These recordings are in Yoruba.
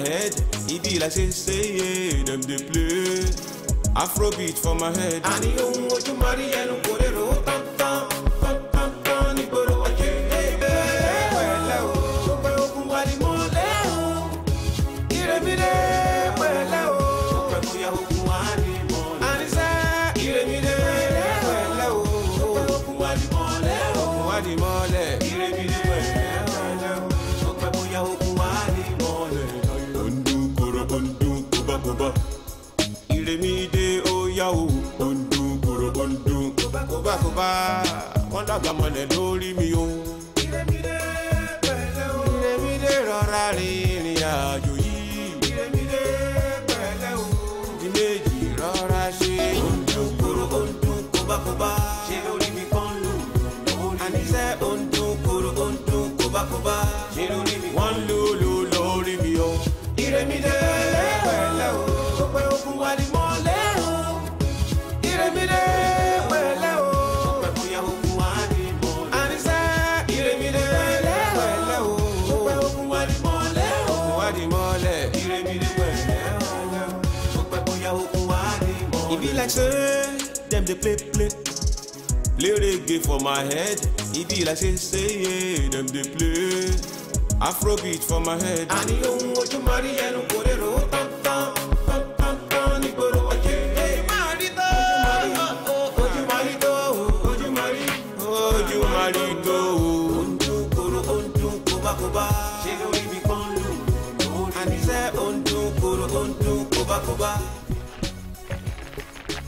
head. He be like say, say, yeah, them they play. Afrobeat for my head. you, marry, when they do like say them they play play play reggae for my head e be like say say yeah them they play afrobeat for my head. àní ohun ojú mọ́rí ẹnu kò.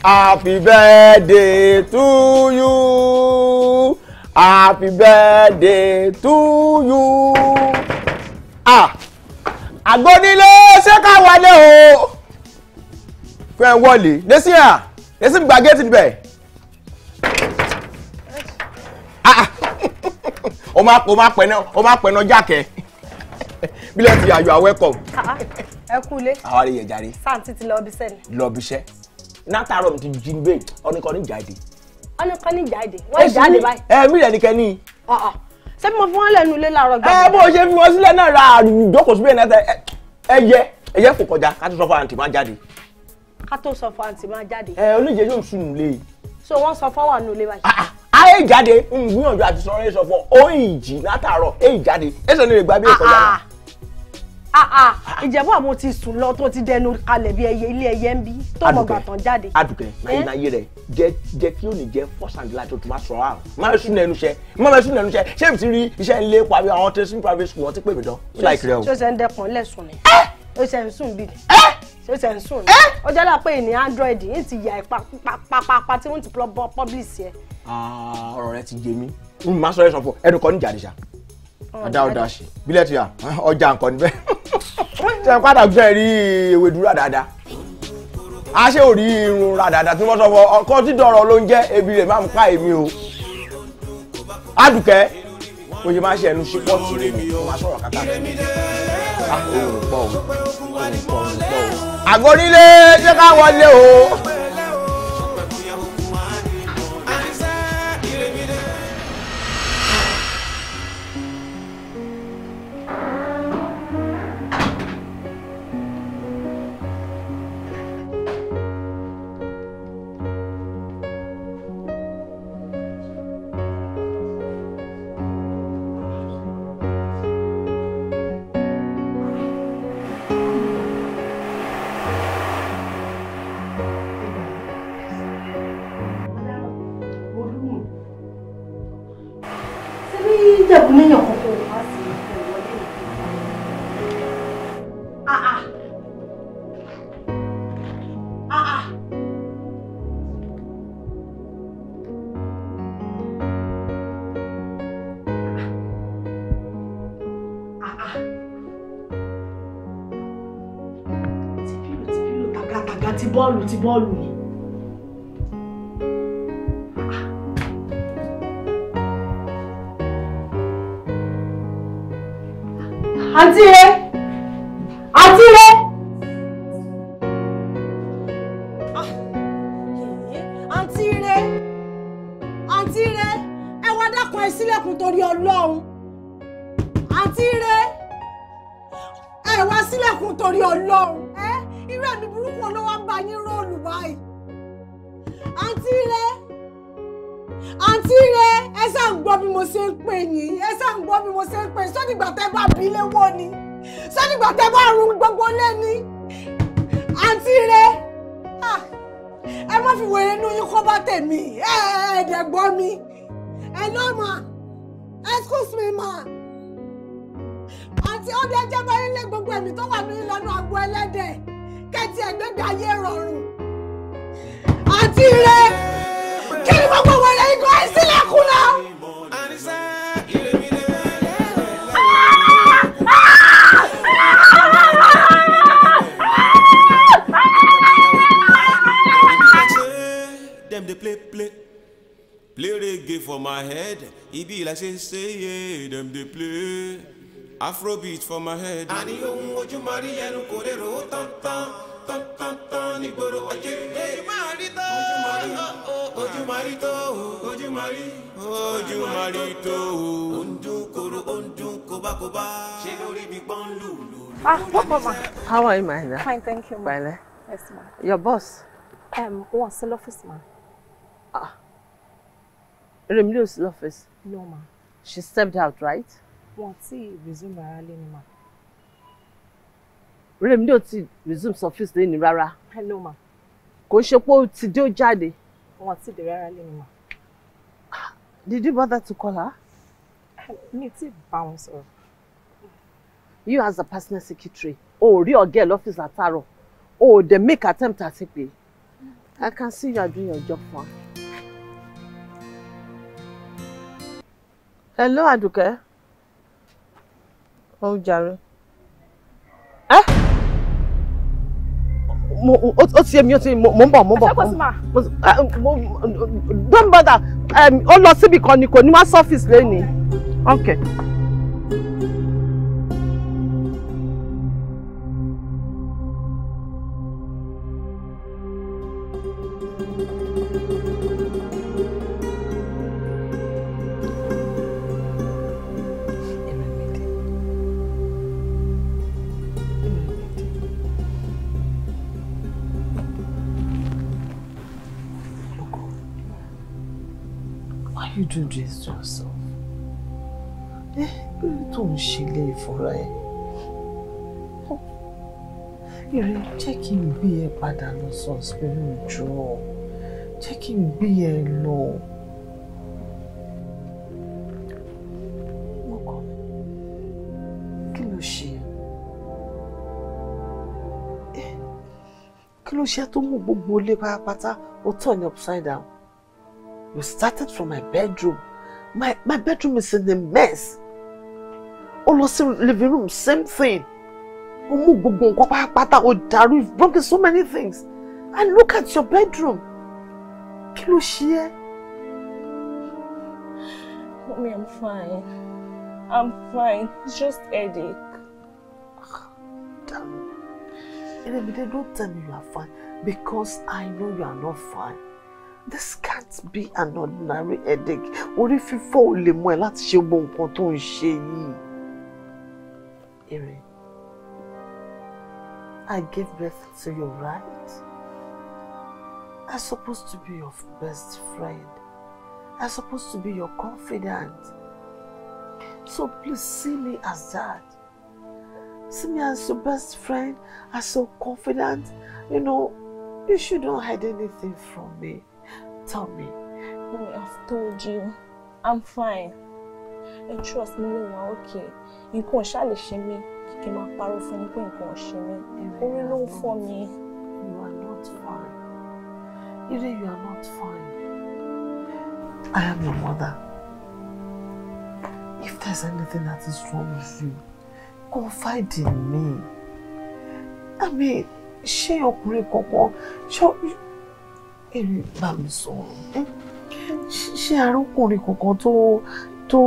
Happy birthday to you. Happy birthday to you. Ah, àgbónílé ṣé ká wọlé o. Fẹ́ wọlé, lẹ́sìn à, lẹ́sìn gbàgé ti Ah. O máa o máa pẹ̀nà o máa pẹ̀nà jákẹ́. Bílẹ̀ ti yà you are welcome. Ẹ kú ilé. Àwa lè yẹ̀ jàre. Sáà títí lọ ibiṣẹ́ ni. Lọ ibiṣẹ́ látàárọ̀ mi ti jí ní bẹ́ẹ̀ ọ̀nì kan ní jáde. ọ̀nì kan ní jáde wọ́n jáde báyìí. ẹ mi rẹ̀ nìkan ni. ṣé mo fi wọ́n lẹ́nu ilé làárọ̀ gbàgbọ́. ẹ bó ṣe fi wọ́n sílẹ̀ náà ra àdùjókòó síbẹ̀ náà ẹ yẹ ẹ yẹ kò kọjá ká tó sọ fún àǹtí máa jáde. ká tó sọ fún àǹtí máa jáde. ẹ oníjẹ yóò sùn nílé. so wọ́n sọ fún wa nù ilé báyìí. ayé ah, ah, jáde ń gbìyànjú àti sọ̀rọ̀ ẹ sọ fún ọ Ah, ah, ìjẹ̀bú àwọn ti sùn lọ tó ti dẹnu kalẹ̀ bí ẹyẹ ilé ẹyẹ ń bí tó mọ̀ gbàtàn jáde. adùkẹ́ náyé náyé rẹ jẹ jẹ kí ó ní jẹ fọ́sàndínlá tó tún bá sọ̀rọ̀ àrùn má bẹ sún ẹnu iṣẹ́ má bẹ sún ẹnu iṣẹ́ ṣé èmi ti rí iṣẹ́ ilé pàbí àwọn tó sún private school wọn ti pè mí dán láìkí rẹ o. ṣé o ṣe ń dẹkùn lẹ́sùn ni o ṣe ń sùn bí ṣé o ṣe ń sùn ni ó jẹ́ lápé ìní android yìí ti yà ìpapapapa tí wọ́n ti publish yẹ. Ah, ọ̀rọ̀ rẹ ti jẹ mí n máa sọ ẹ̀ sọ ẹnu kọ́ níjà ajá ọ̀dà ṣe bílẹ̀ tó yà ọjà nǹkan níbẹ̀ ṣe padà gbẹ rí ewé dúró dáadáa a ṣe ò rí irun ra dáadáa tí wọ́n sọ fọ ọkọ tí dọ̀rọ̀ ló ń jẹ́ ebi rẹ̀ máa ń pa èmi o Àdùkẹ́ o ṣe máa ṣe ẹnu ṣe pọ́ọ̀tì rẹ̀ mi o máa sọ̀rọ̀ kàkà mi a kò rò pọ̀ o kò rò pọ̀ o àgọ́ nílé ṣé ká wọlé o. bọ́ọ̀lù afrobeat for my head. Oh. àní ohun ojú máa rí ẹnu kò rérò ó tán tán tán tán tán nígboro ọjọ́. ojú máa rí tó ojú máa rí tó ojú oh. máa rí ojú máa rí tó. ó ń dún koro kóbákóbá ṣé lórí mi pọ́n lùlù. ah what mama. how are you my dear. fine thank you ma. pẹ̀lẹ́. yes ma. your boss. Um, wọn sí lọ́fíìsì ma. ah Remi ló sí lọ́fíìsì. no ma. she stepped out right wọn ti resume rárá ma. mà. Rẹ̀mídé ò ti resume surface lẹ́nu Rara. hello ma. kò ń ṣe pé ó ti dé ó jáde. wọn ti dé rárá lẹ́nu mà. did you bother to call her. mi ti bá wọn sọ̀rọ̀. you as a personal secretary o ò rí ọ̀gá ẹ̀ lọ́fíìsì àtàrọ̀ o ò dẹ̀ make attempt àti pé I can see you are doing your job for hello Aduke. Oh jàre. ó ti yé mi ó ti yé mi mò ń bọ̀ mò ń bọ̀. don't bother ó lọ síbi kan ni kò ní wá sọ́fíìsì lẹ́nìí. okay. okay. Ire, jẹ́ kí n gbé ẹ padà lọ sọ ìpinnu ìjọ. Jẹ́ kí n gbé ẹ lọ. Mọ́kọ́, kí ló ṣe? Eh, kí ló ṣe tó mú gbogbo ilé pátápátá ó tọ̀ ní upside down? You started from my bedroom. My, my bedroom is in a mess. Ó lọ sí living room, same thing o mú gbogbo nǹkan pátápátá o dàrú you've broken so many things and look at your bedroom kí ló ṣe é. Mommy, I'm fine. I'm fine. It's just headache. Damn. Elebide, don't tell me you are fine because I know you are not fine. This can't be an ordinary headache. Orí fífọ́ ò lè mú ẹ láti ṣe gbogbo nǹkan tó ń ṣe yìí. Erin, I gave birth to you, right? I'm supposed to be your best friend. I'm supposed to be your confidant. So please see me as that. See me as your best friend, as your confidant. You know, you shouldn't hide anything from me. Tell me. Mommy, I've told you. I'm fine. And trust me, I'm okay. You can't shall shame me kí n máa parọ́ fún mi pé nǹkan ọ̀sìn mi orí ló ń fọ́ mi. you are not fine ire you are not fine I am your mother if there's anything that is wrong with you confide in me I mean ṣé ọkùnrin kankan ṣé èrè bá mi sọ̀rọ̀ hmm? ṣé arákùnrin kankan tó tó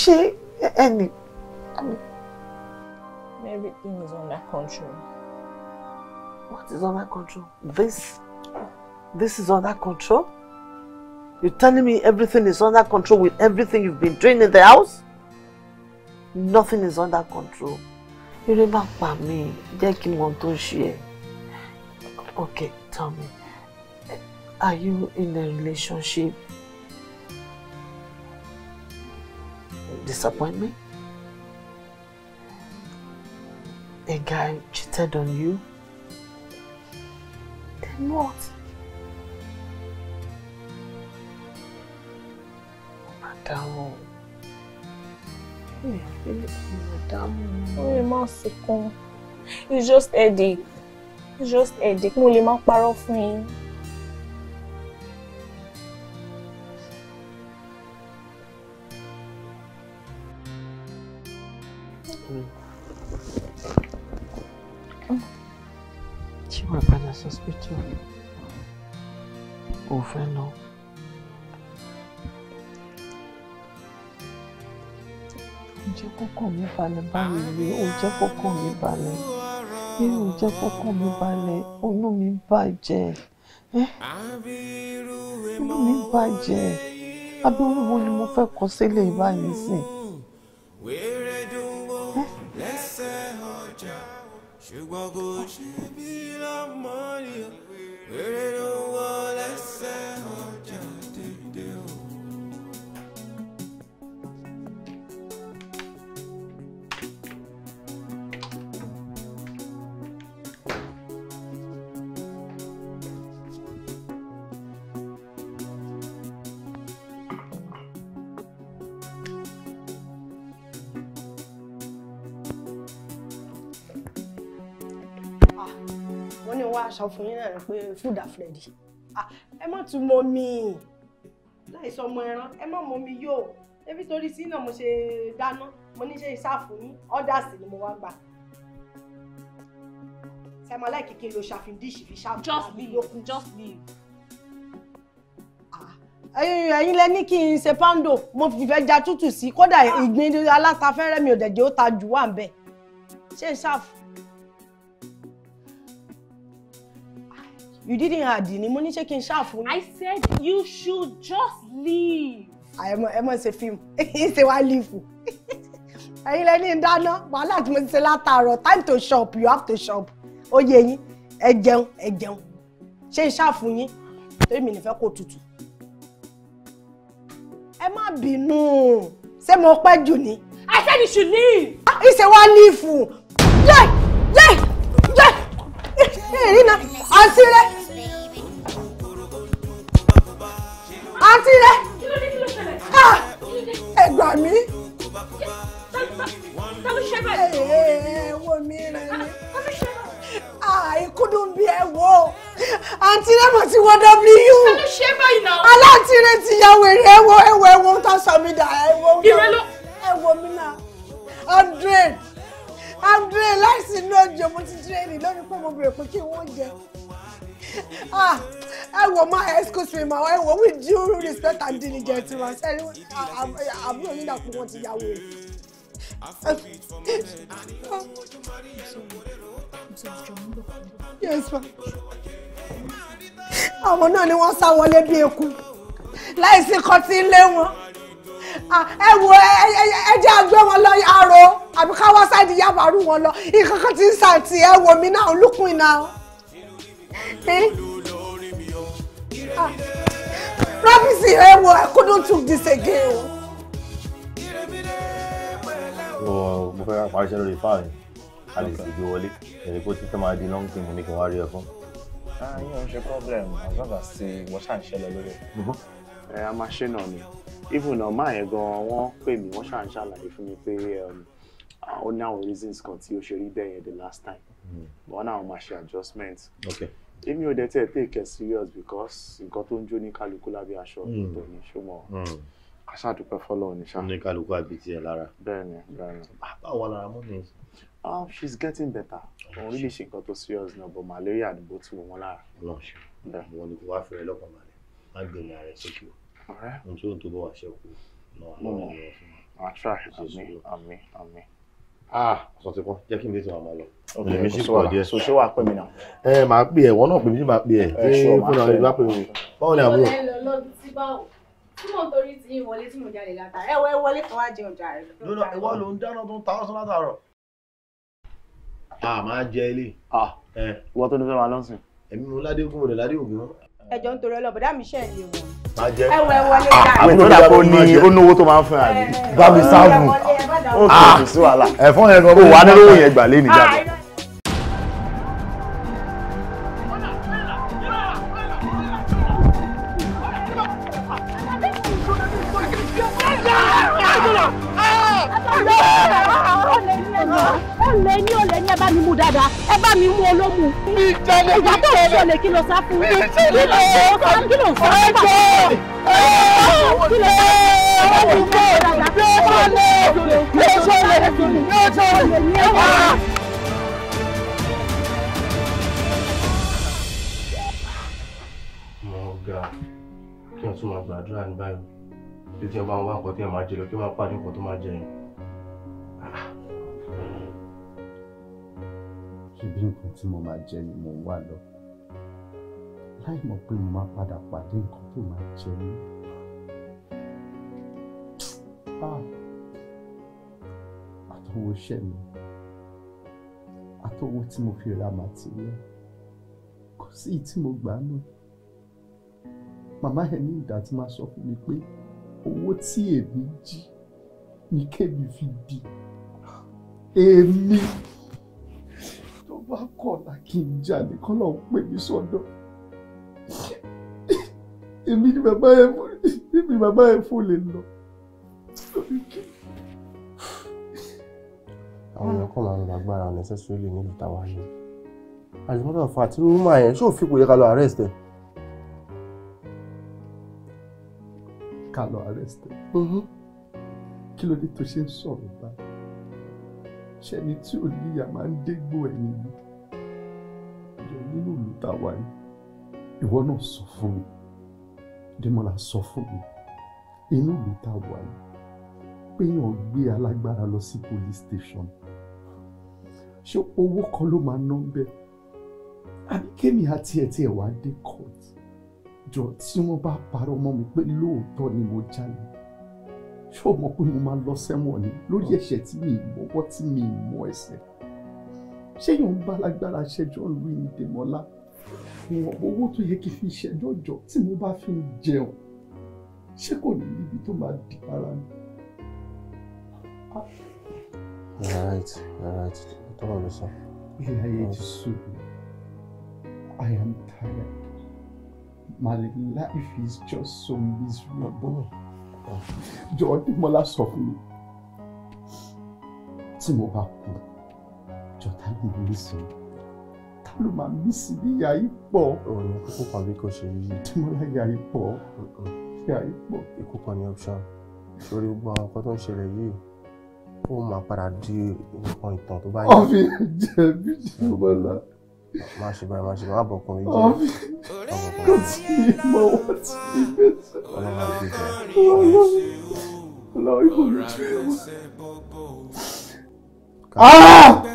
ṣé ẹnì. Everything is under control. What is under control? This? This is under control? You're telling me everything is under control with everything you've been doing in the house? Nothing is under control. You remember me. Jackie Montoshie. Okay, tell me. Are you in a relationship? Disappointment? a guy cheated on you, then what? Madam, hmm, Madam, ó hmm. lè má It's just headache. It's just headache. Mo lè má parọ́ fún hospital ò fẹ́ lọ. ó jẹ́ kọ́kọ́ mi balẹ̀ báyìí rí ó jẹ́ kọ́kọ́ mi balẹ̀ rí ó jẹ́ kọ́kọ́ mi balẹ̀ inú mi bàjẹ́ inú mi bàjẹ́ abẹ́wò wo ni mo fẹ́ kọ sílẹ̀ báyìí sí. ṣùgbọ́n kò ṣe é. sọ fún yín náà pé food afredi ẹ má tún mọ mi láì sọ ọmọ ẹran ẹ má mọ mi yóò ebi torí sí náà mo ṣe dáná mo ní ṣe ìsáàfù yín ọ́dàsì ni mo wá gbà sẹ́mọ́ láì kékeré lo ṣàfihàn díìṣì fi ṣàfihàn just leave just leave ẹ̀yin lẹ ní kí n ṣe pando mo fi fẹ́ ja tútù sí kódà ìgbín alátafẹ́rẹ́ mi ò dẹ̀ jẹ́ ó ta jù wà ń bẹ̀ ṣé ṣáfù. You didn't add ni money ní ṣé kí I said you should just leave. I Àyẹ̀mọ̀ ẹ mọ̀ ṣe fíìmù, ṣe wá lífù. Ẹ̀yin lẹ́ni dáná, wàhálà tí mo ti ṣe látàárọ̀, time to shop, you have to shop. Ó yẹ yín, ẹ jẹun, ẹ jẹun. Ṣé n ṣàfù yín? Torí mi nífẹ̀ẹ́ kò tutù. Ẹ má bínú, mo pẹ́ jù ni? I said you should leave. Ìṣèwà lífù. Yẹ́! Yẹ́! Yẹ́! èrí náà àǹtí rẹ àǹtí rẹ ah, ẹ gbà mí. Ẹ̀wọ̀ mi rẹ̀ ni. Ah, ikú dùn bí ẹ wò ó. Àǹtí rẹ̀ mọ̀ sí wọ́n W. Aláǹtí rẹ̀ ti ya wèrè ẹ̀wọ̀ ẹ̀wọ̀ ẹ̀wọ̀ ń tà sọ̀mídà ẹ̀wọ̀ mi náà. Hundred ti lóúnjẹ mo ti tírẹ́ẹ̀nì lórí pé mo bèrè pé kí wọ́n jẹ. Ah, ẹ wò má excuse me ma ẹ wò with due respect and diligence ma sẹ́ni àbúrò yín dàpọ̀ wọn ah, ah, eh, ti yàwó rẹ̀. yes ma àwọn náà ni wọ́n sá wọlé bí eku láì sí kọtí lé wọn. Ah, ẹ wo ẹ jẹ́ àgbẹ̀ wọn lọ aró àbí káwá sáìdì yàbàrú wọn lọ ìkankan ti ń sàǹtì ẹ wò mí náà lùkùn iná. Robinson ẹ wo I couldn't do this again o. mo fẹ́ àpárí iṣẹ́ lórí fáàlì a lè sì wọlé èrè kó títí máa di long time ní kí n wá rí ẹ fún. Ah, yíyan ṣe problem as long as ti wọ́n ṣàǹṣẹ́ lọ lórí ẹ̀. ẹ a máa ṣe náà ni even ọmọ yẹn gan wọ́n pè mí wọ́n ṣàn ṣàlàyé fún mi pé um, ó ní àwọn reasons kan tí ó ṣe rí bẹ́ẹ̀ yẹn the last time hmm. but wọ́n náà máa ṣe adjustment èmi ò dẹ̀ tẹ̀ take it serious because nǹkan tó ń jó ní kálukú lábẹ́ aṣọ hmm. tó ní ṣùgbọ́n hmm. aṣáàdúpẹ́ fọlọ́ ní ṣá. ní kálukú àbí tiẹ̀ lára. bẹ́ẹ̀ni bẹ́ẹ̀ni. Ah, báwo la ara mọ́ mi. Um, oh she is getting better oh, òun rí lè ṣe nǹkan tó serious náà but malaria àdúgbò tún wọn lára. ọlọ́run ṣe wọn ni kò wá fẹ́rẹ̀ lọ́kàn balẹ̀ má gbẹ̀yìn ààrẹ sókè o. Alright. ohun tó ń tó bọ́ wá ṣẹ́kù náà lọ́wọ́ lọ́wọ́ Àmì àmì àmì. Ah, ọ̀sán ti pọ́n, jẹ́ kí n dé tí máa lọ. Ọ̀gbìn mi sì pọ̀ díẹ̀. So ṣé wàá pè mí náà? Ẹ máa pè ẹ̀, wọ́n náà pè mí ní máa pè ẹ̀. Ẹ ṣọ́ máa pè mí. Báwo ni àbúrò? Wọ́n lè lọ lọ́dún tí báwo tí mò ń torí ti yín wọlé tí mò ń jalè látàrí ẹwọ ẹ wọlé kan wá jẹun jàre. lónà ìwọ ló ń dáná tó ń ta ọsán látàárọ̀. a máa jẹ ilé. ìwọ tó ní fẹ́ máa lọ́sìn. èmi mo ládé kúmọ̀dé ládé òbí wọn. ń torí ọlọ́bọ̀dá mi ṣe é lé wọn ẹwọ ẹ wọlé dáa. àwọn ìtọ́jà kò ní onówó tó máa ń fún àbí. bá mi sáàbù ah, ó kò sí wàhálà ẹ̀fọn yẹn kan kó wà nílò yẹn gbà lé nìjà. olè kí ló sá fún yín kí ló sá kí ló sá fún pàṣẹ kí ló sá fún pàṣẹ kí ló sá ga kí n tún máa gbàdúrà ní báyìí bí tí ẹ bá ń wá nǹkan tí ẹ máa jẹ lọ kí wọn pàdé nǹkan tó máa jẹ yẹn. ṣé bí nǹkan tí mo máa jẹ ni mo wà lọ láì mọ̀ pé mo máa padà pàdé nǹkan tó máa jẹ mí. àtọwọ́ iṣẹ́ mi àtọwọ́ tí mo fi ra màtíríà kò sí tí mo gbà náà màmá ẹ ní ìdá tí máa sọ fún mi pé owó tí èmi jí ni kébì fi di èmi tó bá kọ̀ là kí n jà ní lọ́ọ́ pè mí sọ́dọ̀ èmi ni bàbá yẹn fún èmi bàbá yẹn fún lè lọ. àwọn èèyàn kàn máa ń lo agbára necessarily níbi táwa ni àjùmọ́tò àfa àti rúmà yẹn ṣó fi kò yẹ ká lọ arrest ẹ̀. ká lọ arrest ẹ̀ mm-hmm. kí ló dé tó ṣe ń sọ̀rọ̀ báyìí ṣẹ́ni tí ò níyà máa ń dégbò ẹ̀yìn ni ìjọ nínú ìlú táwa yìí ìwọ náà sọ fún mi Dẹ́mọ́lá sọ fún mi inú ìlú tá a wà yìí pé yàn gbé alágbára lọ sí police station ṣé owó kan ló máa ná bẹ́ẹ̀ àbí kémi àti ẹ̀ tí ẹ̀ wá dé court jọ tí wọ́n bá parọ́ mọ́ mi pé lóòótọ́ ni mo jalè ṣé o mọ̀ pé mo máa lọ sẹ́wọ̀n ni lórí ẹ̀ṣẹ̀ tí mi mọ́wọ́ tí mi mọ́ ẹsẹ̀ ṣé yàn ń bá alágbára ṣẹjọ́ lu ìdèmọ́lá ìwọ̀n owó tó yẹ kí n fi ṣẹjọ́ jọ tí mo bá fi jẹun ṣé kò ní ibi tó máa di ara mi. alright alright tọ́lọ̀ ló sọ. ilé ayé ti sú I am tired my life is just so miserable. Hmm. jọ̀ọ́ dímọ́lá sọ fún mi tí mo bá kú jọ̀ọ́ tá mi lè sọ ló máa mí sí bí ìyá yìí pọ̀. òun kúkú kan bí kò ṣe yí. tí mo yá ìyá yìí pọ̀ ìyá yìí pọ̀. ikú kan ní option sórí gbogbo àwọn nǹkan tó ń ṣẹlẹ̀ yìí ó máa padà di nǹkan ìtàn tó bá yẹ. ọ̀fi ẹ̀jẹ̀ bí ṣe wọ́n lọ. má ṣe báyìí má ṣe má bọ̀ ọkùnrin jẹ́. ọ̀fi kò tí ì mọ wọ́n ti ì bẹ́ẹ̀ sọ. ọlọ́run á gbé jẹ. ọlọ́run ìkòrò jẹ́ wọn.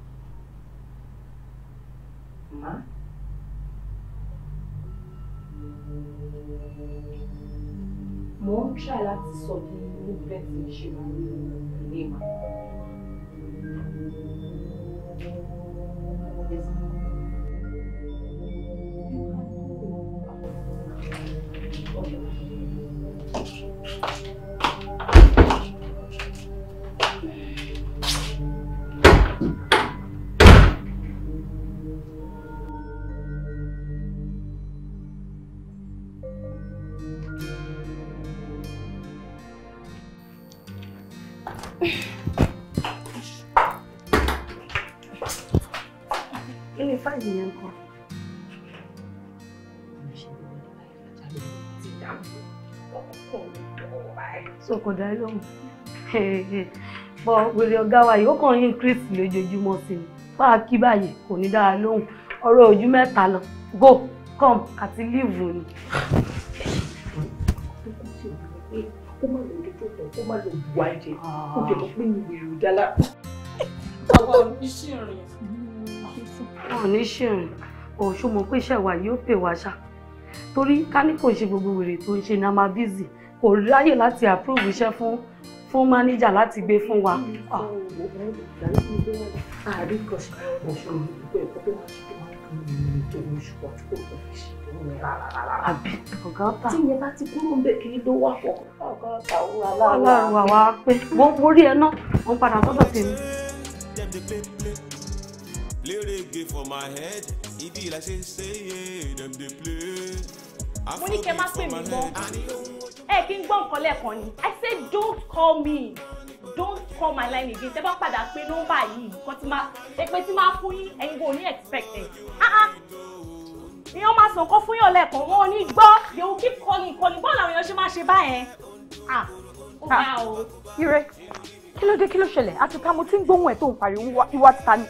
Ma? Mò ń try nu vreți bí movement mi ṣe Thank you. kò dá lóhùn bọ wèrè ọ̀gá wa yìí ó kàn ń increase lójoojúmọ́ sí ni bá a kí báyìí kò ní dára lóhùn ọ̀rọ̀ ojú mẹ́ta lọ go come àti leave ni. ó má lọ ojú tó tọ̀ ó má lọ bu àjẹ ó jẹ́ lọ pé mi wèrè ò dára. ọ̀ṣun mọ̀ pé iṣẹ́ yóò pè wá ṣá torí ká ní kò ṣe gbogbo wèrè tó ń ṣe ní a máa bízì kò ráyè láti approve iṣẹ́ fún fún mánéjà láti gbé fún wa. àbí ọ̀gá ọ̀tá. tí ìyẹn bá ti kúrò ń bẹ̀ kí ló wà fọ́. ọ̀gá ọ̀tá ó wà láàárọ̀. àwa pé wọ́n borí ẹ náà wọ́n padà sọ́dọ̀ tèmi. Play reggae for my head. It be like say, say, yeah, play. mo ní kẹ́ má pè mí mọ́ ẹ kí n gbọ́ nǹkan lẹ́ẹ̀kan ni I say don't call me don't call my line again tẹ́ bá padà pé nọ́mbà yìí nǹkan tí máa èpè tí máa fún yín ẹ̀yin kò ní expect ẹ̀ ah, ah. èèyàn máa sàn kó fún yàn lẹ́ẹ̀kan wọn ò ní gbọ́ they will keep calling calling bọ́ọ̀lù àwọn èèyàn ṣe máa ṣe báyẹn ah ó ga ah, o. ire kí ló dé kí ló ṣẹlẹ̀ àti ta mo ti ń gbóhùn ẹ̀ tó ń pariwo ìwà ta ni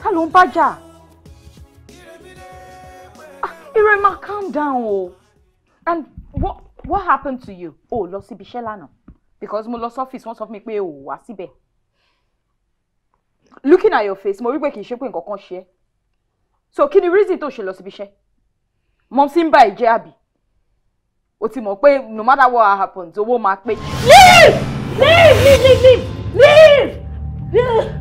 ta ló ń bá jà ire máa calm down o. Oh and what what happened to you oh, lọ síbi iṣẹ́ lánàá because mo lọ sọ́fíìsì wọ́n sọ fún mi pé o ò wá síbẹ̀ looking at your face mo rí pé kì í ṣe pé nǹkan kan ṣe é so kí ni reason tó ṣe lọ síbi iṣẹ́ mom ti ń bá ẹ jẹ́ àbí o ti mọ̀ pé no matter what happens owó máa pé. leave leave leave leave leave. leave!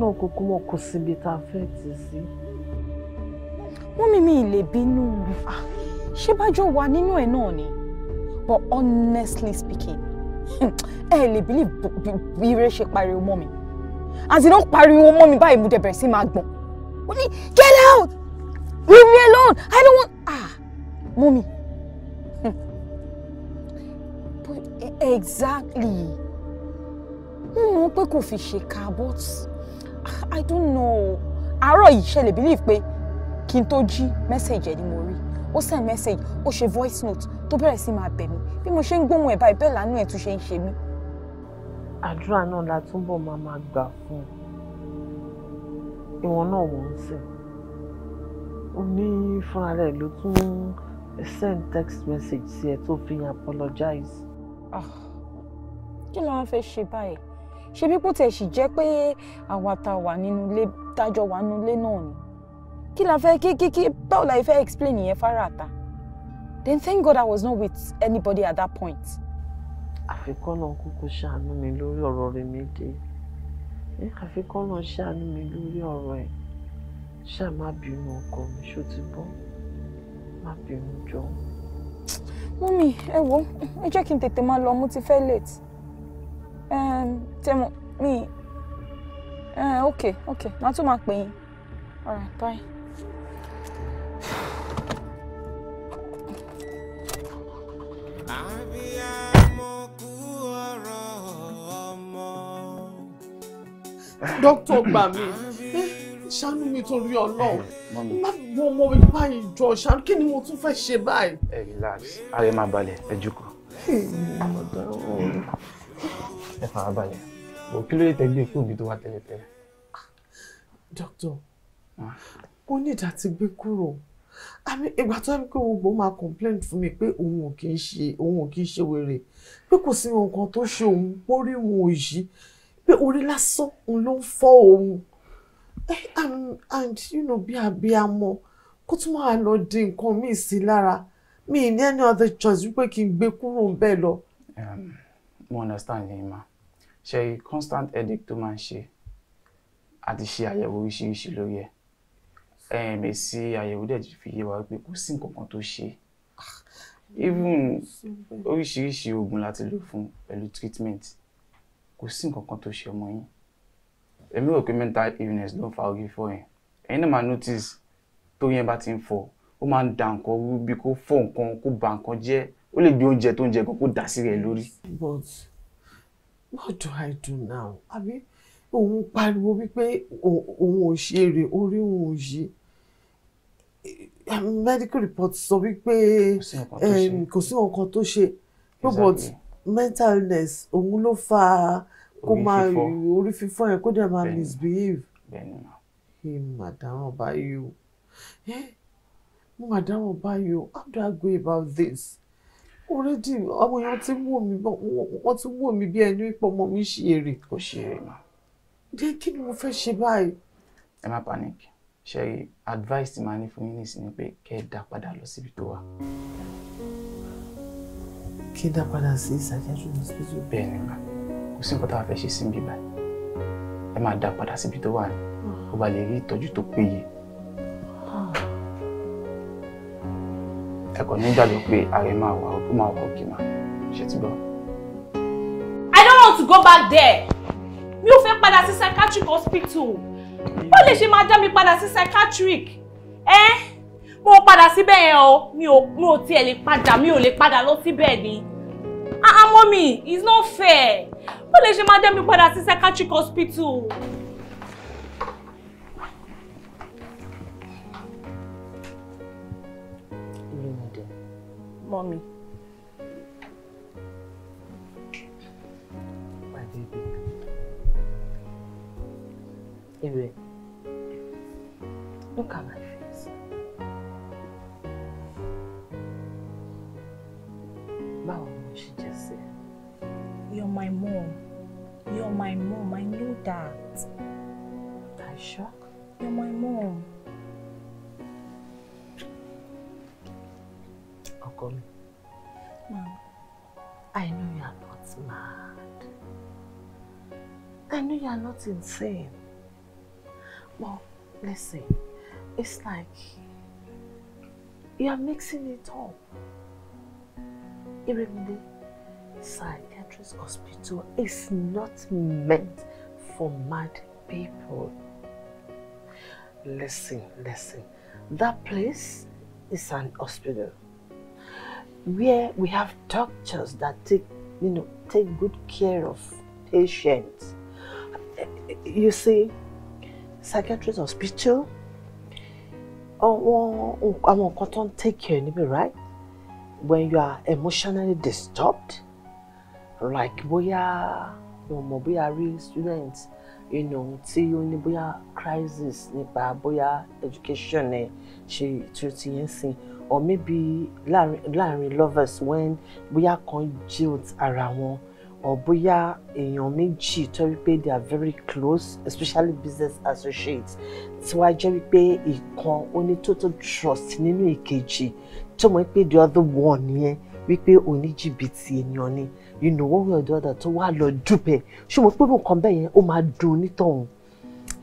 náà kúkú mọ̀ kò síbi tá a fẹ́ tì sí. mọ́mí mi lè bínú ah, ṣé bájọ́ wà nínú ẹ̀ náà ni but honestly speaking ẹ lè believe bí eré ṣe pariwo mọ́ mi àti náà pariwo mọ́ mi báyìí mo dẹ̀ bẹ̀rẹ̀ sí máa gbọ̀n ó ní get out leave me alone i don't want ah mọ́mí e-, exactly mo mọ̀ pé kò fi ṣe car but. I don't know àárọ̀ yìí ṣe lè believe pé kí n tó jí message ẹ̀ ni mo rí ó send message ó ṣe voice note tó bẹ̀rẹ̀ sí máa bẹ̀ mí bí mo ṣe ń gbóhùn ẹ̀ báyìí bẹ́ẹ̀ lánàá ẹ̀ tún ṣe ń ṣe mí. àdúrà náà la túbọ̀ máa máa gbà fún ìwọ náà wọ́n ń sìn ó ní fúnra rẹ̀ ló tún send text message sí ẹ tó fi apologize. Ah. kí ló wá fẹ́ ṣe báyìí ṣe bí kò tẹ̀ sì jẹ́ pé àwa tá wà nínú ilé tájọ wà nínú ilé náà ni kí la fẹ́ kí kí kí báwo la fẹ́ explain yẹn fara ta then thank God I was not with anybody at that point. àfikún náà kúkú ṣàánú mi lórí ọ̀rọ̀ rẹ̀ mi dé àfikún náà ṣàánú mi lórí ọ̀rọ̀ ẹ̀ ṣáà má bínú ọkọ mi ṣó ti bọ́ má bínú jọ. mọ́mí ẹ wo ẹ jẹ́ kí n tètè máa lọ mo ti fẹ́ late ṣé mo mi ok ok màá tún máa pè yín alright bye. Doctor gbà mí eh, ṣàánú mi torí Ọlọ́run má gbọ́ ọmọ mi báyìí jọ ṣàánú kí ni mo tún fẹ́ ṣe báyìí. ẹ relax ara ẹ máa balẹ̀ ẹ jókòó. Oh ẹ fara balẹ̀ bò kí ló lè tẹ́gbẹ́ kú òbí tó wá tẹ́lẹ̀ tẹ́lẹ̀. dókítà ó ní ìdá ti gbé kúrò àmì ìgbà tó yẹ pé gbogbo máa complain fún mi pé òun ò kì í ṣe òun ò kì í ṣe wèrè pé kò sí nǹkan tó ṣe òun pórí òun ò yí pé orí lásán òun ló ń fọ́ òun and you know bí abiyamọ kó tún máa lọ di nǹkan míì sí lára mi ní any other choice wípé kí n gbé kúrò bẹ́ẹ̀ lọ. mo understand yín ma ṣe constant headache tó máa ń ṣe àti ṣe àyẹ̀wò oríṣiríṣi lórí ẹ̀ um, èsì àyẹ̀wò dẹ̀ fi yé wa pé kò sí nǹkan kan tó ṣe even oríṣiríṣi oògùn láti lò fún pẹ̀lú treatment kò sí nǹkan kan tó ṣe ọmọ yín èmi rò pé mental illness ló ń fa orí fọ́ yẹn ẹ̀yin náà máa notice tó yẹn bá ti ń fọ́ ó máa ń da nǹkan rú bí kó fọ́ nǹkan kó ba nǹkan jẹ́ ó lè gbé oúnjẹ tó ń jẹ gan kó dà sí rẹ̀ lórí what do I do now àbí òun pariwo wípé òun ò ṣe èrè orí òun ò yí medical report sọ wípé kò sí nǹkan tó ṣe robot mental illness òun ló fa kó máa orí fífọ́ yẹn kó dẹ̀ máa misbehave ẹ mà dáhùn báyìí o mo eh, madam, dáhùn báyìí how do I go about this orídì àwọn èèyàn ti wò mí wọ́n ti wò mí bí ẹni pé ọmọ mi ṣe èrè. ó ṣe èrè mà. jẹ́ kí ni mo fẹ́ ṣe báyìí. ẹ má panic ṣe advice ti máa ní fún yín nísìnyí pé kẹ́ ẹ dá padà lọ síbi tó wà. kí n dá padà sí ìsàjájú hospital. bẹ́ẹ̀ ni mà kò sí nǹkan tá a fẹ́ ṣe sí bíbá ẹ máa dá padà síbi tó wà ní ah. kó ba lè rí ìtọ́jú tó péye. Ah ẹ̀kọ́ nígbà pé ààrẹ máa wà ó máa kọ́ kí máa ṣe ti gbọ́. I don't want to go back there. Mi ò fẹ́ padà sí psychiatric hospital. Ó lè ṣe máa dá mi padà sí psychiatric. Ẹ́ mo padà síbẹ̀ yẹn o, mi ò tiẹ̀ lè padà, mi ò lè padà lọ síbẹ̀ ni. Ah, ah, mommy, it's not fair. Ó lè ṣe máa dá mi padà sí psychiatric hospital. mommy. My baby. Anyway, look at my face. Báwo mo ṣe jẹ́ sí ẹ? You're my mom. You're my mom. I know that. Are you sure? You're my mom. Komi. Mom, I know you are not mad. I know you are not insane. Well, listen, it's like you are mixing it up. Iremide Psychiatric Hospital is not meant for mad people. Listen, listen. That place is an hospital. where we have doctors that take, you know, take good care of patients. You see, psychiatrist hospital, àwọn nǹkan tó ń take care níbi right when you are emotionally disturbed like boya, you know, boya rí student you know see you ní crisis nípa bóyá education ẹ̀ ṣe tí or maybe láàrin lovers when bóyá kan jilt ara wọn or bóyá èèyàn méjì tó wípé they are very close especially business associates tí wàá jẹ́ wípé ìkan ó ní total trust nínú ìkejì tó mọ̀ pé the other one yẹn wípé oníjìbìtì ènìyàn ni you know one way or the other tó wá lọ dúpẹ́ ṣùgbọ́n pé nǹkan bẹ́ẹ̀ yẹn ó máa dùn onítọ̀hún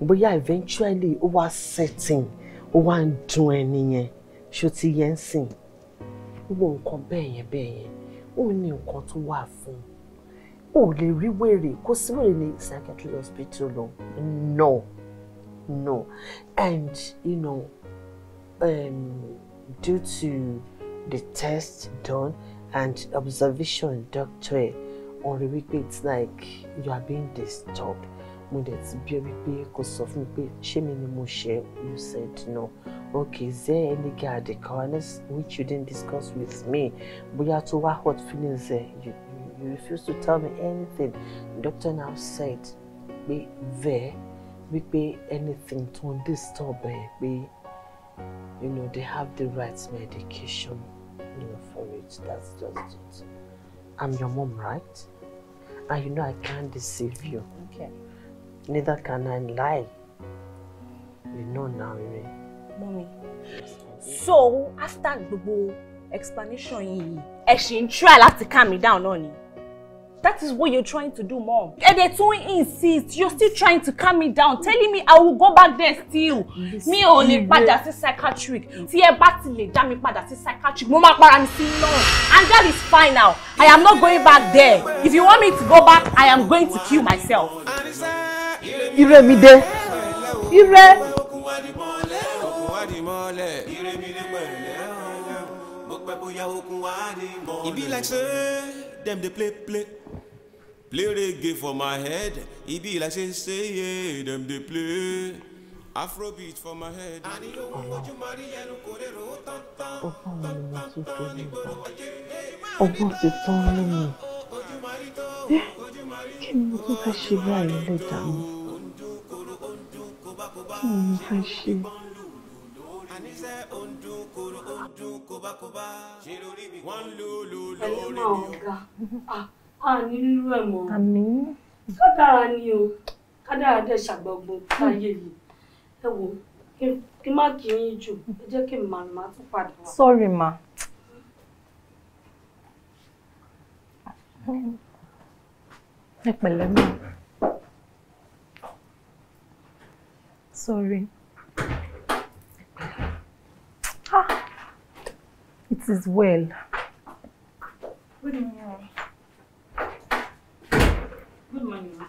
bóyá eventually ó wá setting ó wá ń dùn ẹni yẹn ṣó ti yẹn ń sìn gbogbo nǹkan bẹ́ẹ̀ yẹn bẹ́ẹ̀ yẹn ó ní nǹkan tó wà fún un ó lè rí wèrè kó sí wèrè ní psychiatric hospital no no and you know um, due to the test done and observation doctor ó rí wípé it's like you are being disturbed mo dẹ̀ ti bí ẹ wípé kò sọ fún mi pé ṣé mi ni mo ṣe you said no okay is there any guy at the corners which you didn't discuss with me have tó what hot feelings you, you refuse to tell me anything doctor now said be there pay anything tó disturb ẹ you know they have the right medication you know, for it that's just it I'm your mom right and you know I can't deceive you okay. neither can I lie you know now you. Know, Mommy, so after gbogbo explanation yìí ẹ ṣì ń try láti calm me down náà ni that is what you're trying to do mom and they too insist you're still trying to calm me down telling me i will go back there still mi ò lè padà sí psychiatric tí ẹ bá ti lè dá mi padà sí psychiatric mo máa para mi sí náà and that is fine now i am not going back there if you want me to go back i am going to kill myself. ire mi dé ire. mọ́lẹ̀. be like say them dey play play play reggae for my head. be like say say play afrobeat for my head. àníṣe òǹdùn kòrò òǹdùn kòbákòbá ṣe lórí mi wọ́n ń lò lò lórí mi o. a ní rírú ẹ̀ mọ́ kádàrá ni o kádàrá dẹ̀ ṣàgbọ̀gbọ̀n láyé yìí ẹ wo kí má kì í jù ẹ jẹ́ kí màá máa tún padà wá. sorry ma. ẹ pẹ̀lẹ́ mọ́ sorry. It is well. Good morning. Good morning.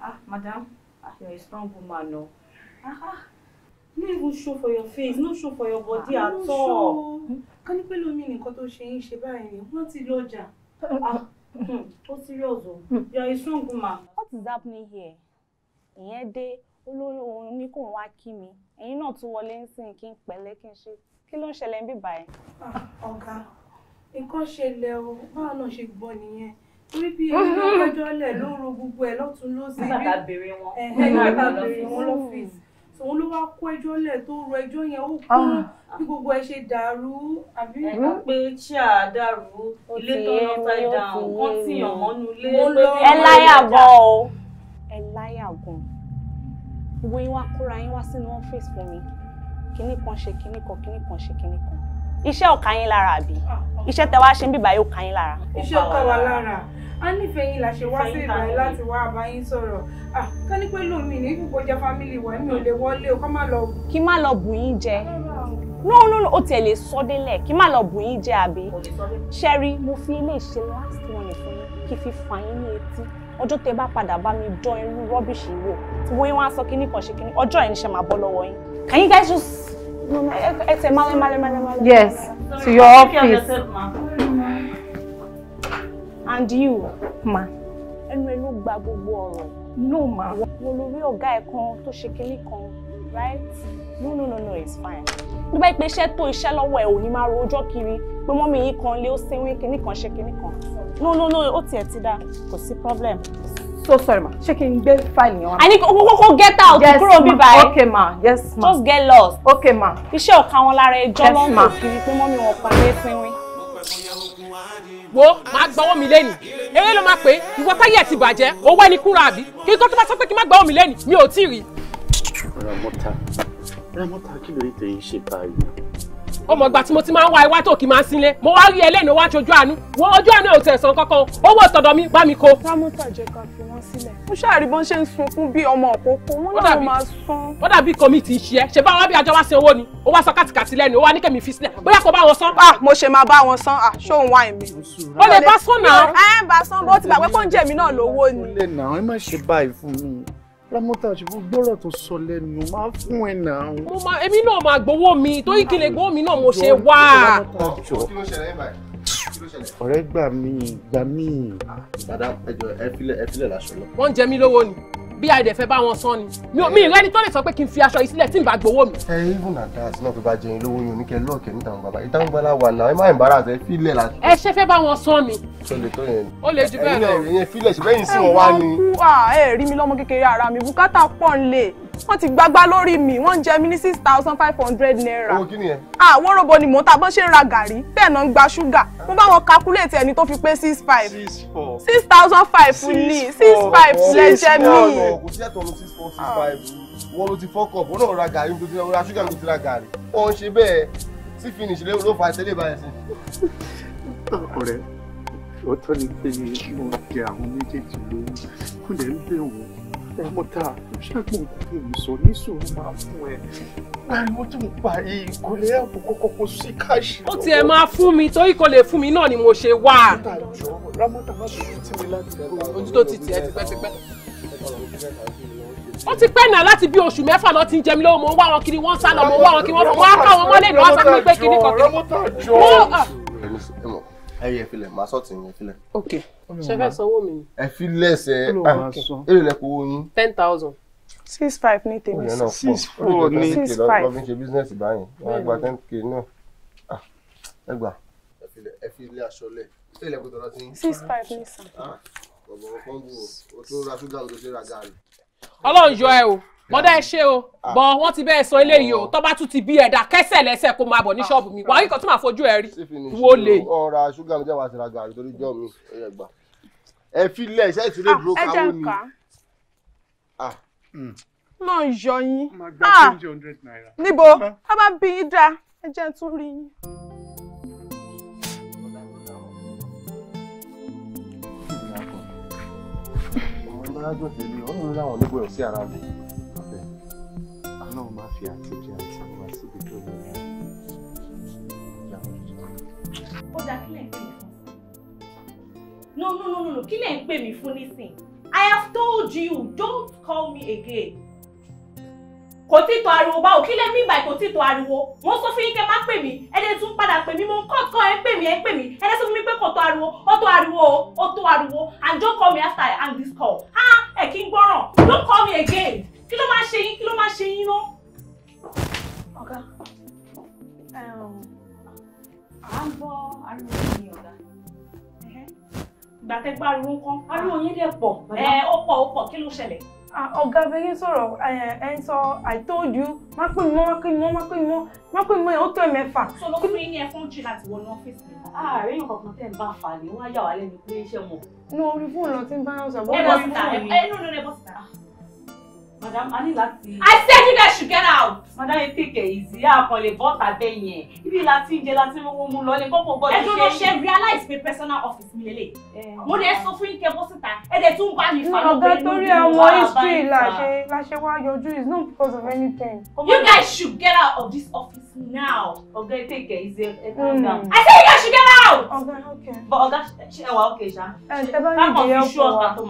Ah, madam, ah, you're a strong woman, no? Aha. Ah. no even show for your face, no show for your body ah, at no all. Hmm? Kàn ní pé lómi nìkan tó ṣe ń ṣe báyìí ni wọ́n ti lọ́jà. Ah, ah hmm. Hmm. ó serious o. You're a strong woman. What is happening here? Ìyẹn dé olórí òun ní kò wá kí mi. Ẹ̀yin náà tún wọlé ń sìn kí kí ló ń ṣẹlẹ̀ ń bíbá ẹ̀. ọ̀gá nǹkan ṣẹlẹ̀ o báwa náà ṣe gbọ́ nìyẹn torí bí ẹni lọ́jọ́ lẹ̀ ló ro gbogbo ẹ̀ lọ́tún lọ́sí bí bàbá béèrè wọn bàbá wọn lọ́fíìsì òun ló wá kó ẹjọ́ lẹ̀ tó ro ẹjọ́ yẹn ó kún ah. bí gbogbo ẹ ṣe dàrú àbí. ẹ chia dàrú ilé tó lọ fẹ́ dàrú wọ́n ti yàn mọ́nú ilé pé ẹ láyà gan o ẹ yín wá kóra yín wá sínú ọ́fíìsì fún mi kinní kan ṣe kinní kan kinní kan ṣe kinní kan iṣẹ́ ò yín lára àbí ah, ah, ah. iṣẹ́ tẹ wá ṣe ń bíbá yóò ká yín lára. iṣẹ́ ò wa lára a nífẹ̀ẹ́ yín la wá sí ìbàyí láti wá àbáyín sọ̀rọ̀ ká ní pé lómi ní kókó jẹ́ fámìlì wa mi ò lè wọlé o ká má lọ. kí má lọ bù yín jẹ no no no o tẹ̀ lè sọ délẹ̀ kí má lọ bù yín jẹ àbí ṣẹ́rí mo fi ilé ṣe last one fún yín kí fi fà yín ní etí ọjọ́ tẹ bá padà bá mi dán irú rọ́bìṣì wò tí wọ́n wá sọ kíní kan ṣe kíní ọjọ́ ẹ̀ níṣẹ́ máa bọ́ lọ́wọ́ yín can you guys just It's a male, male, male, male. Yes, Sorry, to your office. Yourself, ma. And you? Ma. Ẹnu ẹ ló gba gbogbo ọ̀rọ̀. No, ma. Mo lo rí ọ̀gá ẹ̀ kan tó ṣe kinní kan, right? No, no, no, no, it's fine. Bí bá pé iṣẹ́ tó iṣẹ́ lọ́wọ́ ẹ̀ ò ní máa rojọ́ kiri pé mọ́mí yìí kan lé ó ṣe wí kinní kan ṣe kinní kan. No, no, no, ó tiẹ̀ ti dáa, kò sí problem so sorry ma ṣé kí n gbé fáìlì yẹn wá. àní kókó get out kúrò bí báyìí. yes ma okay ma yes ma just get lost. okay ma. iṣẹ́ ọ̀ka wọn lára ẹjọ́ lọ́nà kiri pé mọ́mí wọn pa ní pínrín. wo máa gbọ́wọ́ mi lẹ́nu eré ló máa pé ìwọ táyé ẹ̀ ti bàjẹ́ owó ẹni kúrò àbí kí n kó tó bá sọ pé kí n má gbọ́wọ́ mi lẹ́nu mi ò tí ì rí. ramota ramota kí ló ń tẹ̀yìn ṣe báyìí ọmọ ìgbà tí mo ti máa ń wá iwá tó kì í máa ń sílé mo wá rí ẹlẹ́nu wá ṣojú àánú wọ ojú àánú ò tẹ̀sán kankan owó sọ̀dọ̀ mi bá mi kó. sámútà jẹ ká fi wọn sílẹ̀ mo ṣàrí bọ́n ṣe ń sunkún bí ọmọ òkókó wọn náà máa sún. ó dàbí kọ́mí ti ṣe ẹ́ ṣe bá wọn bí àjọ wá sí owó ni ó wá sọ kàtìkàtì lẹ́nu ó wá ní kẹ́mi fi sílẹ̀ bóyá kó bá wọn san. ah mo ṣe máa bá wọn san ah ṣóun wá èmi. o lè eh, bá sán náà. ẹ bá sán bó ti gbàgbé pọ́ńjẹ́ mi náà lówó ni lámọ́tà ṣùgbọ́n gbọ́rọ̀ tó sọ lẹ́nu máa fún ẹ náà. mo máa èmi náà máa gbowó mi torí kí lè gbowó mi náà mo ṣe wá. lámọ́tà kí ló ṣẹlẹ̀ yín báyìí ọ̀rẹ́ gbà mí gbà mí. bàdá ẹjọ ẹ filẹ ẹ filẹ láṣọ lọ. wọ́n ń jẹ mí lówó ni bí a dẹ̀ fẹ́ bá wọn sán ni mi ì rẹ́ni tó lè sọ pé kí n fi aṣọ yìí sílẹ̀ tí n bá gbowó mi. ẹ even at that náà tó bá jẹun lówó yín oníkẹ lọọkẹ níta ń bàbá ìta ń gbọ́lá wà náà ẹ má embarrass ẹ filẹ̀ la. ẹ ṣe fẹ́ bá wọn sán mi. o lè tó yẹn. o lè ju bẹ́ẹ̀ lọ. ẹyin náà ẹyin filẹ̀ ṣùgbọ́n ẹyin sì wọ́n wá ni. ẹ wọ́n kú à ẹ rí mi lọ́mọ kékeré ara mi bùkátà pọ̀ ń lè wọ́n ti gbágbá lórí mi wọ́n jẹ mí ní six thousand five hundred naira. owó kí ni yẹn. àwọn robo ni mò ń ta bọ́n ṣe ń ra gàrí bẹ́ẹ̀ náà ń gba ṣúgà mo bá wọn calculate ẹni tó fi pé six five. six four six thousand five fún ni six five lẹ jẹ mí. kò sí ẹ̀tọ́ ló six four six five ah. wọn ló ti fọ́kọ̀ bọ́n náà ra gàrí nítorí ra ṣúgà nítorí ra gàrí wọ́n ń ṣe bẹ́ẹ̀ sí finish ló fà tẹ́lẹ̀ báyìí sí. ọ̀rẹ́ òótọ́ ni pé mo jẹ àwọn méjèèjì lóyún kúndẹ̀ ń bẹ̀ wọ́n ẹ mo ta ṣàgbọ́n nǹkan tí mo sọ ní sùúrù máa fún ẹ ariwo tó ń pa yìí kò lè ẹ̀kọ́ kọ́kọ́ kó sí káàṣì lọ́wọ́. ó tiẹ̀ máa fún mi torí kò lè fún mi náà ni mo ṣe wá. rámọ́tà má sọ fún tìmí láti rẹ̀. ojú tó ti tiẹ̀ tipẹ́tipẹ́. ó ti pẹ́ náà láti bí oṣù mẹ́fà lọ ti ń jẹ mí lọ́wọ́ mo wá wọn kiri wọ́n sá lọ mo wá wọn kiri wọ́n wá káwọn mọ́lẹ̀ ní wọ́n sá mi pé kiri kọ̀ọ̀kan ẹyẹ filẹ̀ màá sọ̀tì yẹn filẹ̀. ok ṣe fẹ́ sanwó mi. ẹ fi lẹ́sẹ̀ èrè lẹ́kọ̀ọ́ yín. ten thousand. six five ní tèmi six four ní six five. lọ́ọ́ fi ṣe bísíǹsì báyìí wọ́n gba ten k náà ah, ẹ gbà. ẹ fi ilé aṣọ lẹ̀ ilé ilẹ̀kùn tọ́lá ti ń. six five ní sàn. Ah, bọ̀bọ̀ kan bù ó tó ra ṣúgà ó tó ṣe ra gaàrí. ọlọ́run yọ ẹ o mọ́dá ẹ ṣe o ah. bọ̀ wọ́n ti bẹ́ẹ̀ sọ eléyìí o ah. tọ́ bá tún ti bí ẹ̀dá kẹsẹ̀ lẹ́sẹ̀ kó máa bọ̀ ní ah. ṣọ́ọ̀bù mi wàá kíkan tí màá fojú ẹ rí wo lè. ọ̀rọ̀ àṣùgà mi jẹ́ wàá ṣẹlẹ̀ àgbà torí jọ́ mi ẹ̀yẹ gbà. ẹ fi lẹ̀ ṣe ìṣeré dúró káwọ́ ni. náà hmm. yọ yín níbo a bá bí yín dáa ẹ tún rí yín. ọmọ ìgbàlá jọ̀ọ́ tèmi ọlọ́run láwọn olóògbé ọ̀sẹ̀ ara mi náà má fi àtijọ́ àti wá síbi tó lè rà ìyá ọjọ́. ó dáa kí lẹ̀ ń pè mí fún no no no no kí lẹ̀ ń pè mí fún nísìn I have told you don't call me again kò tí tó ariwo báwo kí lẹ́ mìíràn kò tí tó ariwo wọ́n sọ fún yín kẹ́ má pè mí ẹ̀dẹ̀ tún padà pè mí mo ń kọ́ ọ̀tọ́ ẹ̀ pè mí ẹ̀ pè mí ẹ̀dẹ̀ sọ fún mi pé kò tó ariwo ó tó ariwo o ó tó ariwo and don't call me after I end this call Ha! ẹ̀ kí n gbọ́ràn don't call me again kí ló máa ṣe yín kí ló máa ṣe yín ná. ọ̀gá à ń bọ́ ariwo ní ọ̀gá. ìgbà tẹ́ gbá ariwo kan ariwo yín dẹ̀ pọ̀ ó pọ̀ ó pọ̀ kí ló ṣẹlẹ̀. ọ̀gá abẹ́yẹ sọ̀rọ̀ ẹ ń sọ I told you má pè mọ́ má pè mọ́ má pè mọ́ má pè mọ́ ó tó ẹ̀ mẹ́fà. sọ ló fún yín ní ẹfún jù láti wọnú ọ́fíìsì mi. ààrẹ yìí kankan tẹ̀ ń bá fà ní wọ́n á yà wá lẹ́nu pé iṣẹ́ mọ̀. inú orí fóònù lọ ti ń bá yàn sọ̀rọ̀. ẹ bọ́ síta ẹ nínú ẹ bọ́ síta. Madam, I need láti. I said you guys should get out. Madam, you take it easy. A kàn lè bọ́ you yẹn. Ibi láti ń jẹ láti ń wọ́n mú lọ ní kókó gbọ́dọ̀ ṣe. Ẹ dúró ṣe realize my personal office mi lélẹ̀. Mo dẹ̀ sọ fún Ike Bọ́sìtà, ẹ dẹ̀ tún bá mi fa lọ́gbẹ́ lórí wa. Ọ̀gá torí àwọn history làṣẹ làṣẹ wá yọjú is not because of anything. You guys should get out of this office now. Ọ̀gá ẹ take it easy. Hmm. I said you guys should get out. Ọ̀gá okay. But ọ̀gá she ẹwà okay ṣá. Ẹ tẹ́ bá nídìí ẹ̀kọ́ wa. Kákan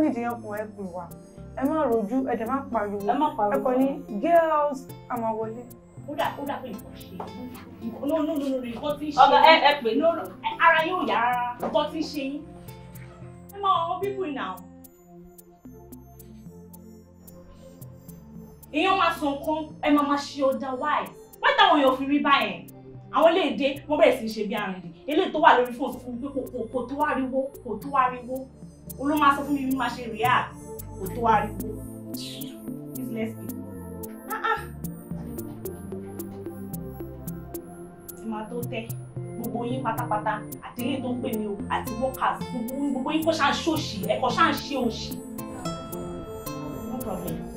fi ṣú ọ̀gá tó ẹ má rojú ẹ dẹ̀ má pariwo ẹ kọ ní girls a máa wọlé. kódà kódà pé nǹkan ṣe lónìí nǹkan tí ń ṣe ọ̀gá ẹ ẹ pè lóru ara yóò yá rárá nǹkan tí ń ṣe yín ẹ máa wọn bíbù ìnà àwọn. èèyàn máa sọ nǹkan ẹ máa máa ṣe ọjà wáìsì wọ́n táwọn èèyàn fi rí báyẹn àwọn lè dé wọ́n bẹ̀rẹ̀ sí í ṣe bí arìnrìn eléyìí tó wà lórí fóònù fún mi pé kò tó ariwo kò tó ariwo olóma sọ fún mi bí mo máa ṣe react kò tó ariwo business people ah ah ti máa tó tẹ gbogbo yín pátápátá àtẹlẹ tó ń pè mí o àti workers gbogbo yín kò ṣáà ṣòṣì ẹ kò ṣáà ṣe òṣì no problem.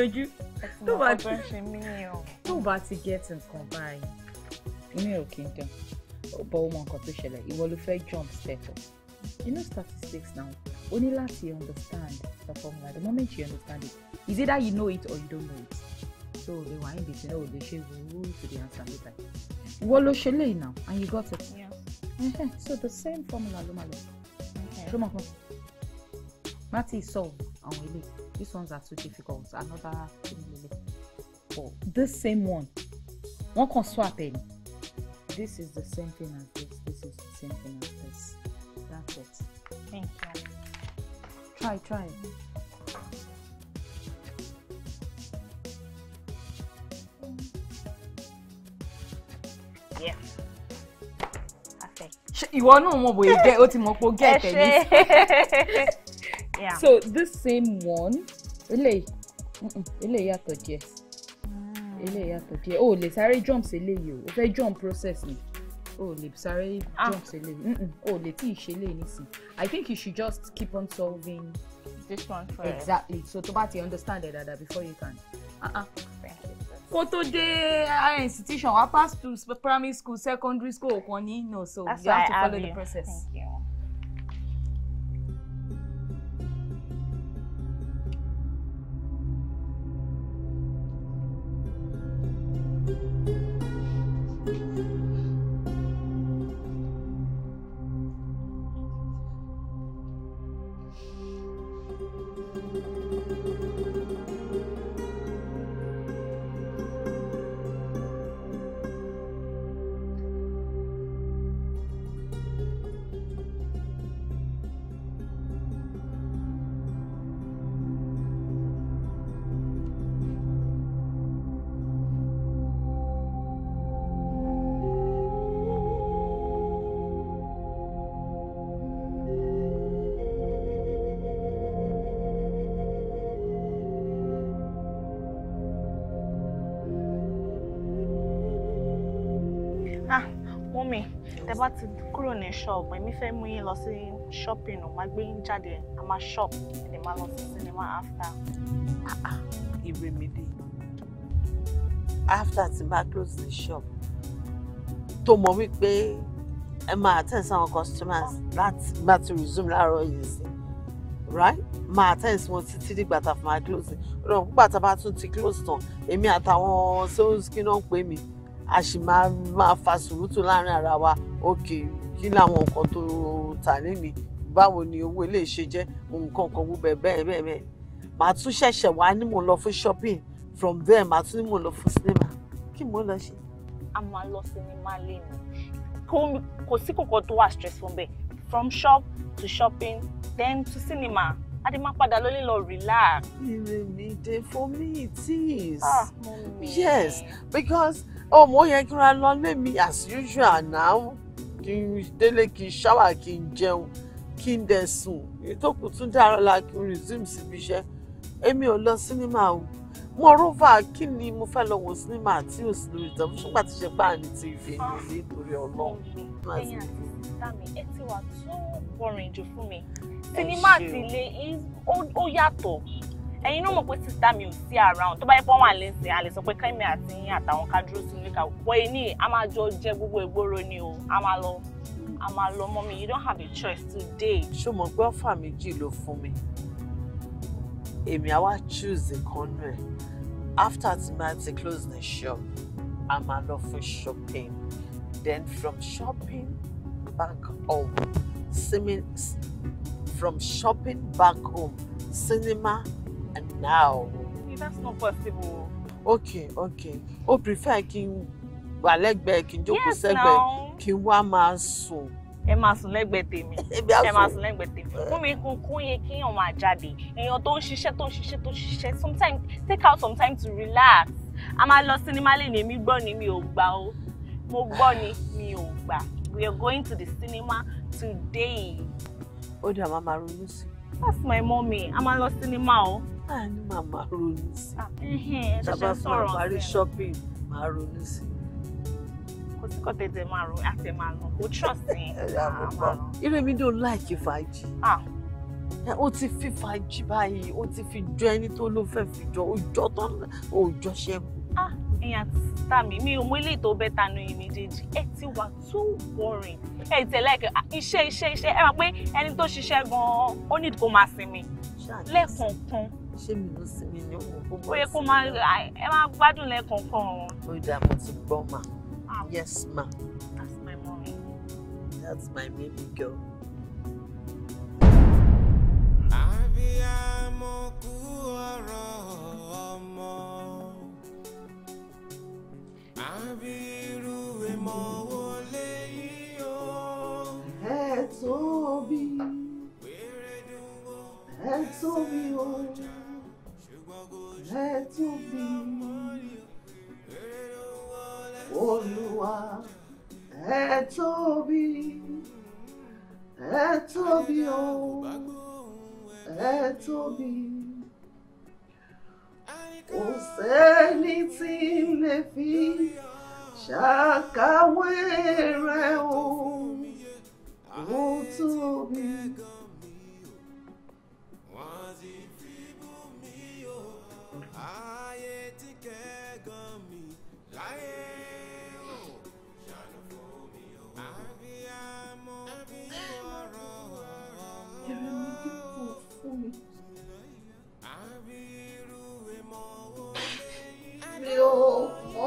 ojú tó bá ti tó bá ti get nǹkan báyìí. mi ò kí n dán bọ́ ọ nǹkan tó ṣẹlẹ̀ ìwọ ló fẹ́ jump status you know statistics now o ní láti understand the formula the moment you understand it is either you know it or you don't know it so the wine in between o lè ṣe rule to the answer later ìwọ ló ṣe lè now and you got it yeah. so the same formula ló máa lọ ṣé o mọ̀ kan ti solve àwọn ilé these ones are too difficult another thing lele for this same one wọ́n kàn swap ẹ̀ this is the same thing as this this is the same thing as this that's it. thank you try try. yeah perfect. ìwọ náà mọ bòye jẹ ó ti mọ pé ó gẹ ìtẹ̀lé. Yeah. So this same one, eléyìí, eléyìí yàtọ̀ díẹ̀, mm. eléyìí yàtọ̀ díẹ̀. O lè sáré jump sí eléyìí o, o fẹ́ jump process me. Oh, le, sáré ah. jump sí Oh, le, lè tí ì ṣe I think you should just keep on solving. This one first. Exactly. So to bá ti understand it dada before you can. Uh-uh. Kó tó dé institution, I passed through primary school, secondary school kan ní no so That's you have to follow the process. Thank you. in shop èmi fẹ́ mú yín lọ sí shopping máa gbé yín jáde a máa shop ẹ̀dẹ̀ máa lọ sí cinema after. Ah, ah. Ìrèmídé after ti máa close the shop tó mọ̀ wípé ẹ máa attend sí àwọn customers láti máa ti resume láàárọ̀ yìí sí right máa attend sí wọn títí dìgbà tá a fi máa close ọ̀rọ̀ púpà tá a bá tún ti close tán èmi àtàwọn sales kí náà pè mí a sì máa máa fa sùúrùtù láàrin ara wa òkè kí làwọn nǹkan tó tà lémi báwo ni owó ilé ṣe jẹ́ nǹkan kan gbogbo bẹ́ẹ̀ bẹ́ẹ̀ bẹ́ẹ̀ màá tún ṣẹ̀ṣẹ̀ wá ní mò ń lọ fún shopping from there màá tún ní mò ń lọ fún cinema kí mò ń lọ ṣe. a máa lọ sinimá lẹ́nu kò sí kankan tó wà stressful bẹ́ẹ̀ from shop to shopping then to cinema adé máa padà lólé lọ relax. ìrèmídé for me it is. ah, mommy. yes because ọmọ yẹn kí n ra lọ lé mi as usual now kí n délé kí n ṣáwà kí n jẹun kí n dẹ̀ sùn ìtòkù tún dára la kí n resume síbi iṣẹ́ èmi ò lọ sinimá o moreover kí ni mo fẹ́ lọ wo sinimá tí ò sí lórí tọ́ ṣùgbọ́n àti ṣe pa ní tv nítorí ọlọ́run. ẹ̀yin àti sísá mi ẹ ti wà tó boring jù fún mi sinimá àti ilé ó yàtọ̀ ẹ̀yin náà mọ̀ pé sista mi ò sí around tó bá yẹ pé wọ́n wà lẹ́sìn a lè sọ pé kẹ́mi àti yín àtàwọn ká dúró sínú ìka wọ ẹni a máa jọ jẹ gbogbo ìgboro ni o a máa lọ a máa lọ mọ́ mi you don't have a choice today. ṣó mo gbọ́ fà méjì ló fún mi èmi á wá choose nǹkan nù ẹ̀ after ti máa ti close the shop a máa lọ fún shopping then from shopping back home sinmi from shopping back home cinema now. that's not possible. okay okay o prefer kí n wà lẹ́gbẹ̀ẹ́ kí n jókòó sẹ́gbẹ̀ẹ́ kí n wá máa sùn. ẹ máa sùn lẹ́gbẹ̀ẹ́ tèmi ẹ máa sùn lẹ́gbẹ̀ẹ́ tèmi eh. fún mi kún kún yẹ kí èèyàn máa jáde èèyàn tó ń ṣiṣẹ́ tó ń ṣiṣẹ́ tó ń ṣiṣẹ́ sometimes take out some time to relax a máa lọ sinimá lè ní èmi gbọ́ ni mi ò gbà o mo gbọ́ ni mi ò gbà we are going to the cinema today. ó dà máa máa ronú sí. that's my mommy a máa lọ sinimá o náà ni màmá ronú sí ah, tábà fún àparí shopping màá ronú sí. kò tí kò tètè máa ro àti máa lọ kò trust ní àmọ́. Ah, irú èmi dùn láìkí fàájì ah. ó ti fi fàájì báyìí ó ti fi jọ ẹni tó ló fẹ́ fi jọ òjọ́ tán òjọ́ ṣẹ́gun ìyàn tà mí mi ò mú ilé ìtò bẹ́ẹ̀ tanu yìí méjèèjì ẹ ti wà too boring ẹ tẹ̀lé ẹ̀kẹ́ iṣẹ́ iṣẹ́ iṣẹ́ ẹ máa pé ẹni tó ṣiṣẹ́ gan-an ó ní kó máa sinmi lẹ́ẹ̀kọ̀ọ̀kan ṣé mi ló sì mi ní òun kó bọ́ ó yẹ kó máa ẹ máa gbádùn lẹ́ẹ̀kọ̀ọ̀kan. ó dà mo ti gbọ́ ma ah. yes ma. that's my mommy. that's my baby girl. ẹ tóbi. ẹ tóbi Let you be, Olúwa, ẹ tóbi, ẹ tóbi o, ẹ tóbi. Kò sẹ́ni tí ń lè fi ṣàkàwé rẹ̀ o, ó tóbi. ayé tí kẹ́gàn mi láyé o ṣàánú fún mi o. àbíyámọ bí ọ̀rọ̀ ọmọ o àbí irú èmọ wo lẹ́yìn mi ò mọ.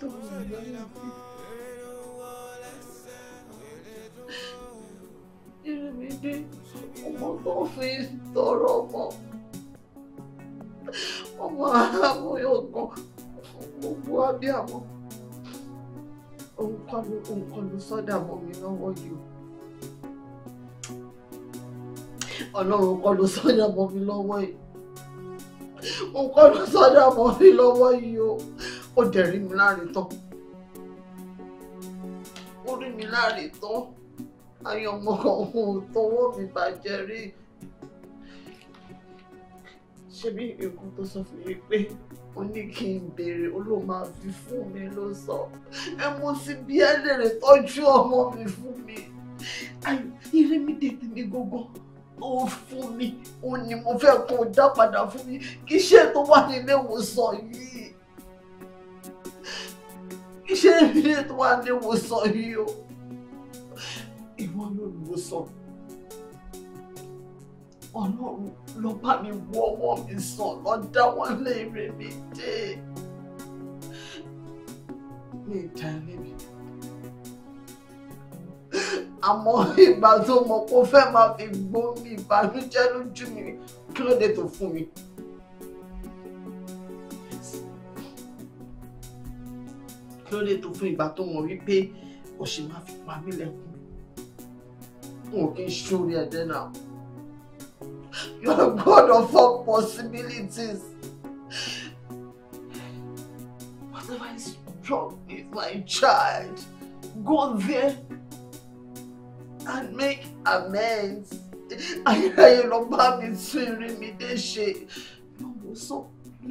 Don't dé ọmọ tó fi tọrọ ọmọ ọmọ amóyọ̀gàn gbogbo abíàmọ́ òun kọ́ ló sọ́dà mọ́ mi lọ́wọ́ yìí o ọlọ́run kọ́ ló sọ́dà mọ́ mi lọ́wọ́ yìí òun kọ́ ló sọ́dà mọ́ mi lọ́wọ́ yìí o ó dẹ̀ rí mi láre tán ó rí mi láre tán àyànmọ́ ọ̀hún tọwọ́ mi bàjẹ́ rí ṣebí nǹkan tó sọ fún mi pé ó ní kí n béèrè ó ló máa fi fún mi ló sọ ẹ mo ti bí ẹlẹ́rẹ̀ tọ́jú ọmọ mi fún mi ire mi tètè mi gógó ó fún mi ó ní mo fẹ́ kó o dá padà fún mi kí iṣẹ́ tó wà nílé ìwòsàn yìí iṣẹ́ ìwòsàn yìí o sọ ọlọ́run ló bá mi wọ́ ọwọ́ mi sàn lọ dá wọn lé ire mi dé mi ìta ẹlẹ́bi àmọ́ ìgbà tó mọ̀ kó fẹ́ máa fi gbómi ìbànújẹ́ lójú mi kí ló dé tó fún mi. kí ló dé tó fún ìgbà tó mọ̀ wípé ọ̀sẹ̀ máa fi pa mí lẹ́kùn n kì í ṣorí ẹ̀dẹ́ you are god of all possibilities whatever is wrong with my child go there and make amends ayẹyẹ lọ bá mi tún irin mi dé ṣe mo sọ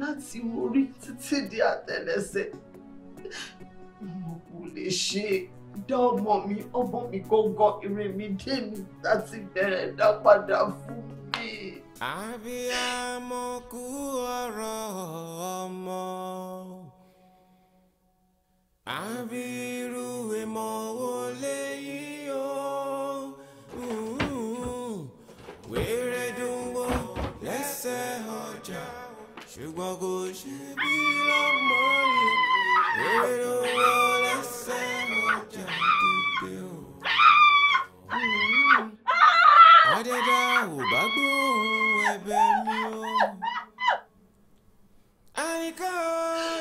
láti orí títí di àtẹ́lẹsẹ̀ mo kò lè ṣe é dá ọmọ mi ọmọ mi gángan ire mi dé mi láti bẹ̀rẹ̀ dá padà fún mi. àbíyamọ kú ọ̀rọ̀ ọmọ àbí irú èèmọ̀ wo lèyí o wéré dùn lẹ́sẹ̀ ọjà ṣùgbọ́n kò ṣe bí lọ́mọ yìí wéré dùn bàdẹ́dá ò bá gbóhùn ẹ̀bẹ̀ mi o. àníká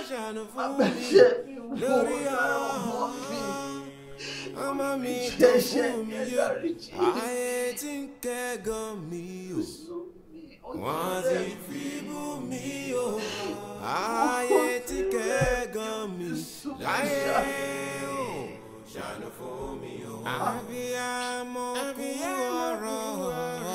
ṣàánú fún mi lórí ọmọ mi ọmọ mi tó fún mi yó ayé tí ń kẹ́gàn mi o wọ́n ti fi bú mi o ayé tí kẹ́gàn mi láyé o ṣàánú fún mi o. àbíyá mo kú ọ̀rọ̀.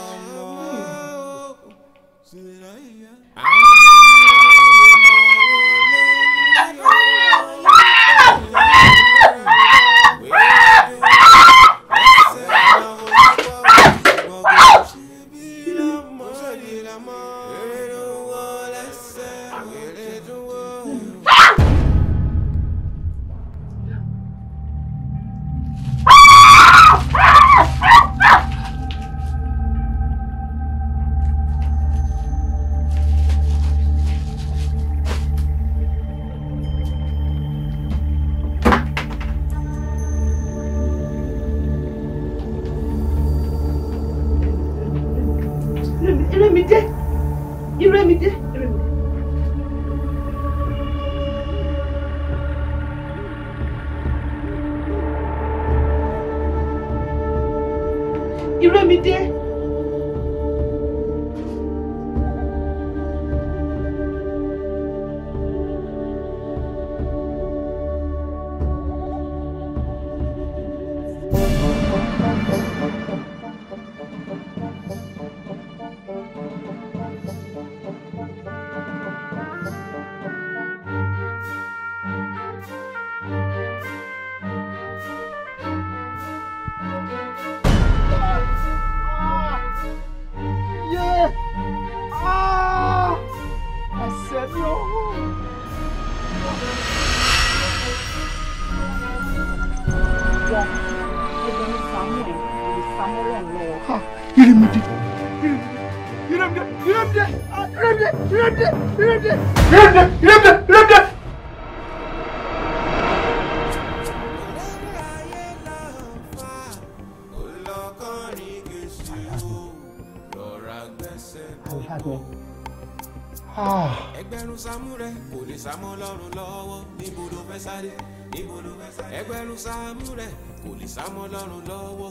sáàmù rẹ̀ kò lè sá mọ́ lọ́rùn lọ́wọ́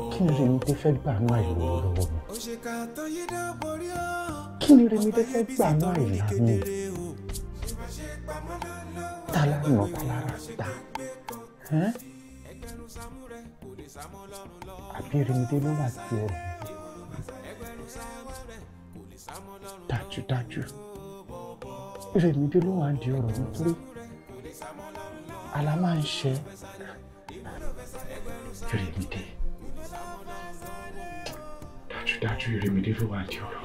o. kí ni rèmi tẹ fẹ́ gbà náà ìlú lọ́wọ́ mi. kí ni rèmi tẹ fẹ́ gbà náà ìlú mi. tala nọ talara ta àbí rèmi tẹ ló wà ọ̀rọ̀ dájúdájú rèmi tẹ ló wà ọ̀rọ̀ nítorí àlá máa ń ṣe Ìrèmídé dájúdájú Ìrèmídé ló wà ní ọ̀rọ̀.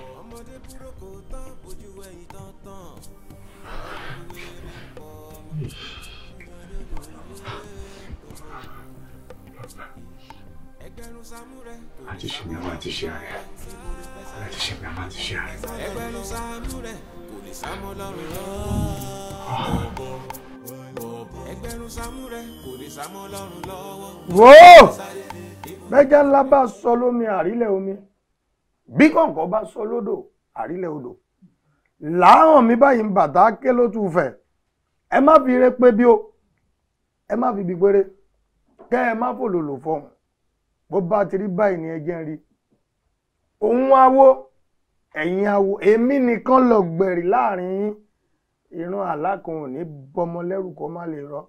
àti ṣe mi àwọn àti ṣe ààrẹ àti ṣe mi àwọn àti ṣe ààrẹ. Ah ẹgbẹ̀rún sàmúrẹ́ kò ní sàmọ́ lọ́rùn lọ́wọ́. wò bẹ́jà ńlá bá sọ lómi àrílẹ̀ omi bí kọ̀ǹkọ̀ bá sọ lódò àrílẹ̀ odò làáhàn mi báyìí ń bàtà ké ló tún fẹ̀ ẹ má fi eré pé bí o ẹ má fi bí péré kẹ́ ẹ má fòlòlò fọhùn bó bá ti rí báyìí ni ẹ jẹ́ ń rí òun awo ẹ̀yin awo èmi nìkan lọ gbẹ̀rì láàrin yín ìran àlákan ò ní bọmọ lẹ́rù kó má lè rọ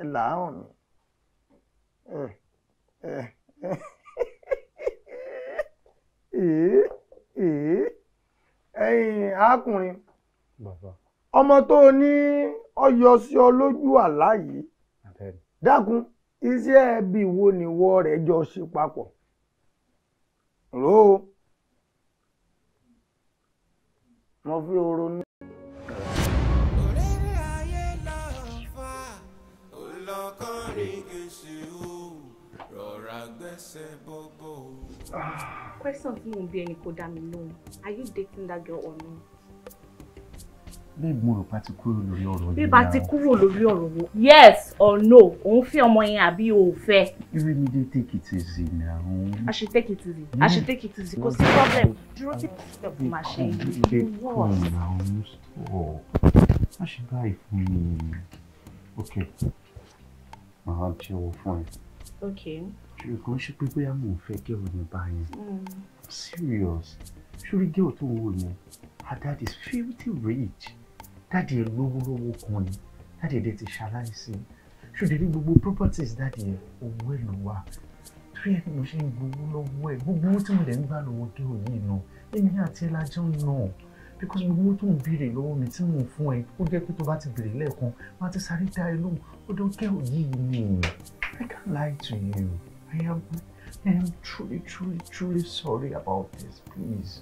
ẹ làáhàn mi ẹ̀yin arákùnrin ọmọ tó o ní ọyọ sí ọ lójú àlá yìí dákun iṣẹ́ ẹbí wo nìwọ rẹ̀ jọ ṣe papọ̀ rò mo fi oorun ní. akọ́rìngèsè o rọra gbẹ́sẹ̀ bọ́bọ́ o. question tí mò ń bí ẹni kò dá are you dating that girl or no. bẹ́ẹ̀ mo rò pa ti kúrò lórí ọ̀rọ̀ yìí. bí yes or no òun fẹ́ ọmọ yẹn àbí o ò fẹ́. eré mi dé take it easy now. I should take it easy I should take it easy because the problem dúró tí kò sí máa ṣe é. wọ́n ṣe báyìí fún mi okay màá jẹ́ owó fún ẹ. ṣùgbọ́n ṣe pé bóyá mò ń fẹ́ gẹ́rù ní báyẹn hmm. serious ṣúrí gẹ́rù tó ń wò yẹn her dad is filthy rich dáàdì ẹ lówó lówó kan ni dáàdì ẹ dẹ ti ṣaláìsí ṣùdí ní gbogbo properties dáàdì ẹ owó ẹ ló wà torí ẹ mo ṣe ń gbowó lọ́wọ́ ẹ gbogbo owó tí mo dẹ̀ ń gbà lọ́wọ́ gẹ́rù yìí náà èmi àti ẹ̀ lájọ́ náà because gbogbo tó ń béèrè lọ́wọ́ mi tí mò ń fún ẹ ó jẹ́ pé tó bá ti béèrè lẹ́ẹ̀kan máa ti sáré dá ẹ lóhùn ó dán kẹ́rù yìí ni I can't lie to you I am I am truly truly truly sorry about this please.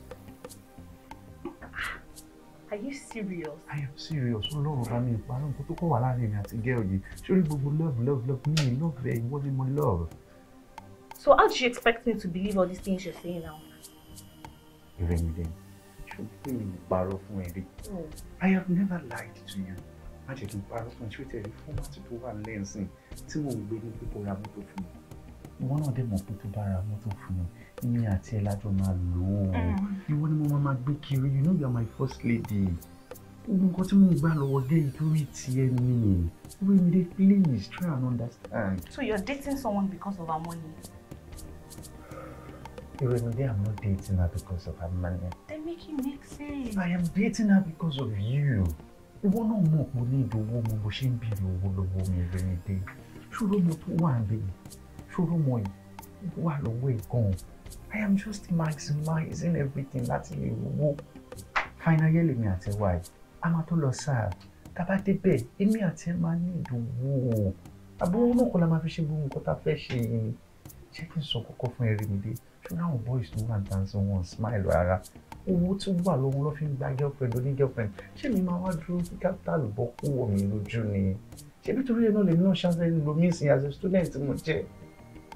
Are you serious? I am serious. Ọlọ́run bá mi ìparun nǹkan tó kọ̀ wà láàrin mi àti gẹ́ọ̀ yìí. Sórí gbogbo love love love me love ẹ̀ ìwọ ni mo love. So how do you expect me to believe all these things you're saying now? Ìrẹ̀mìdẹ́ni pé mi ní parọ́ fún ẹ hmm. i have never lied to you má jẹ́ kí n parọ́ fún ẹ ṣé tẹ̀lé fọ́mátì tó wà lẹ́sìn tí mò ń gbé ní pípọ̀ ra mọ́tò fún mi ìwọ náà dẹ̀ mọ̀ pé tó bá ra mọ́tò fún mi èmi àti ẹ̀ lájọ máa lò ó hmm. ìwọ ni mo máa gbé kiri you know you are my first lady ogun kan tí mo gbà lọ́wọ́ dé ìdúrí tiẹ̀ nìyẹn wíwí please try and understand. so you are dating someone because of her money. Irene, I'm not dating her because of her money. They make it make sense. I am dating her because of you. Ìwọ náà mọ̀ pé ní ìdòwò mo bó ṣe ń bèrè owó lọ́wọ́ mi Irene dé. Ṣòro mo tó wà bẹ́ẹ̀. Ṣòro mo wà way? ìgàn. I am just maximizing everything that you want. Final year lèmi àti ẹwà yìí. A máa tó lọ sáà. Tàbá débẹ̀, èmi In me at ní ìdòwò. Àbúrò náà kọ́ la máa fi ṣe gbogbo nǹkan tá a fẹ́ ṣe yìí. Ṣé kí n sọ kókó fún Now, boys tó wà dáńsọ wọn smile rárá owó tó wà lọ́wọ́ ló fi ń gba girlfriend oní girlfriend ṣé mi máa wá dúró sí capital bọ́ kó wọ̀ mí lójú ni ṣé nítorí ẹ̀ náà lè ná ṣáṣẹ́ lomi sin as a student mo jẹ́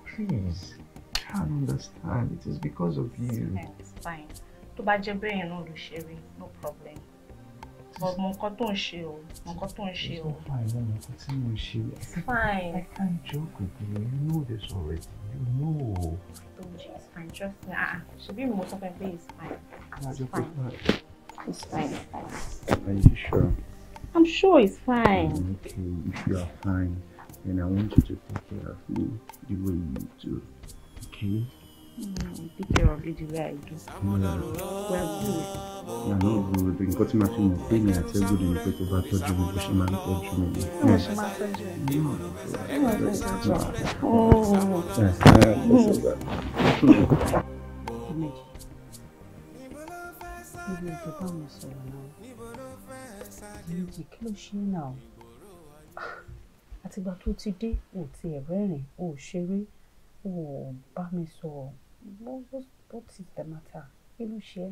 please I can't understand it is because of you. it's fine tó bá jẹ́ bẹ́ẹ̀ náà ló ṣe rí no problem but mo nǹkan tó ń ṣe o mo nǹkan tó ń ṣe o. it's fine mo nǹkan tí mo ṣe. it's fine. I can't joke with you you know this already. No. She's fine, trust me. Ah, she'll be most of her day is fine. It's fine. It's fine. Are you sure? I'm sure it's fine. Okay, if you are fine, then I want you to take care of me the way you do. Okay? picture of you the way I do. We are good. We are not good. Nǹkan tí màá fi mọ̀ pé mi àti ẹgbẹ́ mi pé tó bá tọ́jú mi bó ṣe máa ń tọ́jú mi. Mo ṣe máa tọ́jú mi. Mo máa tọ́jú mi. Ibi ètò bá mi sọ̀rọ̀ náà. Ìyẹn kí ló ṣe náà? Àtìgbà tó ti dé, ò tiẹ̀ rẹ́rìn-ín, ò ṣeré, ò bá mi sọ̀rọ̀. What, what, what is the matter? You know she.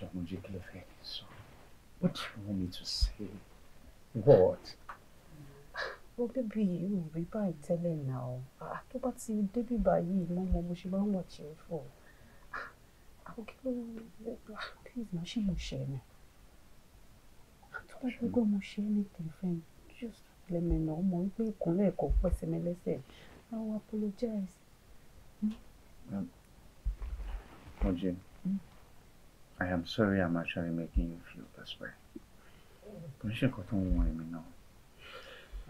John, jẹ́ kí ló fẹ́ kí n What do you want me to say? What? Well, baby, you rí báyìí tẹ́lẹ̀ náà. Ah, tó bá ti you, báyìí, mo mọ mo ṣe máa ń wọ̀ ṣe é fọ̀. Àwọn kí ló ah, please má ṣe mo ṣe ni. Tó bá gbogbo mo ṣe anything fẹ́ just lẹ́mìnà mo ń gbé ìkúnlẹ̀ ẹ̀kọ́ pẹ́sẹ̀mẹ́lẹ́sẹ̀. I will apologize. Um, hmm? I am sorry I'm actually making you feel this way.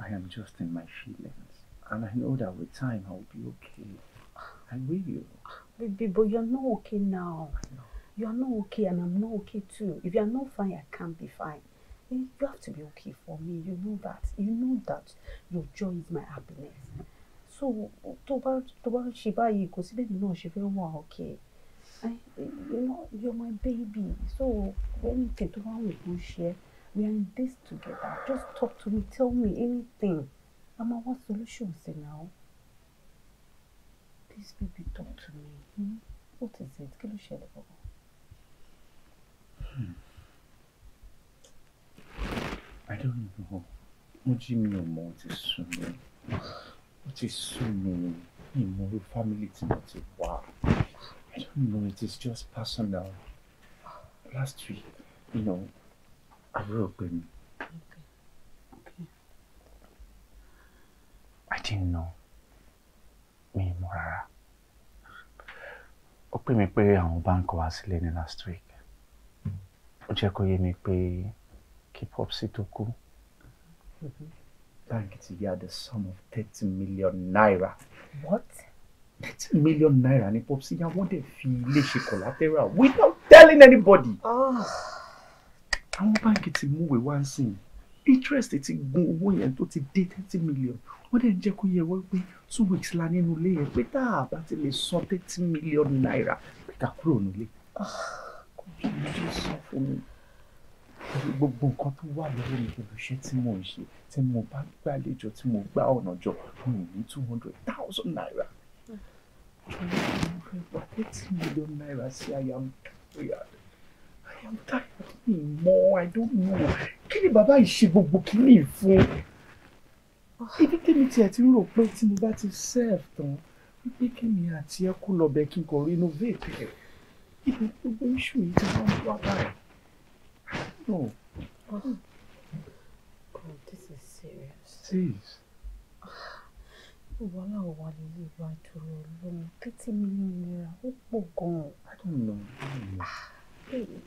I am just in my feelings. And I know that with time I'll be okay. I will. Baby, but you're not okay now. You're not okay and I'm not okay too. If you're not fine, I can't be fine. Eh, you have to be okay for me. You know that. You know that your joy is my happiness. so tó bá tó bá ń ṣe báyìí kò sí bẹ́ẹ̀ náà ṣe fẹ́ wà òkè eh, you know you're my baby so anything tó bá wù kó ṣe we are in this together just talk to me tell me anything a máa wá solution sí now please baby talk to me hmm? what is it kí ló ṣẹlẹ̀ bàbá. Hmm. I don't know. Mo jí mi ò mọ ti sùn mí ó ti sú mi ìmúrú family tí mo ti wá I don't know it is just personal last week you know àbúrò pè mí. I didn't know Me mọ̀ rárá ó pè mí pé àwọn báńkì wá last week ó jẹ́ kó yé mi pé kí popsi bank ti yá the sum of thirty million naira. what? thirty million naira ni popsi yá wọ́n dẹ̀ fi ilé ṣe collateral without telling anybody. Ah. àwọn báńkì ti múwèé wá sí i interest ti gun owó yẹn tó ti dé thirty million wọ́n dẹ̀ ń jẹ́ kó yẹ wọ́n pé two weeks la nínú ilé yẹn pé tá a bá ti lè san thirty million naira pé ká kúrò nílé. Ah. kò bí mo ṣe sọ fún mi gbogbo nǹkan tó wà lọ́wọ́ mi iṣẹ́ tí mò ń ṣe tí mo bá gbàlejò tí mo gbá ọ̀nà jọ mi ní two hundred thousand naira. mo fẹ́ gba thirty million naira sí I am tired I am tired I don't know kí ni bàbá yìí ṣe gbogbo kìíní fún. ibi tèmi tiẹ̀ ti ń rò pé tí mo bá ti serve tán wípé kí mi àti ẹ kó lọ bẹ kí n kò renovate ẹ ibi gbogbo iṣu yìí ti wọ́n wá báyìí. No. Oh. oh. God, this is serious. Serious. Ìwọ náà wà nínú ìlú àjòrò lónìí. Thirty million naira ó pọ̀ gan-an. I don't know. I don't know.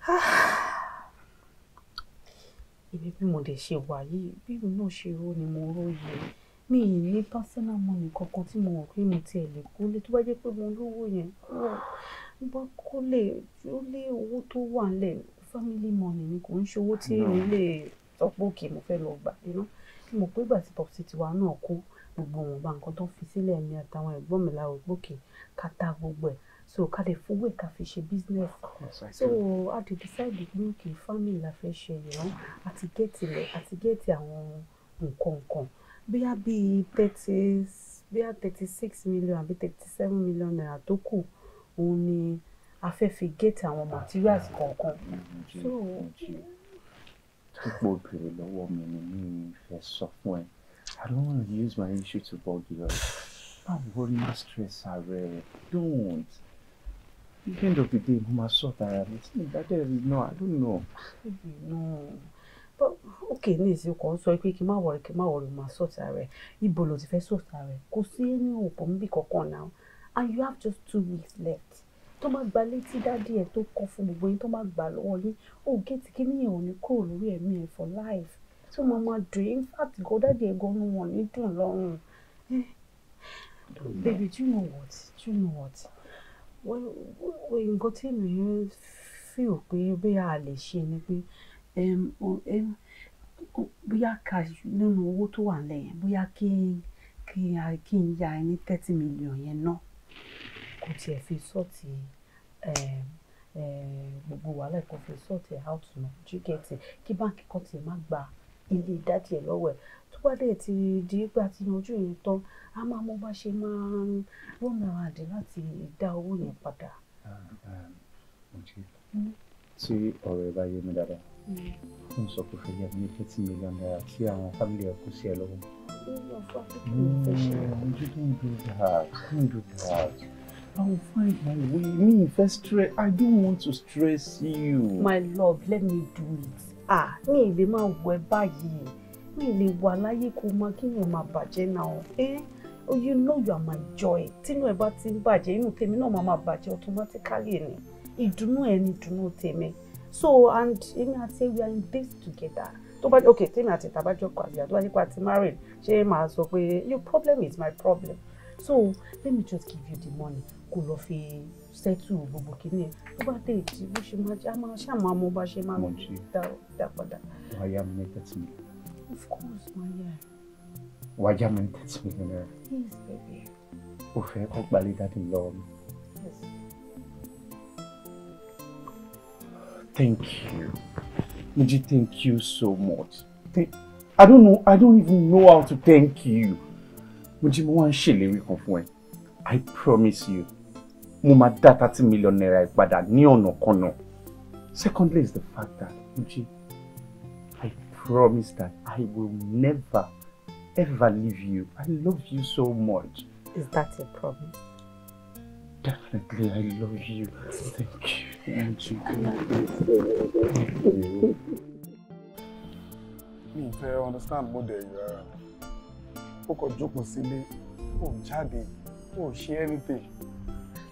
Ah, ah. Ibi bí mo dẹ̀ ṣe wà yìí, bí mo náà ṣe rò ni mo rò yìí. Mi ì ní personal money kankan tí mo rò pé mo tiẹ̀ lè kó lé tó bá jẹ́ pé mo lówó yẹn. Oh ó bá kólé ó lé owó tó wà nílẹ̀ family money ni kò ń ṣe owó tí èèyàn lè sọ pé òkè mo fẹ́ lọ gbà iná tí mo pé ìgbà tí pọ̀sì tiwa náà kú gbogbo wọn bá nǹkan tó fi sílẹ̀ mi àtàwọn ẹ̀gbọ́n mi láwọn ògbókè ká gbogbo ẹ̀ so ká lè fowó ẹ̀ ká fi ṣe business so a ti decide pé òkè family la fẹ́ ṣe ìran àti gẹ́ẹ̀tì rẹ̀ àti gẹ́ẹ̀tì àwọn nǹkan nǹkan bóyá bíi thirty bóyá thirty six million àbí thirty seven million naira tó kù òun ni a fẹ́ fi gate àwọn materials kọ̀ọ̀kan. púpọ̀ obìnrin lọ́wọ́ mi ni mi fẹ́ sọ fún ẹ I don't want to use my issue to bug you up I'm my stress are don't even though the day mo ma sọ tara mi sí ìdájọ́ ẹ̀rí náà I don't know. no okay ní ìsìn kan sọ pé kí n má wọrí kí n má wọrí mo ma sọ tara ẹ ibo ló ti fẹ́ sọ tara ẹ kò sí ẹni òpó níbi kankan náà and you have just two weeks left tó máa gba létí dádì ẹ tó kọ fún gbogbo yín tó máa gbà lọ́wọ́ yín ó géètì kí nìyẹn ò ní kúrò lórí ẹ̀mí ẹ̀ for life tó máa máa dùn in fact kó dádì ẹ gan wọn ní dùn lọ́rùn. baby do you know what do you know what nǹkan tí mi fi ò pé bóyá a lè ṣe ni pé bóyá ká nínú owó tó wà lẹ́yìn bóyá kí n ya ẹ ní thirty million yẹn náà kò tiẹ̀ fi sọ́ọ̀tì gbogbo wàhálà kò fi sọ́ọ̀tì out nù jíkẹ́tì kí báńkì kan tiẹ̀ má gba ilé dádì ẹ̀ lọ́wọ́ ẹ̀ tó bá dẹ̀ ti di ìgbà tí yanjú yẹn tán a máa mọ bá ṣe máa rọ́nà àdé láti dá owó yẹn padà. Ah, um, hmm. tí ọ̀rọ̀ ẹ bá yé mi dáadáa ó hmm. ń sọ pé fẹ́ yá mi ní fifty million naira kí àwọn fámìlì ẹ̀ kú sí ẹ lọ́wọ́. ó yàn fún akẹ́kọ̀ọ́ ìfẹsẹ̀. do that don't do that. I will oh, find my way. Me, first I stress, I don't want to stress you. My love, let me do it. Ah, me the man will buy you. Me, Mi ì lè wà láyé kó máa kíyàn máa Eh? Oh, you know you are my joy. Tínú ẹ bá ti ń bàjẹ́, inú tèmi náà máa máa bàjẹ́ automatically ni. Ìdùnnú do ni ìdùnnú tèmi. So and èmi àti ẹ we are in this together. Tó bá ok tèmi àti ìtàbájọ́ kọ àbí àdúrà nípa ti married ṣé so sọ your problem is my problem. So let me just give you the money kó lọ fi sẹ́tù gbogbo kìíní ẹ̀ tó bá dé ìdí bó ṣe máa jẹ́ a máa ṣàmọ́ àmọ́ bá ṣe máa dá padà. wàá yá mi ní thirty million. of course wàá yá ẹ. wàá yá mi ní thirty million naira. baby. o fẹ́ kọ́ gbalẹ̀ dáadé lọ́wọ́ mi. yes. thank you Muji thank you so much thank I don't know I don't even know how to thank you Muji mo wá ń ṣèlérí kan fún ẹ I promise you mo máa dá thirty million naira ìpadà ní ọ̀nà kanà secondly is the fact that Uche I promise that I will never ever leave you I love you so much. Is that a problem? Definitely, I love you. Thank you. Thank you. Thank you. Mi fẹ́ understand mo dẹ̀ yọ ara mi. Ó kàn jókòó sílé, ó jáde, ó ṣe anything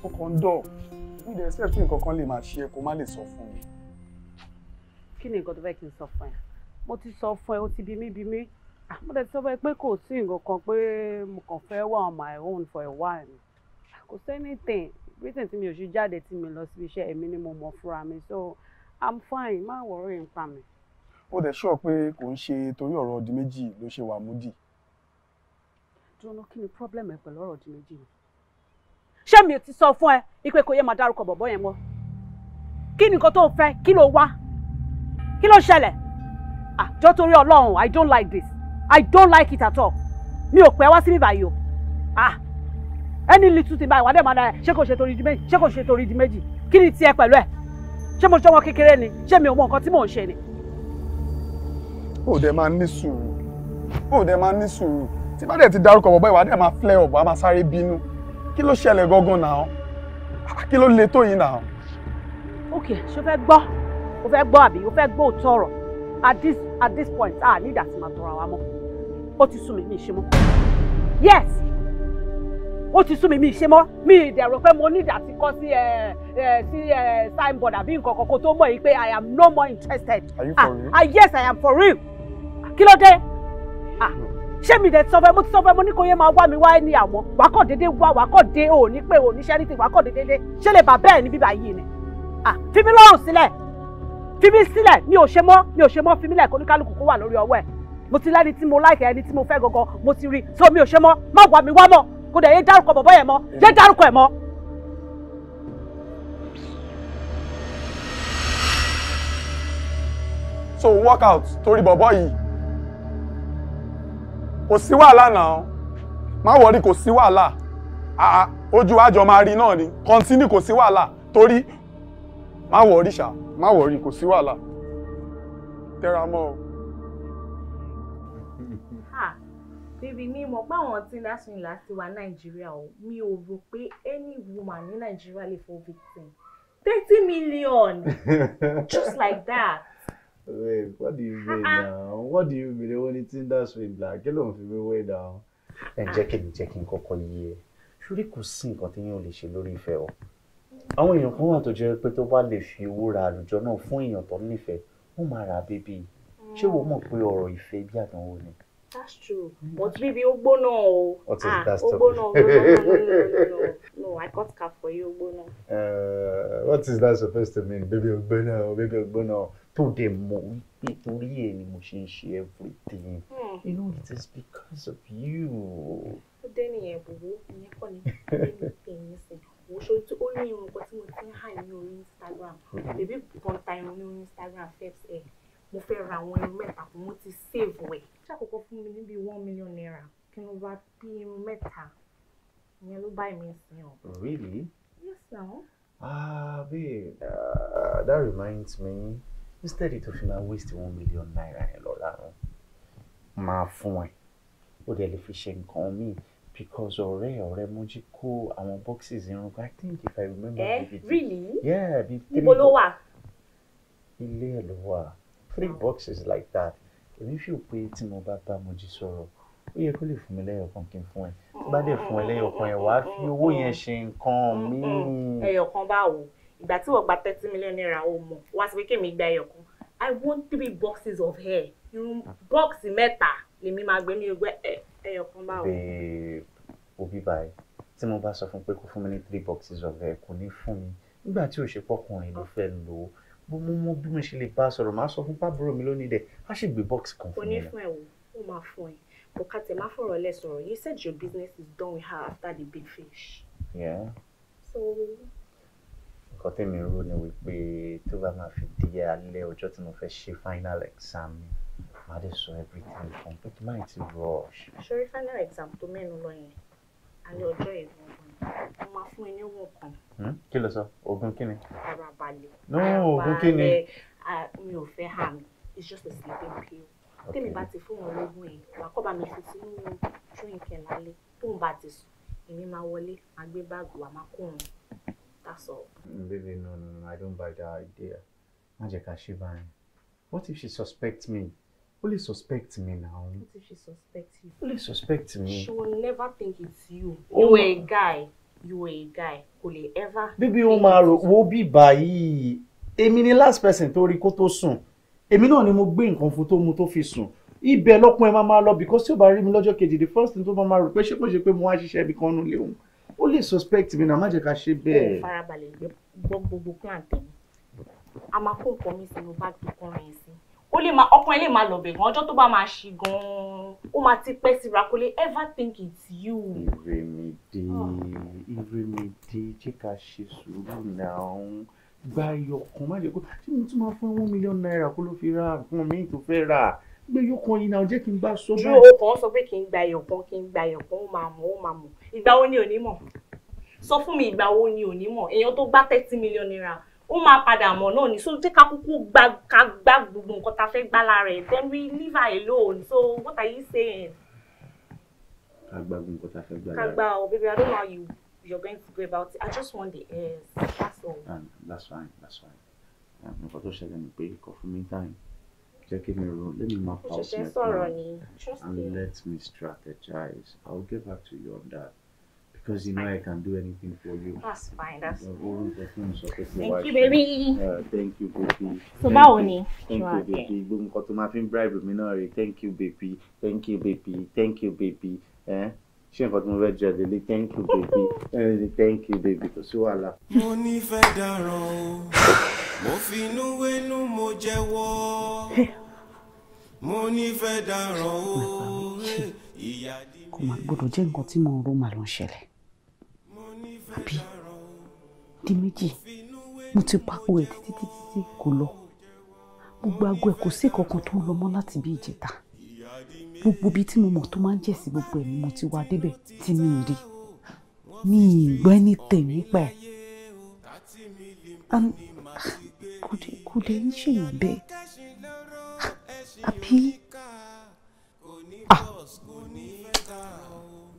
ó kàn ń dọ̀ mi dẹ̀ expect kí nǹkan kan lè máa ṣe é kó má lè sọ fún mi. kí ni nǹkan tó fẹ́ kí n sọ fún ẹ mo ti sọ fún ẹ o ti bí mi bí mi mo dẹ̀ ti sọ fún ẹ pé kò sí nǹkan kan pé mo kàn fẹ́ wà on my own for a while kò sẹ́nìtìn reason tí mi ò ṣe jáde tí mi lọ síbi iṣẹ́ èmi ni mo mọ̀ fúnra mi so i'm fine má worry nípa mi. ó dẹ̀ sọ pé kò ń ṣe torí ọ̀rọ̀ ọdún méjì ló ṣe wà múdì. dúró kí ni problem ẹ pẹ̀lú ọ̀rọ̀ ọdún méjì yìí ṣé mi ti sọ fún ẹ ipe kò yẹ máa dárúkọ bọ̀bọ̀ yẹn mọ́ kí ni nǹkan tó fẹ́ kí ló wá kí ló ṣẹlẹ̀ àjọ torí ọlọ́run i don't like this i don't like it at all mi ò pẹ́ wá sí bíbá yìí o ẹni litu ti bá ìwádẹ́ máa dára ṣé kò ṣe torí di méjì ṣé kò ṣe torí di méjì kí ni tiẹ̀ pẹ̀lú ẹ̀ ṣé mo jọwọ́ kékeré ni ṣé mi ò mọ nǹkan tí mò ń ṣe ni. ó dẹ̀ máa ní sùúrù ó dẹ̀ máa ní sùúrù tí bá dẹ̀ ti dárúkọ bọ̀bọ̀ ìwádẹ́ máa flare up á máa sáré bínú kí ló ṣẹlẹ̀ gangan náà kí ló le tó yìí náà. ok ṣo fẹ́ gbọ́ o fẹ́ gbọ́ àbí o fẹ́ gbọ́ òótọ́ ọ̀rọ̀ at this at this point a ní ìdásí máa tọrọ àwa mọ́ ó ti sún mi mi ṣe mọ́ yes ó ti sún mi mi ṣe mọ́ mi ìdẹ̀rọ pé mo ní ìdásí kọ́ sí ẹ ẹ sí ẹ signboard àbí nǹkan kan kó tó mọ̀ yìí pé i am no more interested. are you for ah, real? ah yes i am for real ah, kí ló dé. ah ṣé mi dẹ̀ ti sọ fẹ́ mo ti sọ fẹ́ mo ní kò yẹ máa wá mi wá ẹni àmọ́ wàá kàn déédéé wá wàá kàn dé o pé o ṣẹ́ ní ti wàá déédéé dé ṣé lè bà bẹ́ẹ̀ ní bíbá yìí ni fi mí lọ́rùn sílẹ̀ fi mí sílẹ̀ mi ò ṣe mọ́ mi ò ṣe mọ́ fi mí lẹ̀ kó oníkálukú kó wà lórí ọwọ́ ẹ̀ mo ti lẹ́ni tí mo láìkẹ́ ẹni tí mo fẹ́ gangan mo ti rí so mi ò ṣe mọ́ má wá mi wá mọ́ kó dẹ̀ yé dárúkọ bọ̀bọ́ yẹn mọ́ yé dárúkọ ẹ̀ mọ́. so workout torí bọ̀bọ́ yìí kò sí wàhálà náà má wọrí kò sí wàhálà ojú àjọ máa rí náà ni kọ́ńtínì kò sí wàhálà torí má wọrí ṣá má wọrí kò sí wàhálà tẹra mọ́ o. bíbí mi mọ̀ pé àwọn tí násìnyìn láti wá nàìjíríà o mi ò rò pé any woman ní nàìjíríà lè fọ victim thirty million just like that. Wait, what do you mean now? What do you mean? They only think that's way black. Kí ló ń fi mi wé now. Ẹ jẹ́ kí n jẹ́ kí n kọ́kọ́ yé ẹ. E. Ṣúrí kò sí nǹkan tí yóò lè ṣe lórí ìfẹ́ o. Àwọn èèyàn kan wà tó jẹ́ pé tó bá lè fi owó ra àlùjọ náà fún èèyàn tó nífẹ̀ẹ́, wọ́n máa ra bébí. Ṣé wo mọ̀ pé ọ̀rọ̀ ìfẹ́ bí àdánwò ni? That's true. But bíbí ó gbóná o. What is that story? Ó ah, gbóná o. No, No, I cut cap for you, ó gbóná. Eh, what is that supposed to mean? baby? ó gbóná o, bíbí ó gbóná o tó dẹ̀ mọ̀ wípé torí ẹ̀ ni mo ṣe ń ṣe everything hmm. you know it is because of you. ó dé nìyẹn bòbó ìyẹn kọ́ ni ẹni tẹ̀yìn sí wo ṣojú ó ní irun kan tí mo ti ń hà ní orí Instagram hmm. bèbí kan ta irun ní orí Instagram fẹ́ẹ́ ẹ̀ eh, mo fẹ́ ra àwọn irun mẹ́ta kó mo ti save ẹ̀ ṣàkókò fún mi níbi one million naira kí n wá bí irun mẹ́ta ìyẹn ló bá mi sìn o. really? yes sir. ah babe uh, that reminds me instead tó fi máa waste one million naira yẹn lọ lárùn máa fún ẹ ó dẹ̀ lè fi ṣe nǹkan míì because ọ̀rẹ́ ọ̀rẹ́ mo jí kó àwọn boxes irun i think if i remember. ẹ eh, really yeah bi three níbo ló wà. ilé ẹ ló wà three ah. boxes like that èmi fi ò pé tí mo bá bá mo jí sọ̀rọ̀ ó yẹ kó lè fún mi lẹ́yọ̀kan kí n fún ẹ tó bá dẹ̀ fún ẹ lẹ́yọ̀kan ẹ wàá fi owó yẹn ṣe nǹkan míì. Mm, mm, mm, ẹyọ̀kan báwo ìgbà tí wọ́n gba thirty million naira ó mọ̀ wá sí pé kémi gba ẹyọ kan i want three boxes of hair irun bọ́ọ̀sì mẹ́ta lèmi máa gbé mi gbé eh, ẹyọ kan báwo. bẹ́ẹ̀ òbí báyìí tí mo bá sọ fún pé kó fún mi ní three boxes of hair kò ní fún mi nígbà tí ò ṣe pọkùnrin ló fẹ́ lò ó bó mo mọ bí mo ṣe lè bá a sọ̀rọ̀ máa sọ fún pàbúrò mi lónìí dẹ̀ á sì gbé bọ́ọ̀sì kan fún mi. kò ní fún ẹ o ó máa fún ẹ kò ká tẹ̀ má fọ̀rọ̀ lẹ̀ sọ̀rọ̀ you said your business is done with her after the big fish. Yeah. so nǹkan tèmi rò ni wípé tó bá máa fi di alẹ́ ọjọ́ tí mo fẹ́ ṣe final exam mi màá dé sọ everything fún un but mine ti rush. àṣọrí final exam tó mẹ́nu lọ yẹn alẹ́ ọjọ́ yẹn gbọ̀ngàn wọ́n máa fún ẹ ní oògùn kan. Hmm? kí ló sọ oògùn kí ni. ara balẹ̀. no oògùn kí ni. mi ò fẹ́ hà mí it's just a sleeping pill. tèmi bá ti fún wọn lógún yìí wàá kọ́ bá mi fi sínú tún ìkẹlẹ́ alẹ́ tóun bá ti sùn èmi máa wọlé máa gbé báàgì wa máa kó wọn. That's all. Really, no, no, no. I don't buy that idea. Má jẹ́ ká ṣe What if she suspects me? Ó suspect me now? What if she suspects you? Ó suspect me? She will never think it's you. Oh. You were a guy. You were a guy. Kò ever. Baby, ó máa be wó bí ni last person to rí kó tó sùn. Èmi náà ni mo gbé nǹkan fún tó mu tó fi sùn. Ibẹ̀ lọ́kùn ẹ máa máa lọ because tí ó bá rí mi lọ́jọ́ kejì the first thing to máa máa rò pé ṣé kò ṣe pé mo wá ṣiṣẹ́ ibì kan nulẹ̀ òun ó lè suspect mi náà má jẹ́ ká ṣe bẹ́ẹ̀. ó farabalẹ̀ gbọ́ gbogbo plan tẹ̀mí a máa kó nǹkan mi sínú báàgì kọrin sí ó lè máa ọkùnrin lè máa lọ̀bẹ̀ gan ọjọ́ tó bá máa ṣe gan-an ó máa ti pẹ́ síra kó lè ever think it's you. ìrèmídé ìrèmídé jẹ́ ká ṣe sùúrù náà gba ẹyọkan má jẹ́ kó tí mo tún máa fún one million naira kó ló fi ra nǹkan mi tó fẹ́ rà gbé ẹyọkan yìí náà jẹ́ kí n bá sọ báyìí. ju okùn sọ pé kí n gba ẹyọkan kí n gba ẹyọkan ó máa mọ̀ ó máa mọ̀ ìgbà wo ni ò ní mọ̀ sọ fún mi ìgbà wo ni ò ní mọ̀ èèyàn tó gbá thirty million naira ó máa padà mọ̀ náà ni so jẹ́ ká kúkú gbá ká gbá gbogbo nǹkan tá a fẹ́ gbá lára ẹ̀ then we leave her alone so what are you saying. ká gbá gbogbo nǹkan tá a fẹ́ gbá lára ká gbá o baby i don't know how you you're going to go about it i just want the air. that's all. Um, that's fine that's fine ah, nǹkan tó ṣẹlẹ̀ ni pé kò fún mi time jẹ́ kí mi room. let me map out my plan and me. let me strategize I'll will get back to you on that because you know I can do anything for you. That's fine. That's fine. Thank you, baby. Uh, thank you, baby. So báwo ni? Thank you, baby. Gbogbo nǹkan tó máa fi ń bribe mi náà rè thank you, baby. Thank you, baby. Thank you, baby. Eh? nǹkan tí mo fẹ́ jẹ délé? Thank you, baby. Eh, thank you, baby. So, sí mo finú wẹnu mo jẹ́wọ́ mo nífẹ̀ẹ́ dáràn o ìyá di mi. kò má gbọdọ̀ jẹ́ nǹkan tí mo ń rò máa ló ń ṣẹlẹ̀ àbí di méjì mo ti pàpò ẹ̀ títí títí kò lọ gbogbo aago ẹ̀ kò sí kankan tó ń lọ mọ́ láti bí ìjẹta gbogbo ibi tí mo mọ̀ tó máa ń jẹ̀sí gbogbo ẹ̀ ni mo ti wá débẹ̀ tí mi ì rí mi ì gbọ́ ẹni tèmi pẹ̀ kò dé ń ṣèyàn bẹ́ẹ̀ àbí ah!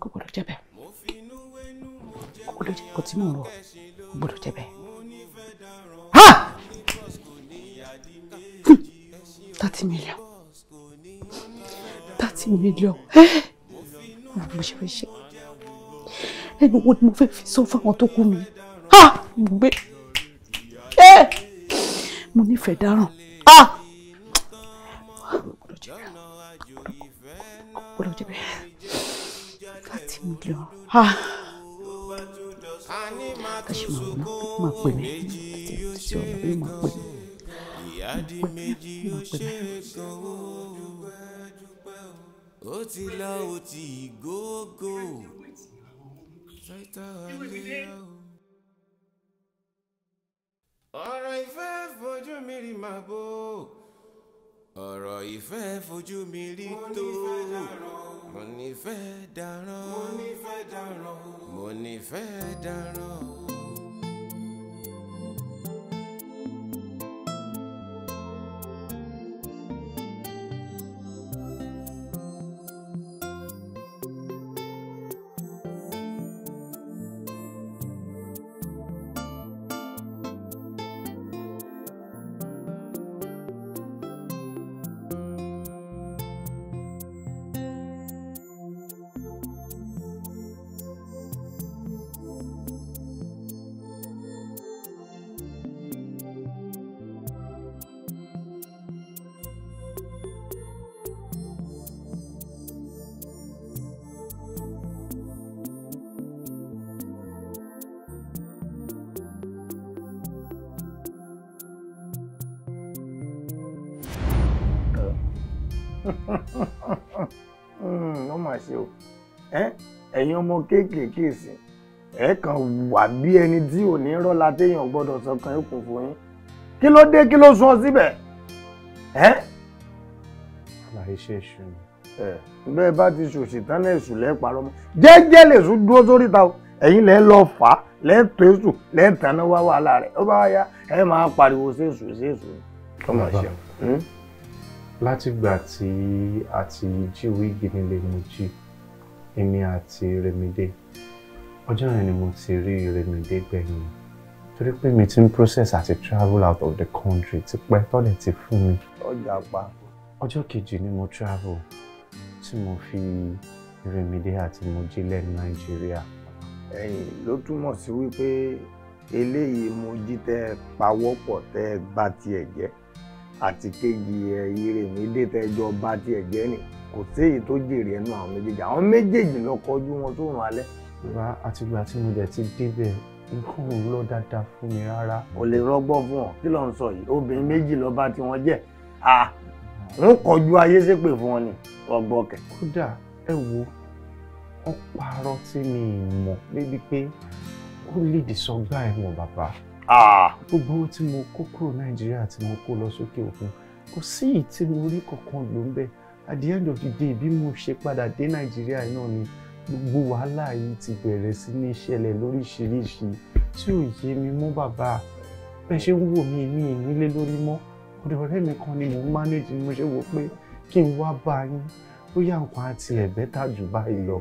kò gbọdọ̀ jẹ́ bẹ́ẹ̀ kò gbọdọ̀ jẹ́ kò tí mò ń rò kò gbọdọ̀ jẹ́ bẹ́ẹ̀. Hmm. thirty million thirty million mo ṣe fẹ́ ṣe ẹnu wo ni mo fẹ́ fi sọ fáwọn tó kú mi mo gbé mo nífẹ̀ẹ́ dáràn. gbọ́dọ̀ ah! jẹ́ bẹ́ẹ̀ láti mílíọ̀n ah! ká ṣe máa wọ̀nà máa ti lọ ó ti gógó ọ̀rọ̀ ìfẹ́ fojú mi rí màá bò ọ̀rọ̀ ìfẹ́ fojú mi rí tó mo nífẹ̀ẹ́ dáràn mo nífẹ̀ẹ́ dáràn mo nífẹ̀ẹ́ dáràn. ẹ̀yin ọmọ kéékèèké sí ẹ kàn wà bí ẹni tí ò ní rọ́lá téèyàn gbọ́dọ̀ sọkàn ẹkùn fún yín kí ló dé kí ló sún ọ síbẹ̀ ẹ́. àlàyé ṣe é ṣù ni. bẹ́ẹ̀ bá ti ṣòṣì tán náà èṣù lẹ́ẹ̀ parọ́ mọ́ jẹ́jẹ́ lè sún dúró sórí ta o ẹ̀yin lẹ́ẹ̀ lọ fà á lẹ́ẹ̀ tó èṣù lẹ́ẹ̀ tanná wá wàhálà rẹ̀ ó bá yá ẹ máa pariwo sí èṣù ni. ọmọ ṣe látìgbà tí a ti jíwèé gidi lè mú jí èmi àti Remide ọjọ́ yẹn ni mo ti rí Remide gbẹ̀yìn torí pé mi ti ń process àti travel out of the country tipẹ́ tọ́lẹ̀ ti fún mi. ọjà pa. ọjọ́ kejì ni mo travel tí mo fi Remide àti Mojílẹ̀ ní Nàìjíríà. ẹ̀yìn ló túmọ̀ sí wípé eléyìí Mojí tẹ́ pawọ́pọ̀ tẹ́ bá tiẹ̀ jẹ́ àti kejì ẹ̀ Remide tẹ́ jọ bá tiẹ̀ jẹ́ nìyí kò séyìí tó jèrè ẹnu àwọn méjèèjì àwọn méjèèjì lọ kọjú wọn tó rùn alẹ́. bàbá àtìgbà tí mo dẹ̀ ti débẹ̀ nǹkan ò lọ dáadáa fún mi rárá. ò lè rọgbọ́n fún ọ kí ló ń sọ yìí obìnrin méjì ló bá tí wọ́n jẹ́ à ń kọjú ayé ṣépè fún ọ ni ọgbọ́n kẹ. kódà ẹ wo wọ́n parọ́ tí mi mọ̀ débi pé ó lèdè sọgbà ẹ̀wọ̀n bàbá. gbogbo tí mo kó kúrò nàìjíríà tí mo kó lọ sókè òkun kò sí ì at the end of the day bí mo ṣe padà dé nàìjíríà náà ni gbogbo wàhálà yìí ti bẹ̀rẹ̀ sí ní ṣẹlẹ̀ lóríṣiríṣi tí ò yé mi mọ́ bàbá bẹ́ ṣe ń wò mí mi nílé lórí mọ́ ọ̀dọ̀ ọ̀rẹ́ mi kan ni mò ń manage mo ṣe wò pé kí n wá bá yín bóyá nǹkan àti ẹ̀bẹ́ tà jù báyìí lọ.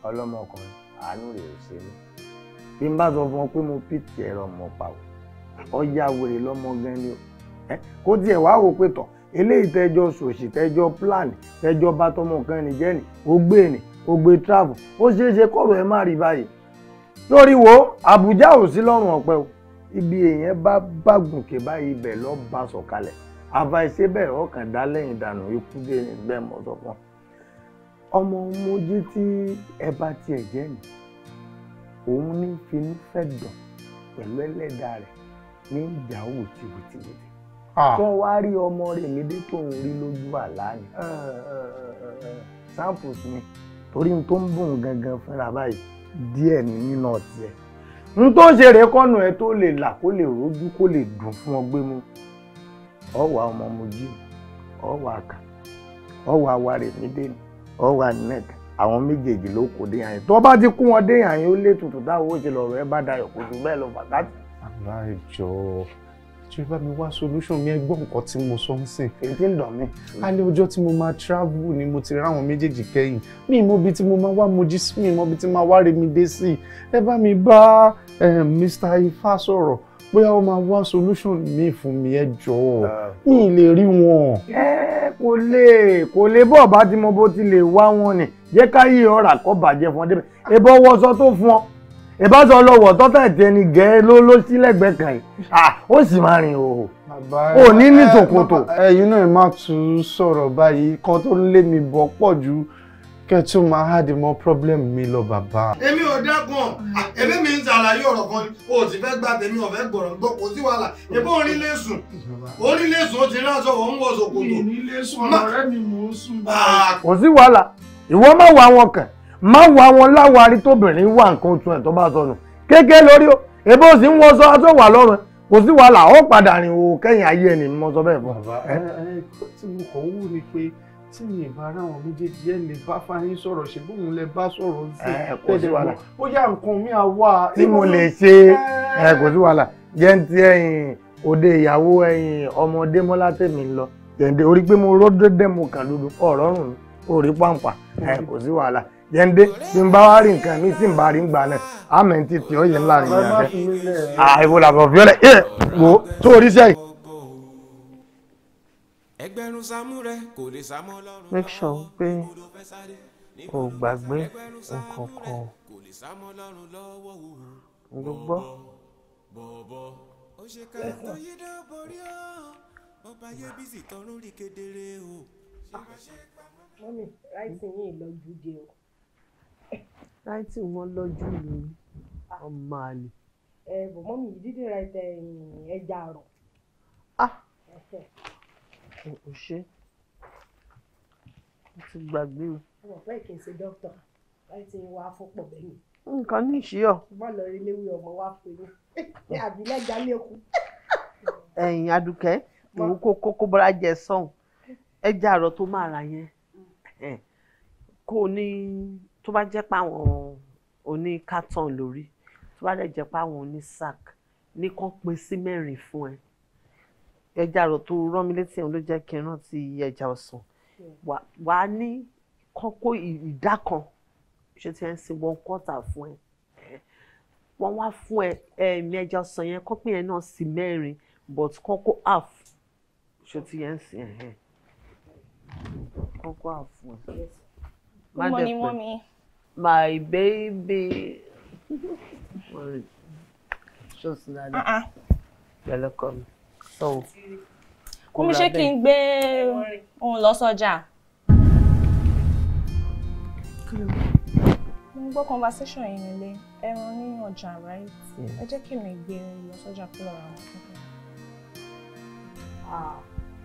ọlọ́mọkùnrin àánú rẹ̀ ò ṣe mí bí n bá sọ fún ọ pé mo pìtì ẹ̀rọ mọ̀ pàwọ́ ọjà wèrè lọ́mọ gan ni kó tiẹ̀ wá wò pé tán eléyìí tẹjọ sòṣì tẹjọ plan tẹjọ bá tọmọ kan ní jẹ́ ni ó gbé ni ó gbé travel ó ṣeé ṣe kọ̀rọ̀ ẹ má rí báyìí lórí wo àbújá ò sí lọ́rùn ọ̀pẹ o ibi èèyàn bá bá gùnkè báyìí ibẹ̀ lọ́ọ́ bá sọ̀kalẹ̀ àbá ìṣe bẹ́ẹ̀ ọkàn dá lẹ́yìn dànù ikú dé nígbẹ́ mọ́ sọ́kàn ọmọ mojí tí ẹ bá tiẹ̀ jẹ́ ni òun ní finú fẹ́ dàn pẹ̀lú ẹlẹ́dàá rẹ̀ ní ìjà wùtìwùtìwùtì tó ah. wá rí ọmọ rẹ̀ mi dé tó ń rí lójú àlá ni eh, eh, eh, samples mi torí n tó ń bùn gangan fúnra báyìí díẹ̀ ní nínà tiẹ̀ n tó ṣe rẹ̀ kọ́nù ẹ tó lè là kó lè rójú kó lè dùn fún ọ gbé mu ọwà ọmọ mojí ọwà àkà ọwà awarè mídèmí ọwà nec àwọn méjèèjì ló kó dé yàn yín tó bá ti kú wọn dé yàn yín ó lé tutù táwọn ó ṣe lọ́rọ̀ ẹ bá dayọ̀ kó ju bẹ́ẹ̀ lọ fàkàtì. aláìjọ ṣe bá mi wá solution mi ẹgbọ́n nǹkan tí mo sọ ń sìn. èdè ń dàn mí. a ọjọ́ tí mo máa travel ni mo ti ráwọn méjèèjì kẹ́yìn mi ì mọ ibi tí mo máa wá mojí sí mi ì mọ ibi tí máa wá remi dé sí i ẹ bá mi bá eh, Mr. Ifá sọ̀rọ̀ bóyá o máa wá solution mi fún mi ẹ jọ̀ọ́ ah. mi ì lè rí wọn. ẹ kò lè kò lè bọ́ọ̀ bá ti mọ bó ti lè wá wọn ni jẹ́ ká yí ọ̀rà kọ́ bàjẹ́ fún ọ débẹ̀ ebọ́ wọ́sọ tó fún ọ ìbáṣọ ọlọ́wọ̀ tọ́tà ìtẹni gẹ́ ló ló sílẹ̀gbẹ́ kan yìí ah. Ah, ó sì máa rìn o ò ní ní ṣòkòtò. ẹ̀yin náà má tún sọ̀rọ̀ báyìí kan tó lé mi bọ́ pọ̀ ju kẹ́ tó máa hádi mọ́ problem mi lọ bàbá. èmi ò dẹ́kun hmm. ah, èmi mi ń ṣàlàyé ọ̀rọ̀ kan o ò sì fẹ́ gba tèmi ọ̀fẹ́ gbọ̀rọ̀ gbọ́ kò sí wàhálà ìbá onílé sùn onílé sùn ó ti rán aṣọ òun wọ ṣòkòtò. onílé sùn ọ̀rẹ́ mi mò ń sùn. kò sí wàhálà ìwọ má wà wọn kàn má wá wọn láwárí tóbìnrin wà nǹkan oṣù ẹ̀ tó bá sọnù kéèké lórí o èbó sì ń wọṣọ aṣọ wà lọ́rùn kò sí wàhálà ó padà rìn òwò kẹ́yìn ayé ẹni mo sọ bẹ́ẹ̀ fún. bàbá ẹ ẹ tí mo kàn wù ni pé tí mi bá ráwọn méjèèjì ẹ lè bá fáyín sọ̀rọ̀ ṣe bóun lè bá sọ̀rọ̀ ṣe tẹ̀lé wọn ó yá nǹkan mi àwa. tí mo lè ṣe ẹ kò sí wàhálà jẹ́ ẹ̀yìn òde ìyàwó ẹ̀yìn ọmọdé mọ́lá tèmi lọ yẹnde bí n bá wá rí nǹkan mi sì ń bá rí ń gbà náà àmọ́ ní títí ó yẹ ńlá rẹ̀ yẹn dẹ́ àìwò làbọ̀ fíọ́lẹ̀ ẹ̀ wò tó orí sẹ́yìn. make sure pé o gbàgbé nǹkan kan gbogbo. mọ́mí ráìsì yìí lọ jù dé o writing wọn lọ́jú ni wọ́n máa lè. ẹ bùnmọ́ mi dídì write um, ẹja àrọ̀. ah o ṣe mo ti gbàgbé o. ọmọ pé kì í ṣe dókítà writing wa fọ́pọ̀ bẹ́yìn. nǹkan ní ìṣíọ. bọ́ọ̀lù orí léwu ọmọ wa pè é àbí lẹ́jà lẹ́kùn. ẹ̀yin Adùkẹ́ òun kó kókó bọ́lá jẹ sọ́hùn ẹja àrọ̀ tó máa rà yẹn mm. kó o ní tó bá jẹ́ pé àwọn oní carton lórí tó bá dẹ̀ jẹ́ pé àwọn oní sack ní kán pín sí mẹ́rin fún ẹ ẹja àrọ̀ tó rán mi létí òun ló jẹ́ kí n rántí ẹja ọ̀sán wà á ní kán kó ìdá kan ṣe ti ń sin one quarter fún ẹ wọ́n wá fún ẹ ẹ̀mí ẹja ọ̀sán yẹn kán pín yẹn náà sí mẹ́rin but kán kó half ṣe ti ń sin ẹ̀hẹ́n kán kó half fún ẹ. good morning mommy. My baby. Just nada. Uh -uh. You're welcome. So. Kúmi ṣé kí n gbé òun lọ sọ́jà? Mo gbọ́ conversation yìí nílé, ẹran ní ọjà right? Ẹ jẹ́ kí mi gbé lọ sọ́jà kúrò ra wọn kankan.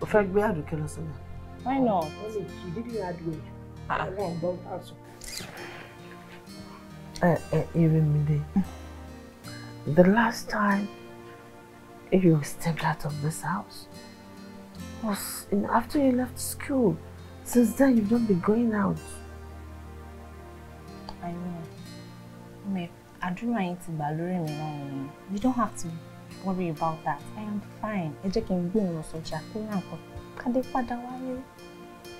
O fẹ́ gbé àdùkẹ́ lọ sọ́jà? Why not? Ó lè kí dídí àdùkẹ́. Àwọn ah. ọ̀gbọ́n bá sọ. uh, uh, the last time you stepped out of this house was in, after you left school. Since then, you've not been going out. I know. I do ain't Baluri me now. You don't have to worry about that. I am fine. Ẹ jẹ́ kí n gbé ìrìn ọ̀sán ṣàkóyà nǹkan. Kade padà wáyé.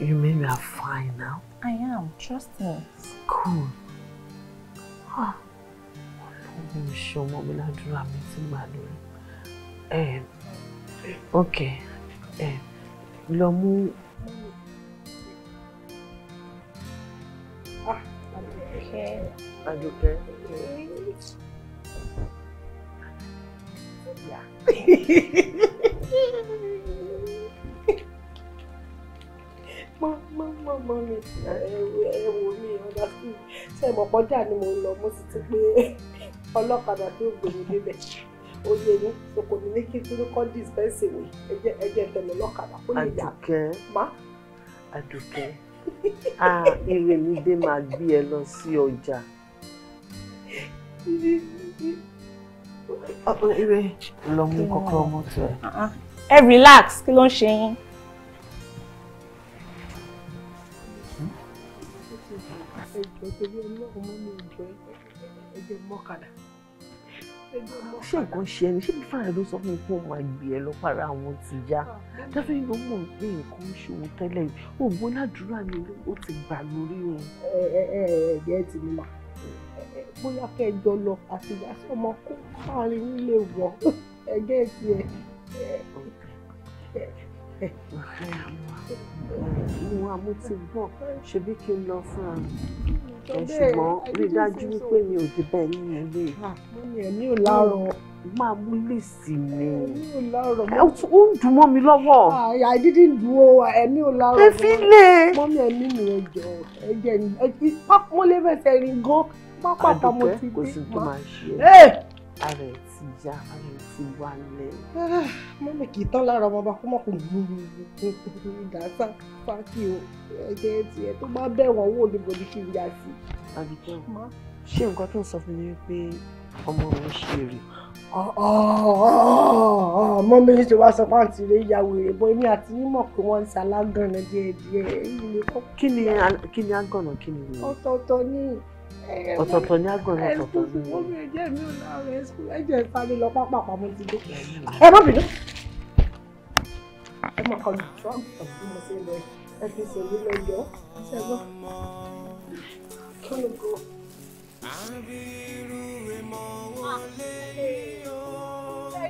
You mean you are fine now? I am, trust me. Cool. Ah. ọlọ́run ṣe ọmọ mi ládùúrà mi ti gbà lórí ok lọ mú. Ah, Adúkẹ́. Yeah. mọ́mọ́mọ́ mi ẹ wò mí ọ̀dà sí ṣe mọ̀ kọjá ni mo lọ mo sì ti pé ọlọ́kadà tó gbèrú débẹ̀ oyè ní sọkò ní ní kí tún kọ́ dispense ẹjẹ ẹjẹ tẹ̀lé ọlọ́kadà ó lè yà Àdùkẹ́ Àdùkẹ́ ire mi dé máa gbé ẹ lọ sí ọjà. ire lọ mú kọ́kọ́rọ́ mọ́tò ẹ. Uh-uh. ẹ relax kí ló ń ṣe yín. ẹjọ́ torí ọlọ́run mọ́ mi ìjọ ẹjọ́ mọ́kadà ṣé nǹkan ṣe ẹni ṣé bífà rẹ ló sọ fún mi kó máa gbé ẹ lọ para àwọn ti já ah, dáfírí ló mọ̀ pé nǹkan ń ṣòwò tẹ́lẹ̀ yìí òògùn aládùúrà mi ó ti gbà lórí òun. ẹ ẹ ẹ ẹ ẹ ti mi mà bóyá kẹjọ lọ àti ìyáṣẹ ọmọ kó káàrin nílé wọ ẹgẹ tiẹ. Mo amú ti bọ̀, ṣebí kí n lọ fúnra Ẹ ṣùgbọ́n rí i dájú wípé mi ò débẹ̀ nínú ilé. Ah, mo ò láàárọ̀. Máa mú lèsì ni. Ó ń dùn mọ́ mi lọ́wọ́. Ah, I didn't do o, ẹ̀mí ò láàárọ̀. Ẹ fi lè. Mọ́mí ẹ̀mí mi ẹ jọ ẹ̀jẹ̀ ni. Mo lè fẹsẹ̀ rìn gan. Má pàtàkì mo ti dé. Kò sí tó máa ṣe. Ààrẹ ti ya ayé ti wálẹ̀. mo ah, mẹ kì í tán lára ọmọ ọba kó mọ̀ kó dàásà fákì o ẹ̀jẹ̀ tiẹ̀ tó bá bẹ̀wọ̀n owó òdìbòdì kì í yá sí. àbíkẹ́ ṣé nǹkan tó ń sọ fún mi wípé ọmọ òun ṣe rè. ọmọ mi ṣe wá sọ pàǹtí rẹ ìyàwó rẹ bọ èmi àti mímọ̀ pé wọ́n ń sa alágànà díẹ̀díẹ̀. kí ni alágànà kí ni. ọ̀tọ̀ọ̀tọ̀ ni ọ̀tọ̀ọ̀tọ̀ ní àgọ́ ọ̀tọ̀ọ̀tọ̀ ní. omi ẹ̀jẹ̀ mi ò náà rẹ̀ ẹ̀sùn ẹ̀jẹ̀ ìparí lọ pápá àpamọ́ ti dé. ẹ má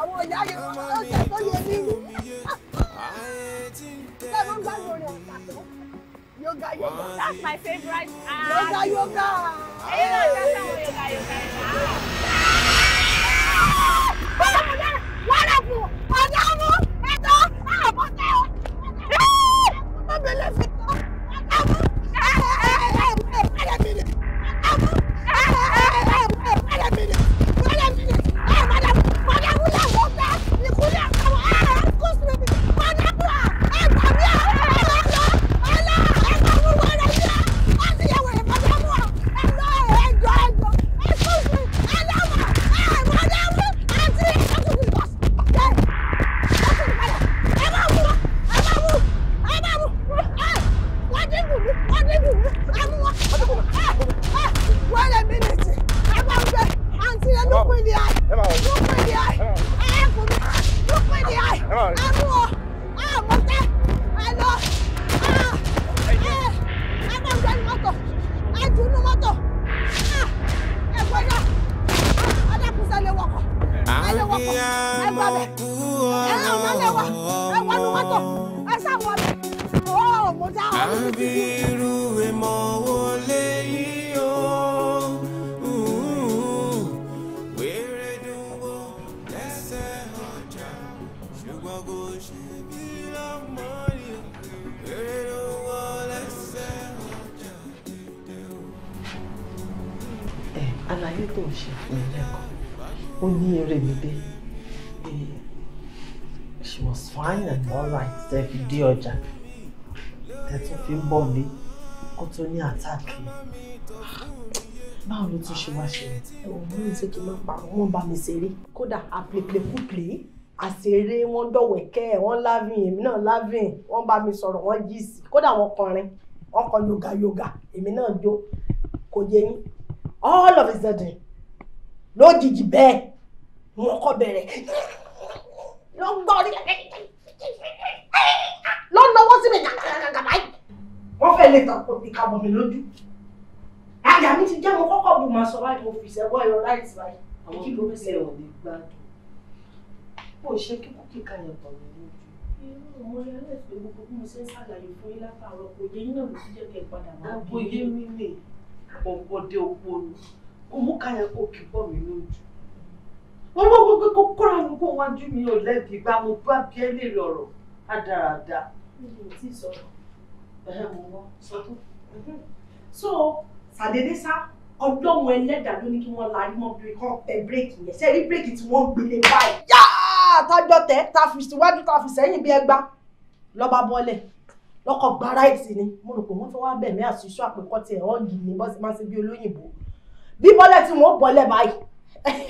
àwọn ọ̀yá yẹn wọ́n máa ń ṣe tó yẹ nínú. ṣé Yoga yoga. That's my favorite. Yoga yoga. Ẹyin náà ṣe àwọn yoga yoga yẹn. àtàkì báwo ló tún ṣe wá ṣe ẹwọn mi ò ṣe kí n má pa wọn bá mi ṣeré kódà àpèpèkúpè àṣeré wọn dọ̀wẹ̀kẹ́ wọn lávìn èmi náà lávìn wọn bá mi sọ̀rọ̀ wọn jí sí kódà wọn kọrin wọn kọ yoga yoga èmi náà jó kò yé yín all of a sudden lójijì bẹ́ẹ̀ wọn kọ bẹ̀rẹ̀ ló ń gbọ́ orí ló ń náwó sí mi gàgàgàgà báyìí wọ́n fẹ́ lè tàpọ̀ ìka bọ̀ mí lójú. àyà mi ti jẹ́ mo kọ́kọ́ bù máa sọ báyìí mo fi ìṣẹ́wọ́ ẹ̀rọ láìsí báyìí. àwọn kí ló ń ṣe ọ̀nà ìgbàdùn. bó ṣe kíkú kíka yẹn bọ̀ mí lójú. mo rí ẹlẹ́sìn gbogbo bí mo ṣe ń ṣàlàyé fún yín látàárọ̀ kò yẹ yín náà ló ti jẹ́ kẹ́ padà máa bí. àbò yé mi lè ọ̀pọ̀dé òpó ni kò mú káyà kó kì bọ̀ mí lójú. wọ́n lọ wọ́n pé kó kóra mi kó wájú mi ò lẹ́bi gbá mo bá bí ẹ́ lè rọ̀rọ̀ á dáradára. mi ò Mhm. so sàdédé sá ọlọ́run ẹlẹ́dàá ló ní kí wọ́n la rímọ́ bíréèkì kan tẹ bíréèkì yẹn sẹ́rí bíréèkì tí wọ́n gbélé báyìí yáá tájọ́ tẹ tá a fi síwájú tá a fi sẹ́yìn bí ẹgbá lọ́ba bọ́lẹ̀ lọ́kọ̀ gbára ìsìn ni mo rò pé wọ́n fẹ́ wá bẹ̀mí àṣìṣọ́ àpèkọ́ tiẹ̀ ọ́ọ̀gì ní bọ́sí máa ń ṣe bí olóyìnbó bí bọ́lẹ̀ tí wọ́n bọ́lẹ̀ báyìí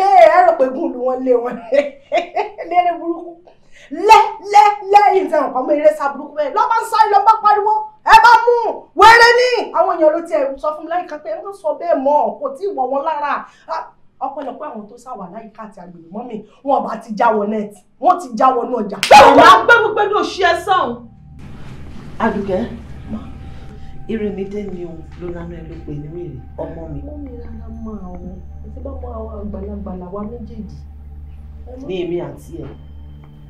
ẹ rò pé gùn ló wọn lé wọn lérè burúkú lẹ́ lẹ́ lẹ́yìn tẹ̀wọ̀n pamọ́ eré sá burúkú bẹ́ẹ̀ lọ́ bá ń sáré ẹ bá mú wẹ́rẹ́ ní àwọn èèyàn ló tiẹ̀ sọ fún mi láyìíká pé ẹ má sọ bẹ́ẹ̀ mọ́ kò tí ì wọ̀ wọ́n lára ọ̀pọ̀lọpọ̀ àwọn tó sáwà láyìíká àti agbègbè mọ́mì wọn bá ti já wọ nẹ́ẹ̀tì wọn ti já wọnú ọjà. bẹ́ẹ̀ wá gbẹ́gbẹ́gbẹ́ ló ṣí ẹ sàn. Àdùkẹ́ Ìrìnmídé ni òun ló lánà ẹ ló pè ní wèrè ọmọ mi. ó ní rárá mọ àwọn àti bá mọ àwọn àgbàlagbà làwa méjèèjì. ní èmi àti ẹ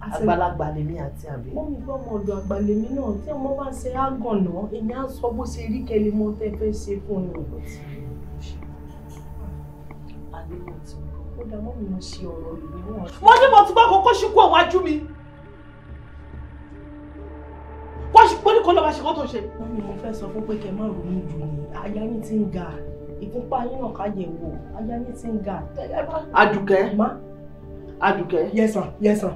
àgbàlagbà lèmi àti àbí. wọ́n mi gbọ́ ọmọ ọ̀dọ̀ àgbà lèmi náà tí ọmọ bá ń ṣe àgànná èmi á sọ bó ṣe rí kẹ́lẹ́ mọ́ tẹ́ fẹ́ ṣe fún mi. mo ní mo ti gbọ́ kókó ṣíkú òwájú mi kó ṣe pé nìkan lọ́ba ṣe kó tó ṣe. wọ́n ní mo fẹ́ sọ fún pé kẹ́ má ronú jù ní aya yín ti ń ga ìfúnpá yín náà káyè wò aya yín ti ń ga. Àdùkẹ́ Àdùkẹ́. yẹ́sàn yẹ́sàn.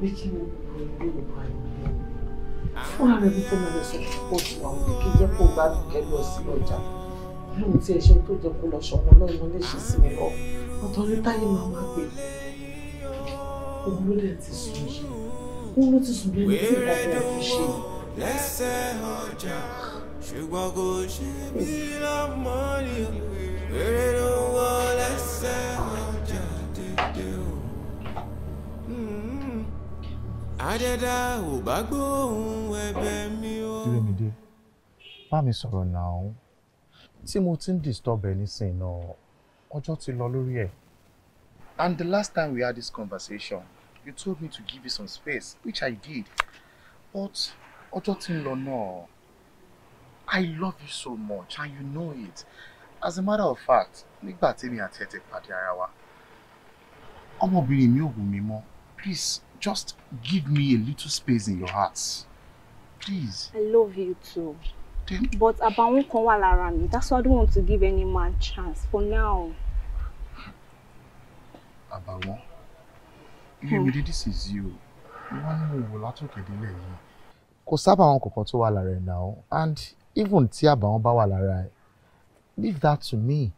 àbí kí ni ìlú ìwà ìlú fún ààrẹ bí fún mi sọ púpọ̀ sí àwọn òkè jẹ́ kó gbádùn kẹ́ lọ sí ọjà lóun tí ẹ ṣe tó jẹ́ kó lọ ṣọ̀wọ́n lọ́wọ́ lè ṣe sí mi lọ ọ̀tọ̀ ní táyé máa wá pé òun ló lè ti sùn yìí òun ló ti sùn bí ẹni tí ìgbà àdẹ́dá ò bá gbóhùn ẹ̀bẹ̀ mi o. jírémidé bá mi sọ̀rọ̀ náà tí mo ti ń disturb ẹ nísìnyí náà ọjọ́ ti lọ lórí ẹ̀. and the last time we had this conversation you told me to give you some space which I did but ọjọ́ ti ń lọ náà I love you so much and you know it as a matter of fact nígbà tí mi àti ẹ ti pàdé ara wa ọmọbìnrin mi ò wù mí mọ́ please Just give me a little space in your hearts. Please. I love you too. Then... But àbàwọ́n kan wà around me. That's why I don't want to give any man chance for now. Àbàwọ́n. if hmm. this is you. Wọ́n ní òwò látòkèdélẹ̀ yìí. Kò sábà àwọn kọ̀ọ̀kan tó wà lára ẹ̀ And even tí àbàwọ́n bá wà lára leave that to me.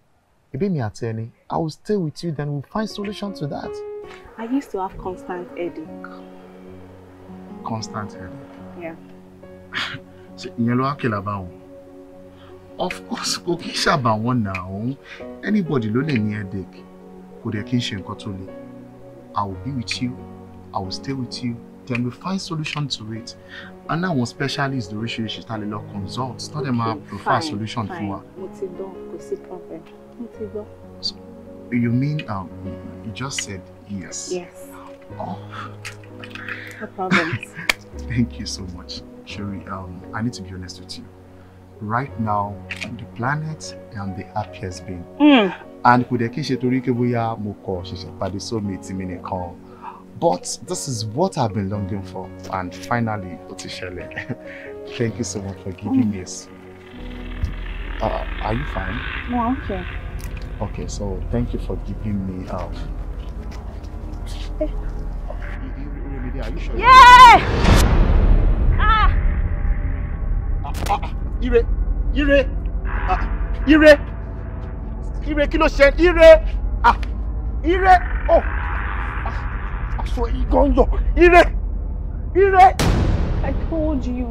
Ebi mi àti ẹni, I will stay with you then we'll find solution to that. I used to have constant headache. Constant headache? Yeah. So ìyẹn ló wá kìlà Of course, kò kí ń ṣàbà Anybody ló lè ní headache. Kò dẹ̀ kí ń ṣe nǹkan tó le. I will be with you. I will stay with you. Then we find solution to it. And àwọn specialist lóríṣiríṣi tá a lè lọ consult. Tọ́ dẹ̀ máa prefer fine, solution fún wa. Mo ti gbọ́, kò sí problem. Mo You mean um, you just said Yes. Yes. Oh. No problem. Thank you so much, Sherry. Um, I need to be honest with you. Right now, the planet and the app has been. Mm. And could dẹ̀ kí ṣe torí But this is what I've been longing for, and finally, ó Thank you so much for giving mm. this. Uh, are you fine? No, I'm okay. Okay, so thank you for giving me uh, Yeah! Ah! ire, ire, ah, ire, ire, kí ló ṣe, ire, ah, ire, oh, ah, aṣọ igonzo, ire, ire. I told you,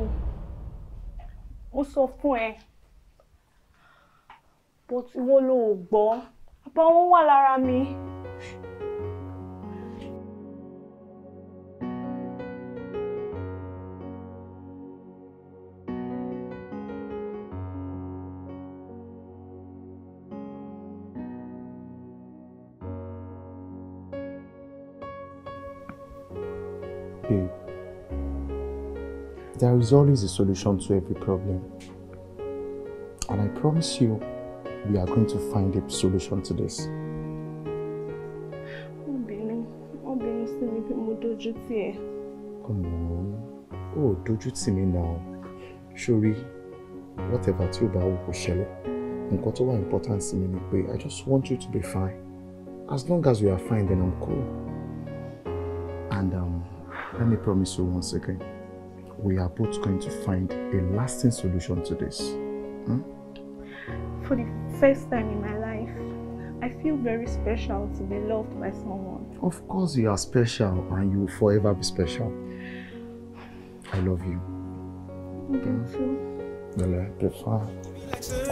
mo sọ fún ẹ, but ìwọ ló gbọ́, àbá wà lára mi. there is always a solution to every problem. And I promise you, we are going to find a solution to this. Come on. Oh, do you see me now. Ṣorí, whatever tí o bá wù kó ṣẹlẹ̀, nǹkan tó wà important to me, ni I just want you to be fine. As long as you are fine, then I'm cool. And um, let me promise you once again. we are both going to find a lasting solution to this. Hmm? For the first time in my life, I feel very special to be loved by someone. Of course, you are special and you will forever be special. I love you. Thank you. Hmm? Well, I prefer.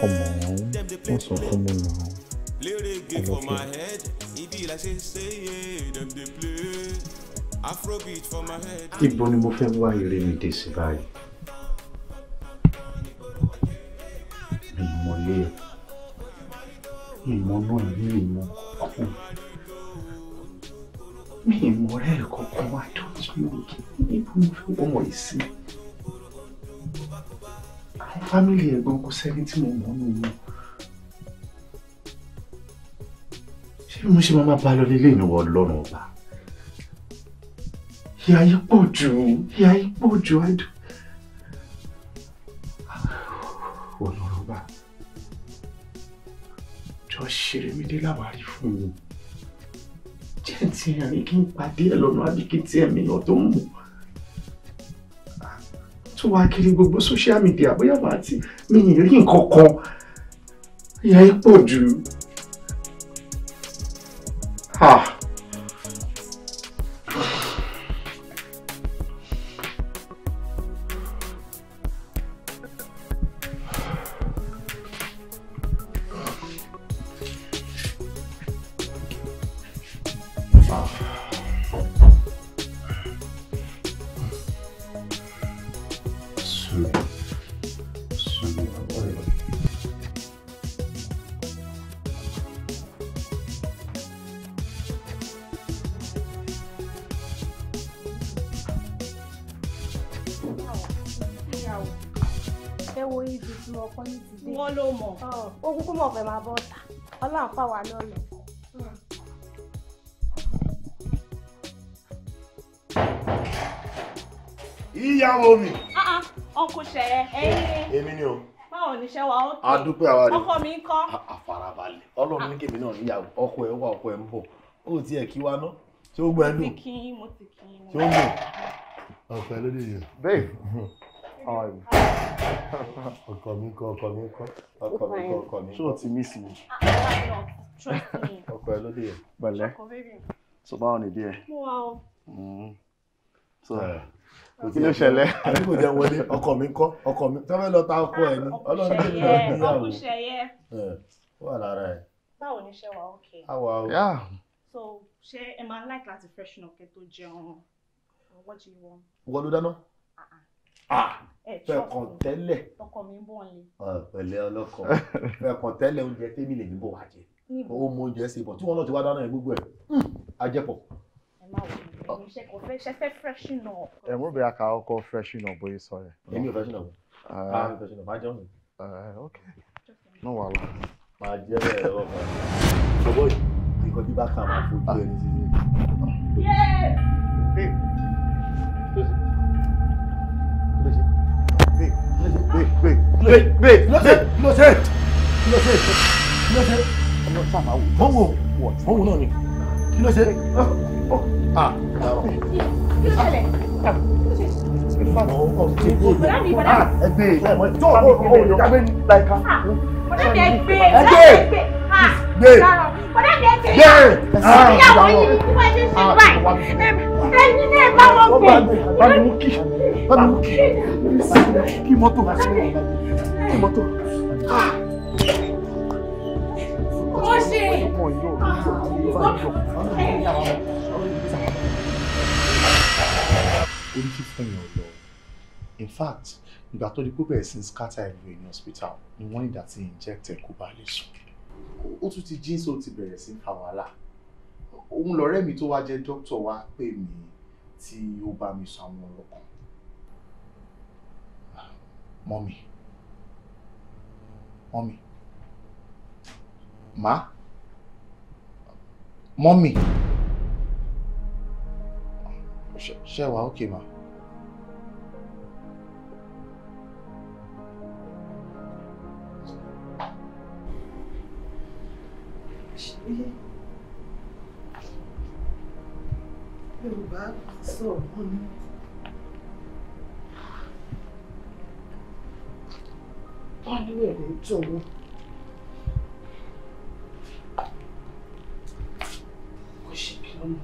Come on. What's on common now? for my head, like say, them they play. ibo ni mo fẹ́ wá eré mi dé sí báyìí ìmọ̀lé ìmọ̀ náà ní ìmọ̀ kù mi ìmọ̀ rẹ̀ kọ̀ọ̀kan wá tó tí mo kí ibo mo fẹ́ wọ́n wọ̀nyí sí àwọn fámìlì ẹ̀gbọ́n kò sẹ́ni tí mo mọ̀ nù ṣé mo ṣe máa bá lọ nílé ìnáwó ọlọ́run ọba ìyá yìí pọ̀ jù ìyá yìí pọ̀ jù àdó. ọlọ́rọ̀bà jọ ṣèrèmídé láwárí fún mi jẹ́ ti rìn kí n pàdé ẹ̀ lọ́nà àbí kí n ti ẹ̀mí lọ tó ń mú social media bóyá màá ti mi ì rí nǹkan kan ọkọ yìí ti dé. wọ́n ló mọ̀. ó kúkú mọ̀ fẹ́ máa bọ́ ọ̀tà ọlọ́run pàwọ́ àná ọ̀nà. ìyàwó mi. ọkọ ṣẹyẹ ẹyin. èmi ni o. báwo ni ṣe wà ó tó. a dúpẹ́ àwa rẹ̀. ọkọ mi ń kọ́. àfarabalẹ̀ ọlọ́run ní ah. kèmí náà níyàwó ọkọ ẹ̀ wà ọkọ ẹ̀ ń bọ̀ ó ti ẹ̀ kí wa ná ṣé ó gbẹ́ dùn. mo ti kí mo ti kí. ṣé ó gbẹ́. Ah. ọ̀pẹ lóde yìí. bẹ́ẹ̀. time. ọkọ mi kọ ọkọ mi kọ ọkọ mi kọ ọkọ mi kọ. ṣé o ti ah, ah, ah, ọkọ ẹ ló dé yẹ. pẹ̀lẹ́ báwo ni díẹ̀. Mm-hmm. so eh. kí ló ṣẹlẹ̀. àdúgbò jẹ wọlé ọkọ mi kọ ọkọ mi tẹ́lẹ̀ lọ ta ọkọ ẹ ni ọlọ́run tó ń bọ̀ níyàwó. wà lára ẹ. báwo ni ṣe wà ókè. a wà ó. so ṣé ẹ máa ń láìka láti freshen up tó jẹun. wọ́n ló dáná fẹ̀kàn tẹ́lẹ̀ pẹ̀lẹ́ ọlọ́kọ̀ fẹ̀kàn tẹ́lẹ̀ oúnjẹ tẹ́mi lè níbọ̀ wá jẹ ó mú oúnjẹ sí ibọ̀ tí wọn náà ti wá dáná yẹn gbogbo ẹ̀ hmm, ajẹ́pọ̀. ẹ mú bí aka ọkọ freshen up bóyá sọ yẹ. èmi ò freshen up ah freshen up máa jẹun mi. ok no wàhálà. máa jẹ bẹ́ẹ̀ lọ́wọ́ kan ṣọwọ́ yìí ìkọjú bá kà máa fojú ẹ̀ ní sísè. babe babe babe babe lọ sẹ lọ sẹ lọ sẹ lọ sẹ àmà wò fọwọ wọ fọwọ náà ni kí ló ṣe ah kí ló ṣẹlẹ̀ ẹgbẹ́ ẹgbẹ́ tó o o o yàgbé ní laika. ọ̀dọ́ mi ẹgbẹ́ ẹgbẹ́ gbé ọ̀dọ́ mi ẹgbẹ́ gbé ìyàwó yìí ni kí wọ́n ṣe ṣe báyìí ẹ̀yin náà bá wọn gbé kí mọ́tò wá sí kí mọ́tò. ó ṣe. oríṣi fún èèyàn lọ in fact ìgbà tó di pípẹ́ ẹ̀sìn scatter ìlú ní hospital ni wọ́n nígbà tí inject ẹ̀ kó bá lè sùn ó tún ti jíǹsì ó ti bẹ̀rẹ̀ sí fa wàhálà òun lọ̀rẹ́ mi tó wá jẹ́ dókítà wá pè mí tí ó bá mi sọ àwọn mommy, mọ́mì má mọ́mì ṣe okay, ma? má. Yorùbá sọ̀rọ̀ mọ́ ni. pálíwẹ̀rẹ̀ ń tòun. mo ṣe bí lọ́nà.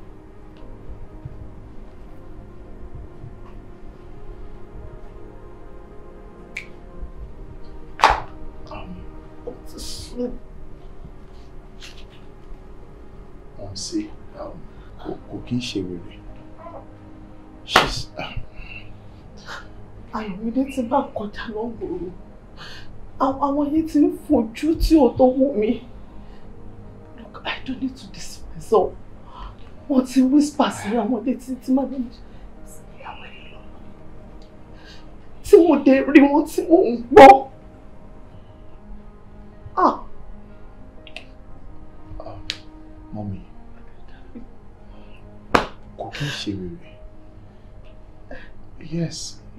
Wọ́n sí kò kí ń ṣe wèrè. Um, Ayọ̀mídé ti bá kọjá lọ́gbòrò àwọn yìí ti ń fojú tí ò tó wù mí look i don't need to deceive myself wọ́n ti whisper sí àwọn létí tí màá lè ṣe tí mo dé rí wọn tí mo ń gbọ́. Ah. Um, ah, mọ́mí kò kí ń ṣe rere yes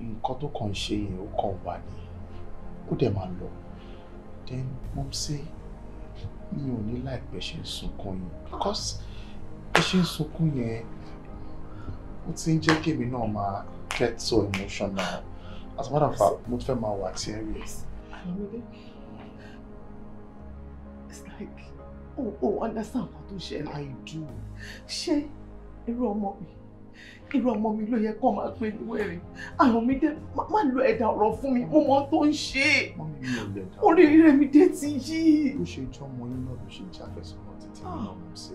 nǹkan tó kàn ń ṣe yẹn ó kàn wà nìyẹn kó dẹ̀ máa lọ then mom say mi ò ní láìpẹ́ ṣe ń sunkún yẹn because bí ṣe ń sunkún yẹn ó ti ń jẹ́ kí èmi náà máa get so emotional as a matter of fact mo fẹ́ máa wà tí ẹ rí ẹ. it's like oh, oh, understand what tó ṣẹlẹ̀. I do. She, a ọmọ mommy." irú ọmọ mi ló yẹ kó máa pè ní wẹ̀rẹ̀ àwọn mi dé má lo ẹ̀dà ọ̀rọ̀ fún mi mo mọ ohun tó ń ṣe oríire mi dé ti yí. bó ṣe jọ ọmọ yín náà ló ṣe jẹ àfẹsọ̀nà títí nínú ọmọ sí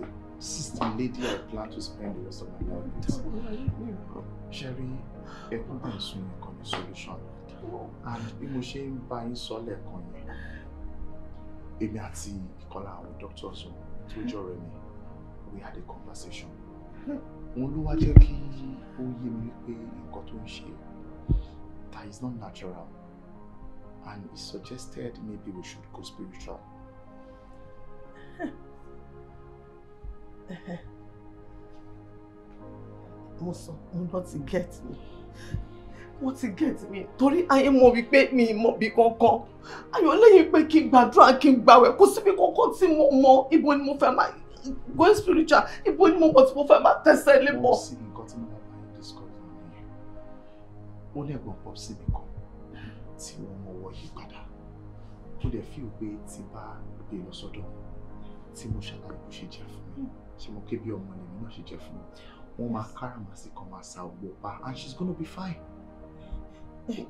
sister lady I plan to spend the rest of my life with. you. Sherry, ẹkún bá ìsun yẹn kan ní solution and bí mo ṣe ń bá yín sọ lẹ́ẹ̀kan yẹn èmi àti ìkọlà àwọn doctors tó jọ rẹ mi we had a conversation òun ló wá jẹ́ kí ó yé mi wípé nǹkan tó ń ṣe that is not natural and he suggested maybe we should go spiritual. mo sọ mo lọ ti get me wọ́n ti get me torí ayé mọ̀ wípé mi mọ̀ bí kankan ayọ̀ lẹ́yìn pé kí n gbàdúrà kí n gbàwẹ̀ kó síbi kankan tí mo mọ̀ ibo ni mo fẹ́ máa going spiritual ibo ni mo mọ̀ tí mo fẹ́ máa tẹ̀sẹ̀ lé mọ́. mo sì nǹkan tí mo máa bá yín discuss nìyẹn ó lẹ́gbọ̀n pọ̀ sí mi kan tí wọ́n mọwọ́ yí padà mo dẹ̀ fi òwe ti bá gbé e lọ sọ́dọ̀ tí mo ṣàlàyé bó ṣe jẹ́ fún mi ṣé mo ké bí ọmọ ẹ̀mí náà ṣe jẹ́ fún mi wọ́n máa and she's gonna be fine.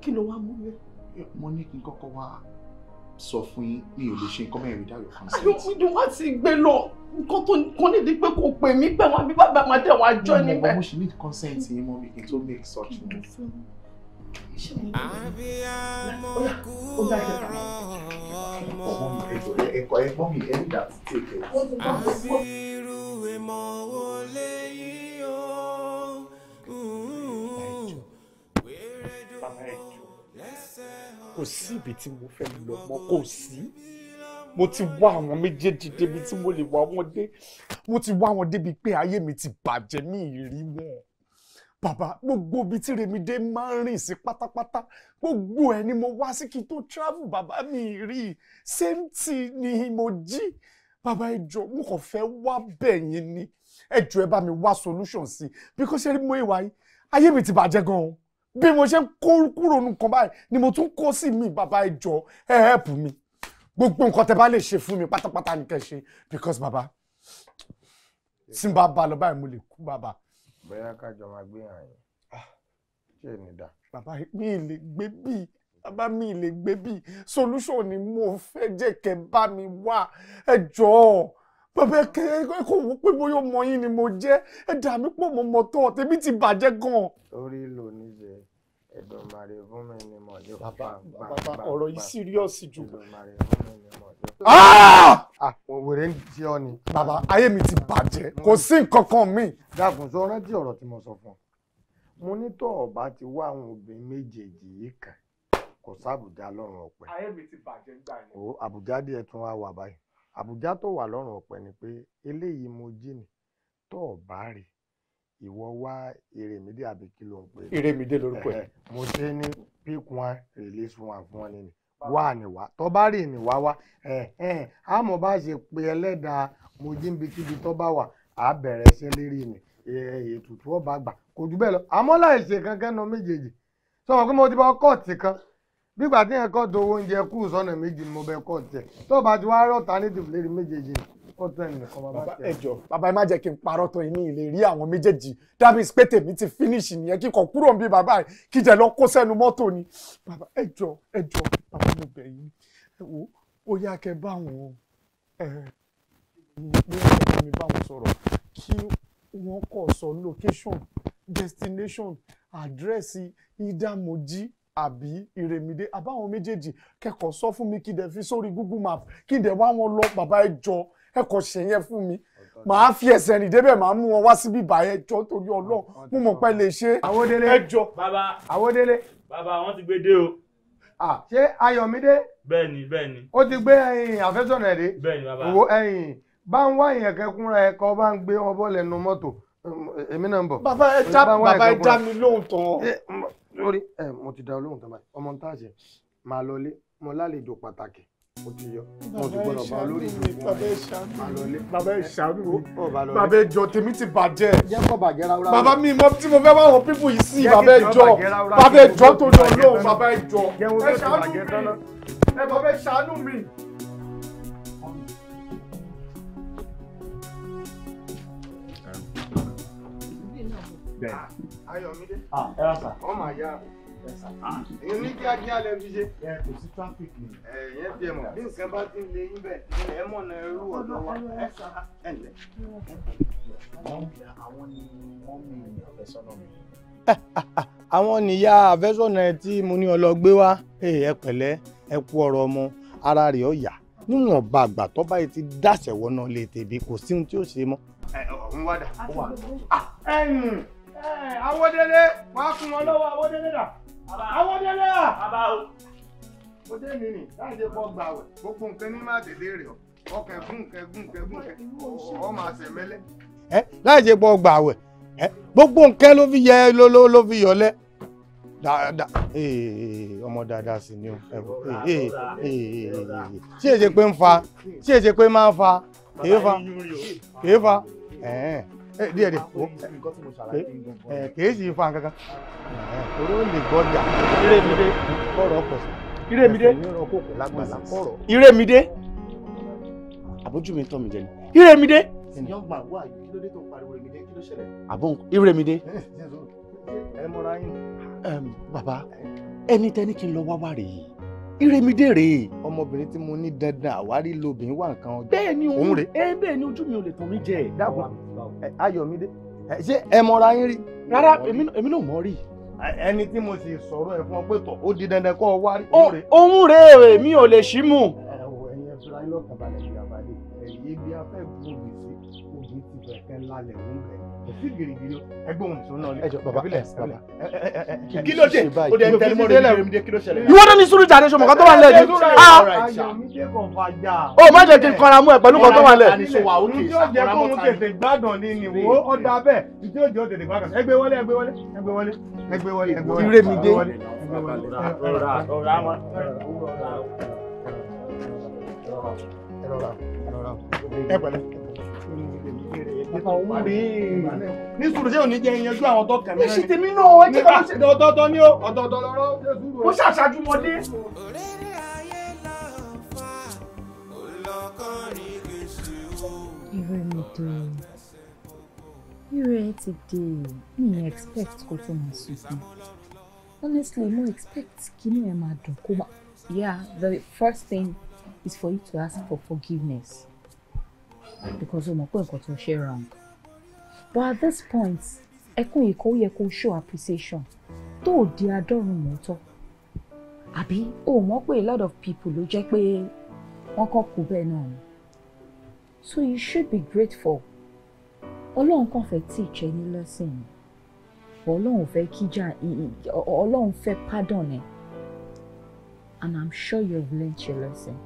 kí ló wá mú mi. mo ní kí sọ fún yín mi ò lè ṣe nǹkan mẹ́rin without your consent. àyọ̀ mi ni wọ́n ti gbé lọ nǹkan tó kàn ní pé kò pè mí pẹ̀ wọ́n bàbá máa tẹ̀ wọ́n àjọ níbẹ̀. mo mọ mo ṣe need consent yín mọ́ mi kí n tó make such move. Ẹ̀kọ́ ẹ̀gbọ́n mi ẹ̀dá ti tètè. Àbí irú ìmọ̀ wo lè yí? kò sí ibi tí mo fẹ́ lọ mọ́ kò sí mo ti wá àwọn méjèèjì débi tí mo lè wá wọn dé mo ti wá wọn débi pé ayé mi ti bàjẹ́ ní ìrí wọn bàbá gbogbo ibi tí Remide máa ń rìn sí pátápátá gbogbo ẹ ni mo wá sí kí n tó travel bàbá mi rí i same thing ni mo jí bàbá ìjọ mo kàn fẹ́ wá bẹ̀yìn ni ẹ jọ̀ọ́ ẹ bá mi wá solution sí i because ṣe rí mo ìwà yìí ayé mi ti bàjẹ́ gan-an bí mo ṣe ń kó kúrò nǹkan báyìí ni mo tún kó sí mi bàbá ìjọ ẹ help mi gbogbo nǹkan tẹ bá lè ṣe fún mi pátápátá nìkan ṣe because bàbá tí n bá ba lọ báyìí mo lè kú bàbá. bóyá kájọ máa gbé hàn yín ah. ṣé èmi dà. bàbá mi ì lè gbé bíi bàbá mi ì lè gbé bíi solution ni mo fẹ́ jẹ́ kẹ́ bá mi wá ẹ jọ̀ọ́ bàbá ẹkẹ ẹkọ wò pé bóyá ọmọ yín ni mo jẹ ẹ dà mí pọ̀ mọ́ mọ́tọ́ tèmi ti bàjẹ́ gan. orí lò ní jẹ ẹdùn màrè fún mi ni mo jẹ. bàbá bàbá ọ̀rọ̀ yìí síríọ̀sì jù. ẹdùn màrè mi ni mo jẹ. àwọn ah! ah, wèrè ń jẹ ọ ni. bàbá ayé mi ti bàjẹ́ kò sí nǹkan kan mi. dàgùn sọ rántí ọ̀rọ̀ tí mo sọ fún ọ mo ní tó ọba ti wá àwọn obìnrin méjèèjì yìí kàn kò sábùjá lọ́rùn ọ̀pẹ. ayé mi ti bàjẹ́ gbà àbùjá tó wà lọ́rùn ọ̀pẹ ni pé eléyìí Mojíìnì tó ò bá rí ìwọ wá Èrèmídé àbí kí ló ń pè é. Èrèmídé lórúkọ ẹ. mo ṣe ní pick one release one fún ọ nínú wá nìwá tó bá rí nìwá wá àmọ́ bá ṣe pé ẹlẹ́dàá Mojíìnì bíkíbi tó bá wà á bẹ̀rẹ̀ sí lérí ni ètùtù ọba àgbà kò jù bẹ́ẹ̀ lọ àmọ́ láì ṣe kankan nà méjèèjì sọ wọn pé mo ti bá ọkọ̀ kan bígbà tí yẹn kọ́ dowó oúnjẹ kú sọ́nà méjì mo bẹ kọ́ tẹ̀ tó bá ti wá rọ̀ta ní tìfìlérí méjèèjì kọ́ tẹ̀ nìkan bàbá tẹ̀. ẹjọ bàbá ẹ má jẹ́ kí n parọ́ tó yín ní ilé rí àwọn méjèèjì dábìs pé tèmi ti finish nìyẹn kíkọ kúrò ń bí bàbá ẹ kíjẹ lọ kó sẹ́nu mọ́tò ni bàbá ẹjọ ẹjọ bàbá mo bẹ̀ yín ẹ wo ó yá kẹ́ bá wọn ẹ bí wọn kẹ́ mi bá wọn sọ̀rọ̀ kí wọn kọ sọ location destination àdírẹ́sì ìdààmú jí àbí ìrèmídé àbáwọn méjèèjì kẹ́kọ̀ọ́ sọ fún mi kí dẹ̀ fi sórí google map kí dẹ̀ wá wọn lọ bàbá ẹ jọ ẹkọ ṣẹyẹn fún mi màá fi ẹsẹ̀ rìn débẹ̀ màá mú wọn wá síbí ìbàyẹn jọ torí Ọlọ́run mo mọ̀ pé lè ṣe ẹjọ́ bàbá àwọdélé bàbá wọn ti gbé dé o. ṣé ayọ̀mídé. bẹ́ẹ̀ni bẹ́ẹ̀ni. ó ti gbé àfẹ́sọ̀nà ẹ̀ dé. bẹ́ẹ̀ni bàbá. wo ẹ̀yìn bá ń wá ìyẹn kẹkúnra ẹ kọ bá ń gbé ọbọ lẹ́nu mọ́tò èmi náà ń bọ̀. bàbá ẹ já mi lórí ẹ mo ti dá olóhùn tán báyìí ọmọ ń tàṣẹ máa lọlé mo lálejò pàtàkì mo ti yọ mo ti gbọ́dọ̀ bá olórí ìlú ìgbọn rẹ máa lọlé. bàbá ẹ ṣàánú mi bàbá ẹ jọ tèmi ti bàjẹ́ bàbá mi mo tí mo fẹ́ bá wọn pípù yìí sí bàbá ẹ jọ bàbá ẹ jọ tó jọ lóhùn bàbá ẹ jọ ẹ ṣàánú mi ẹ bàbá ẹ ṣàánú mi. bẹ́ẹ̀. Ayọ̀mídé. Ah, ẹ rà sà. wọ́n máa yá èyí ní kíákíá lẹ fi ṣe. ẹ kò sí traffic ni. ẹ yẹn tiẹ̀ mọ̀ bí nǹkan bá ti ń lé yín bẹ̀ ẹ mọ̀ náà ẹrú ọ̀dọ́ wa ẹ ẹ lẹ. àwọn ni wọ́n mi àfẹ́sọ́nà mi. àwọn nìyá àfẹ́sọ́nà ẹ tí mo ní ọlọ́gbé wá ẹ pẹ̀lẹ́ ẹ kú ọ̀rọ̀ ọmọ ara rẹ̀ ó yá níwọ̀n bá àgbà tó báyìí ti dáṣẹ̀wọ́ náà lè tèbi kò sí ohun tí ó ṣe mọ́. ẹ ọ̀ ń wádà. Ah, ẹ Awọ́délé wàá fún wọn lọ́wọ́ Awọ́délé dà. Awọ́délé à. Bàbá o. Mo dé mi nì láì lè bọ́ gbà wẹ̀. Gbogbo nǹkan ní má délé rẹ̀ ọ́. Ọkàn gún nǹkan gún nǹkan gún nǹkan. Ọ̀ máa ṣẹ̀ mẹ́lẹ́. Ẹ láì lè bọ́ gbà wẹ̀. Gbogbo nǹkan ló fi yẹ ló fi yọlẹ́ dáadáa ọmọ dáadáa sì ni o ṣé èjè pé ń fa ṣé èjè pé máa ń fa kìí fa kìí fa. Eh, díẹ̀ díẹ̀ o eh, kì í sì fa nǹkankan eh, torí ó lè gbọ́dà Ìrèmídé kọ̀rọ̀ pẹ̀sẹ̀ Ìrèmídé Ìrèmídé àbójú mi tọ́ mi jẹ ni Ìrèmídé àbọ̀n Ìrèmídé bàbá ẹni tẹ́ni kí n lọ wá wá rèé Ìrèmídé rèé. ọmọbìnrin tí mo ní dandan àwárí lobìnrin wà nǹkan ọjọ́ bẹ́ẹ̀ ni òun rèé bẹ́ẹ̀ ni ojú mi ò lè tàn mí jẹ dábàá. Ayọ̀mídé ṣé ẹ mọra yín rí. rárá èmi náà mọ̀ rí ẹni tí mo sì sọ̀rọ̀ ẹ̀ fún ọ pé tọ̀ ó di dandan kọ́ ọ wá rí. ohun rèé rè mi ò lè ṣí mú. ẹ̀yin ẹ̀fúra yín lọ́kàn balẹ̀ ìyàbálẹ̀ ẹ̀yìn ibi afẹ́ gbòòbí sí òbí ti bẹ̀kẹ́ ńlá lẹ̀ ń bẹ̀ sí gírígírí ẹgbẹ́ òun ìṣòro náà lè. ẹ jọ baba ẹ baba kí ló dé o dé tẹlẹ mọ rẹ mi dé kí ló ṣẹlẹ̀. ìwọ náà ní sùúrù jáde ṣọmọ kan tó wà lẹ́yìn. o ah! má jẹ́ kí n kanra mú ẹ pẹ̀lú kan tó wà lẹ́yìn. ìjọ jẹ kó òun tètè gbádùn ni ni wo ó da bẹ́ẹ̀ ìjọ jẹ ó tètè gbádùn ẹgbẹ́ wọlé ẹgbẹ́ wọlé ẹgbẹ́ wọlé ẹgbẹ́ wọlé ẹgbẹ́ wọlé. ire mi dé. ẹ pẹ̀lẹ́ nípa owó rèé. ní sùúrù ṣé òní jẹ́ ìyanjú àwọn tó kàn mí. ní ṣe tèmi náà ẹ jẹ́ ká ló ṣe. ni ó ọ̀tọ̀ọ̀tọ̀ lọ́rọ́ mo ṣàṣàjú mọ́dé. irú ẹni dé irú ẹ ti dé mi expect kó tó máa sunkún honestly mo expect kí ni ẹ máa dùn kó máa yeah the first thing is for you to ask for forgiveness because o mọ̀ pé nǹkan tó ṣe wrong but at this point ẹkún yìí kò yẹ kó show appreciation tó ò di adọ́run mọ́tọ́ àbí o mọ̀ pé a lot of people ló jẹ́ pé wọ́n kàn kú bẹ́ẹ̀ náà ni so you should be grateful ọlọ́run kàn fẹ́ teach ẹ ní lesson ni ọlọ́run fẹ́ kíjà ọlọ́run fẹ́ pardon ẹ and i'm sure you've learnt your lesson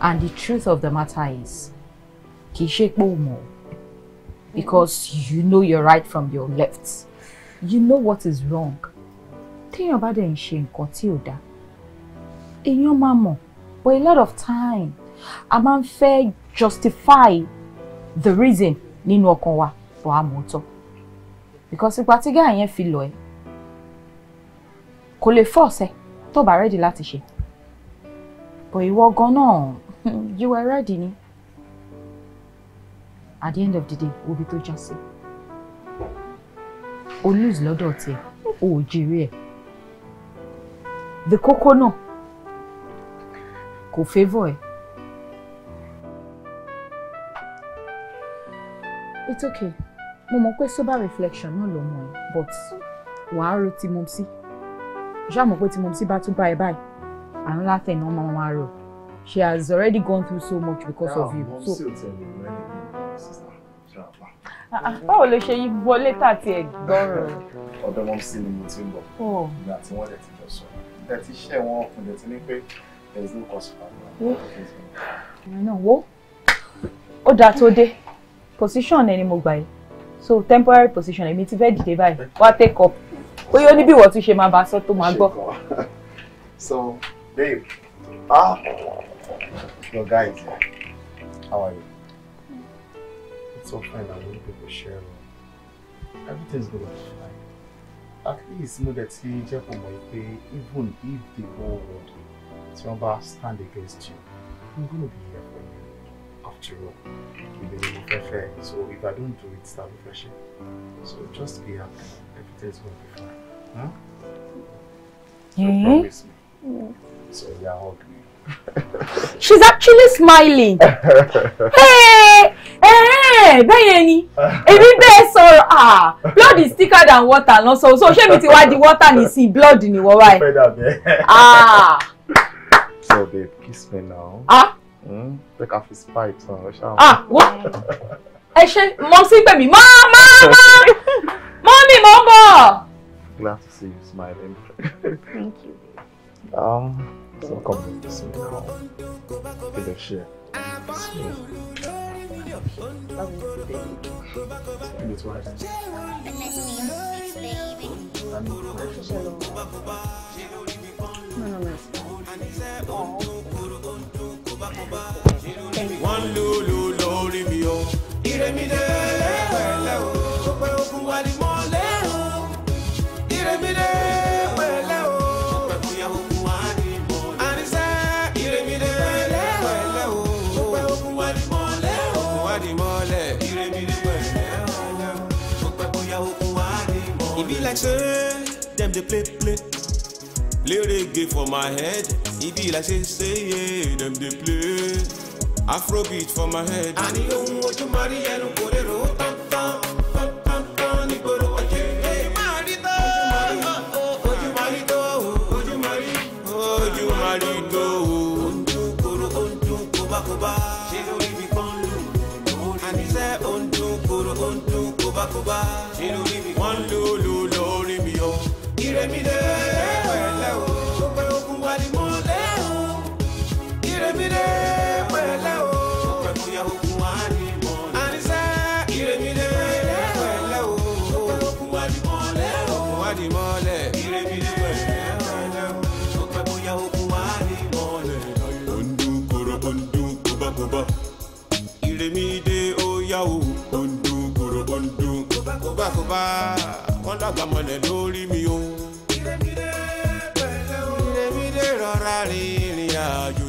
and the truth of the matter is kì í because you know your right from your left you know what is wrong téèyàn bá dẹ̀ ń ṣe nǹkan tí ò dáa èèyàn a lot of time a man ń justify the reason nínú ọkàn wa for àmọ́tọ́ because ìgbà tí gáà yẹn fi lọ ẹ kò lè force ẹ tó bá ready láti ṣe But ìwọ gan náà, you were ready ni. At the end of the day, we'll be já sí. O lose lọ́dọ̀ tiẹ̀, o ò jèrè The kókó náà kò favour ẹ̀. It's okay. Mo mọ̀ pé sober reflection náà ló mọ̀ but wàá ro ti mo sí. Ṣáà mọ̀ pé ti mo sí bá tún bá another thing no mama ma she has already gone through so much because yeah, of you so. Ah, ah ló ṣe yí wọlé tàti ẹ gbọrọ. ọ̀dọ̀ mọ sí ni mo ti ń bọ̀ oh. ìgbà tí wọn lè ti jọ sọ ìgbà tí iṣẹ́ wọn ọkùnrin ti ní pé there is no cost for am. No, what? Oh, ó dáa tó position anymore mo so temporary position I mean, fẹ́ dìde báyìí wá take up bóyá ó ní bí ìwọ tún ṣe máa bá a sọ so Babe. Ah. Your guys. Eh? How are you? It's all fine. I want people share. Everything's going to be fine. At least know that you jẹ́ kó mọ̀ pé even if the whole world tí wọ́n bá stand against you, I'm gonna be here for you. After all, you been in fair. So if I don't do it, start refreshing. So just be happy. Everything's gonna be fine. Huh? Mm -hmm. You promise me. Mm -hmm. So yeah, hug She's actually smiling. hey, hey, eh, eh, bẹ́yẹn ni. Èmi bẹ́ẹ̀ sọ̀rọ̀ ah blood is thicker than water no so so Show me why the water ní see blood in your eye. Ah. So babe, kiss me now. Ah. Mm, take off his pipe, son. Ah, what? Ẹ ṣe mommy sí pèmí mọ́ mọ́ mọ́ Glad to see you smiling. Thank you. Um, it's not complicated now. Good of shit. It's what? No, no, no. Wọ́n lò lò lórí mi o, ìrẹ́mídé lẹ́wẹ̀lẹ́ o, ó pé ogun wa ni mọ́lẹ́ o, ìrẹ́mídé. like say dem dey play play play reggae for my head e be like say say yeah Them they play afrobeat for my head. àní ohun ojú marí ẹnu kò lè rò ó tán tán. ìrèmídé pẹ̀lẹ́ o ṣọpẹ́ ogun wa ni mo lé o ìrèmídé pẹ̀lẹ́ o ṣọpẹ́ mo yẹ ogun wa ni mo lé o àníṣe ìrèmídé pẹ̀lẹ́ o ṣọpẹ́ ogun wa ni mo o ogun wa ni mo lé ìrèmídé pẹ̀lẹ́ o ṣọpẹ́ mo yẹ ogun wa ni mo lé. ondu koro ondu kobakoba ìrèmídé ó yá o ondu koro ondu kobakoba wọ́n dàgbà mọ́lẹ̀ lórí mi o rọra rìnrìn àjò.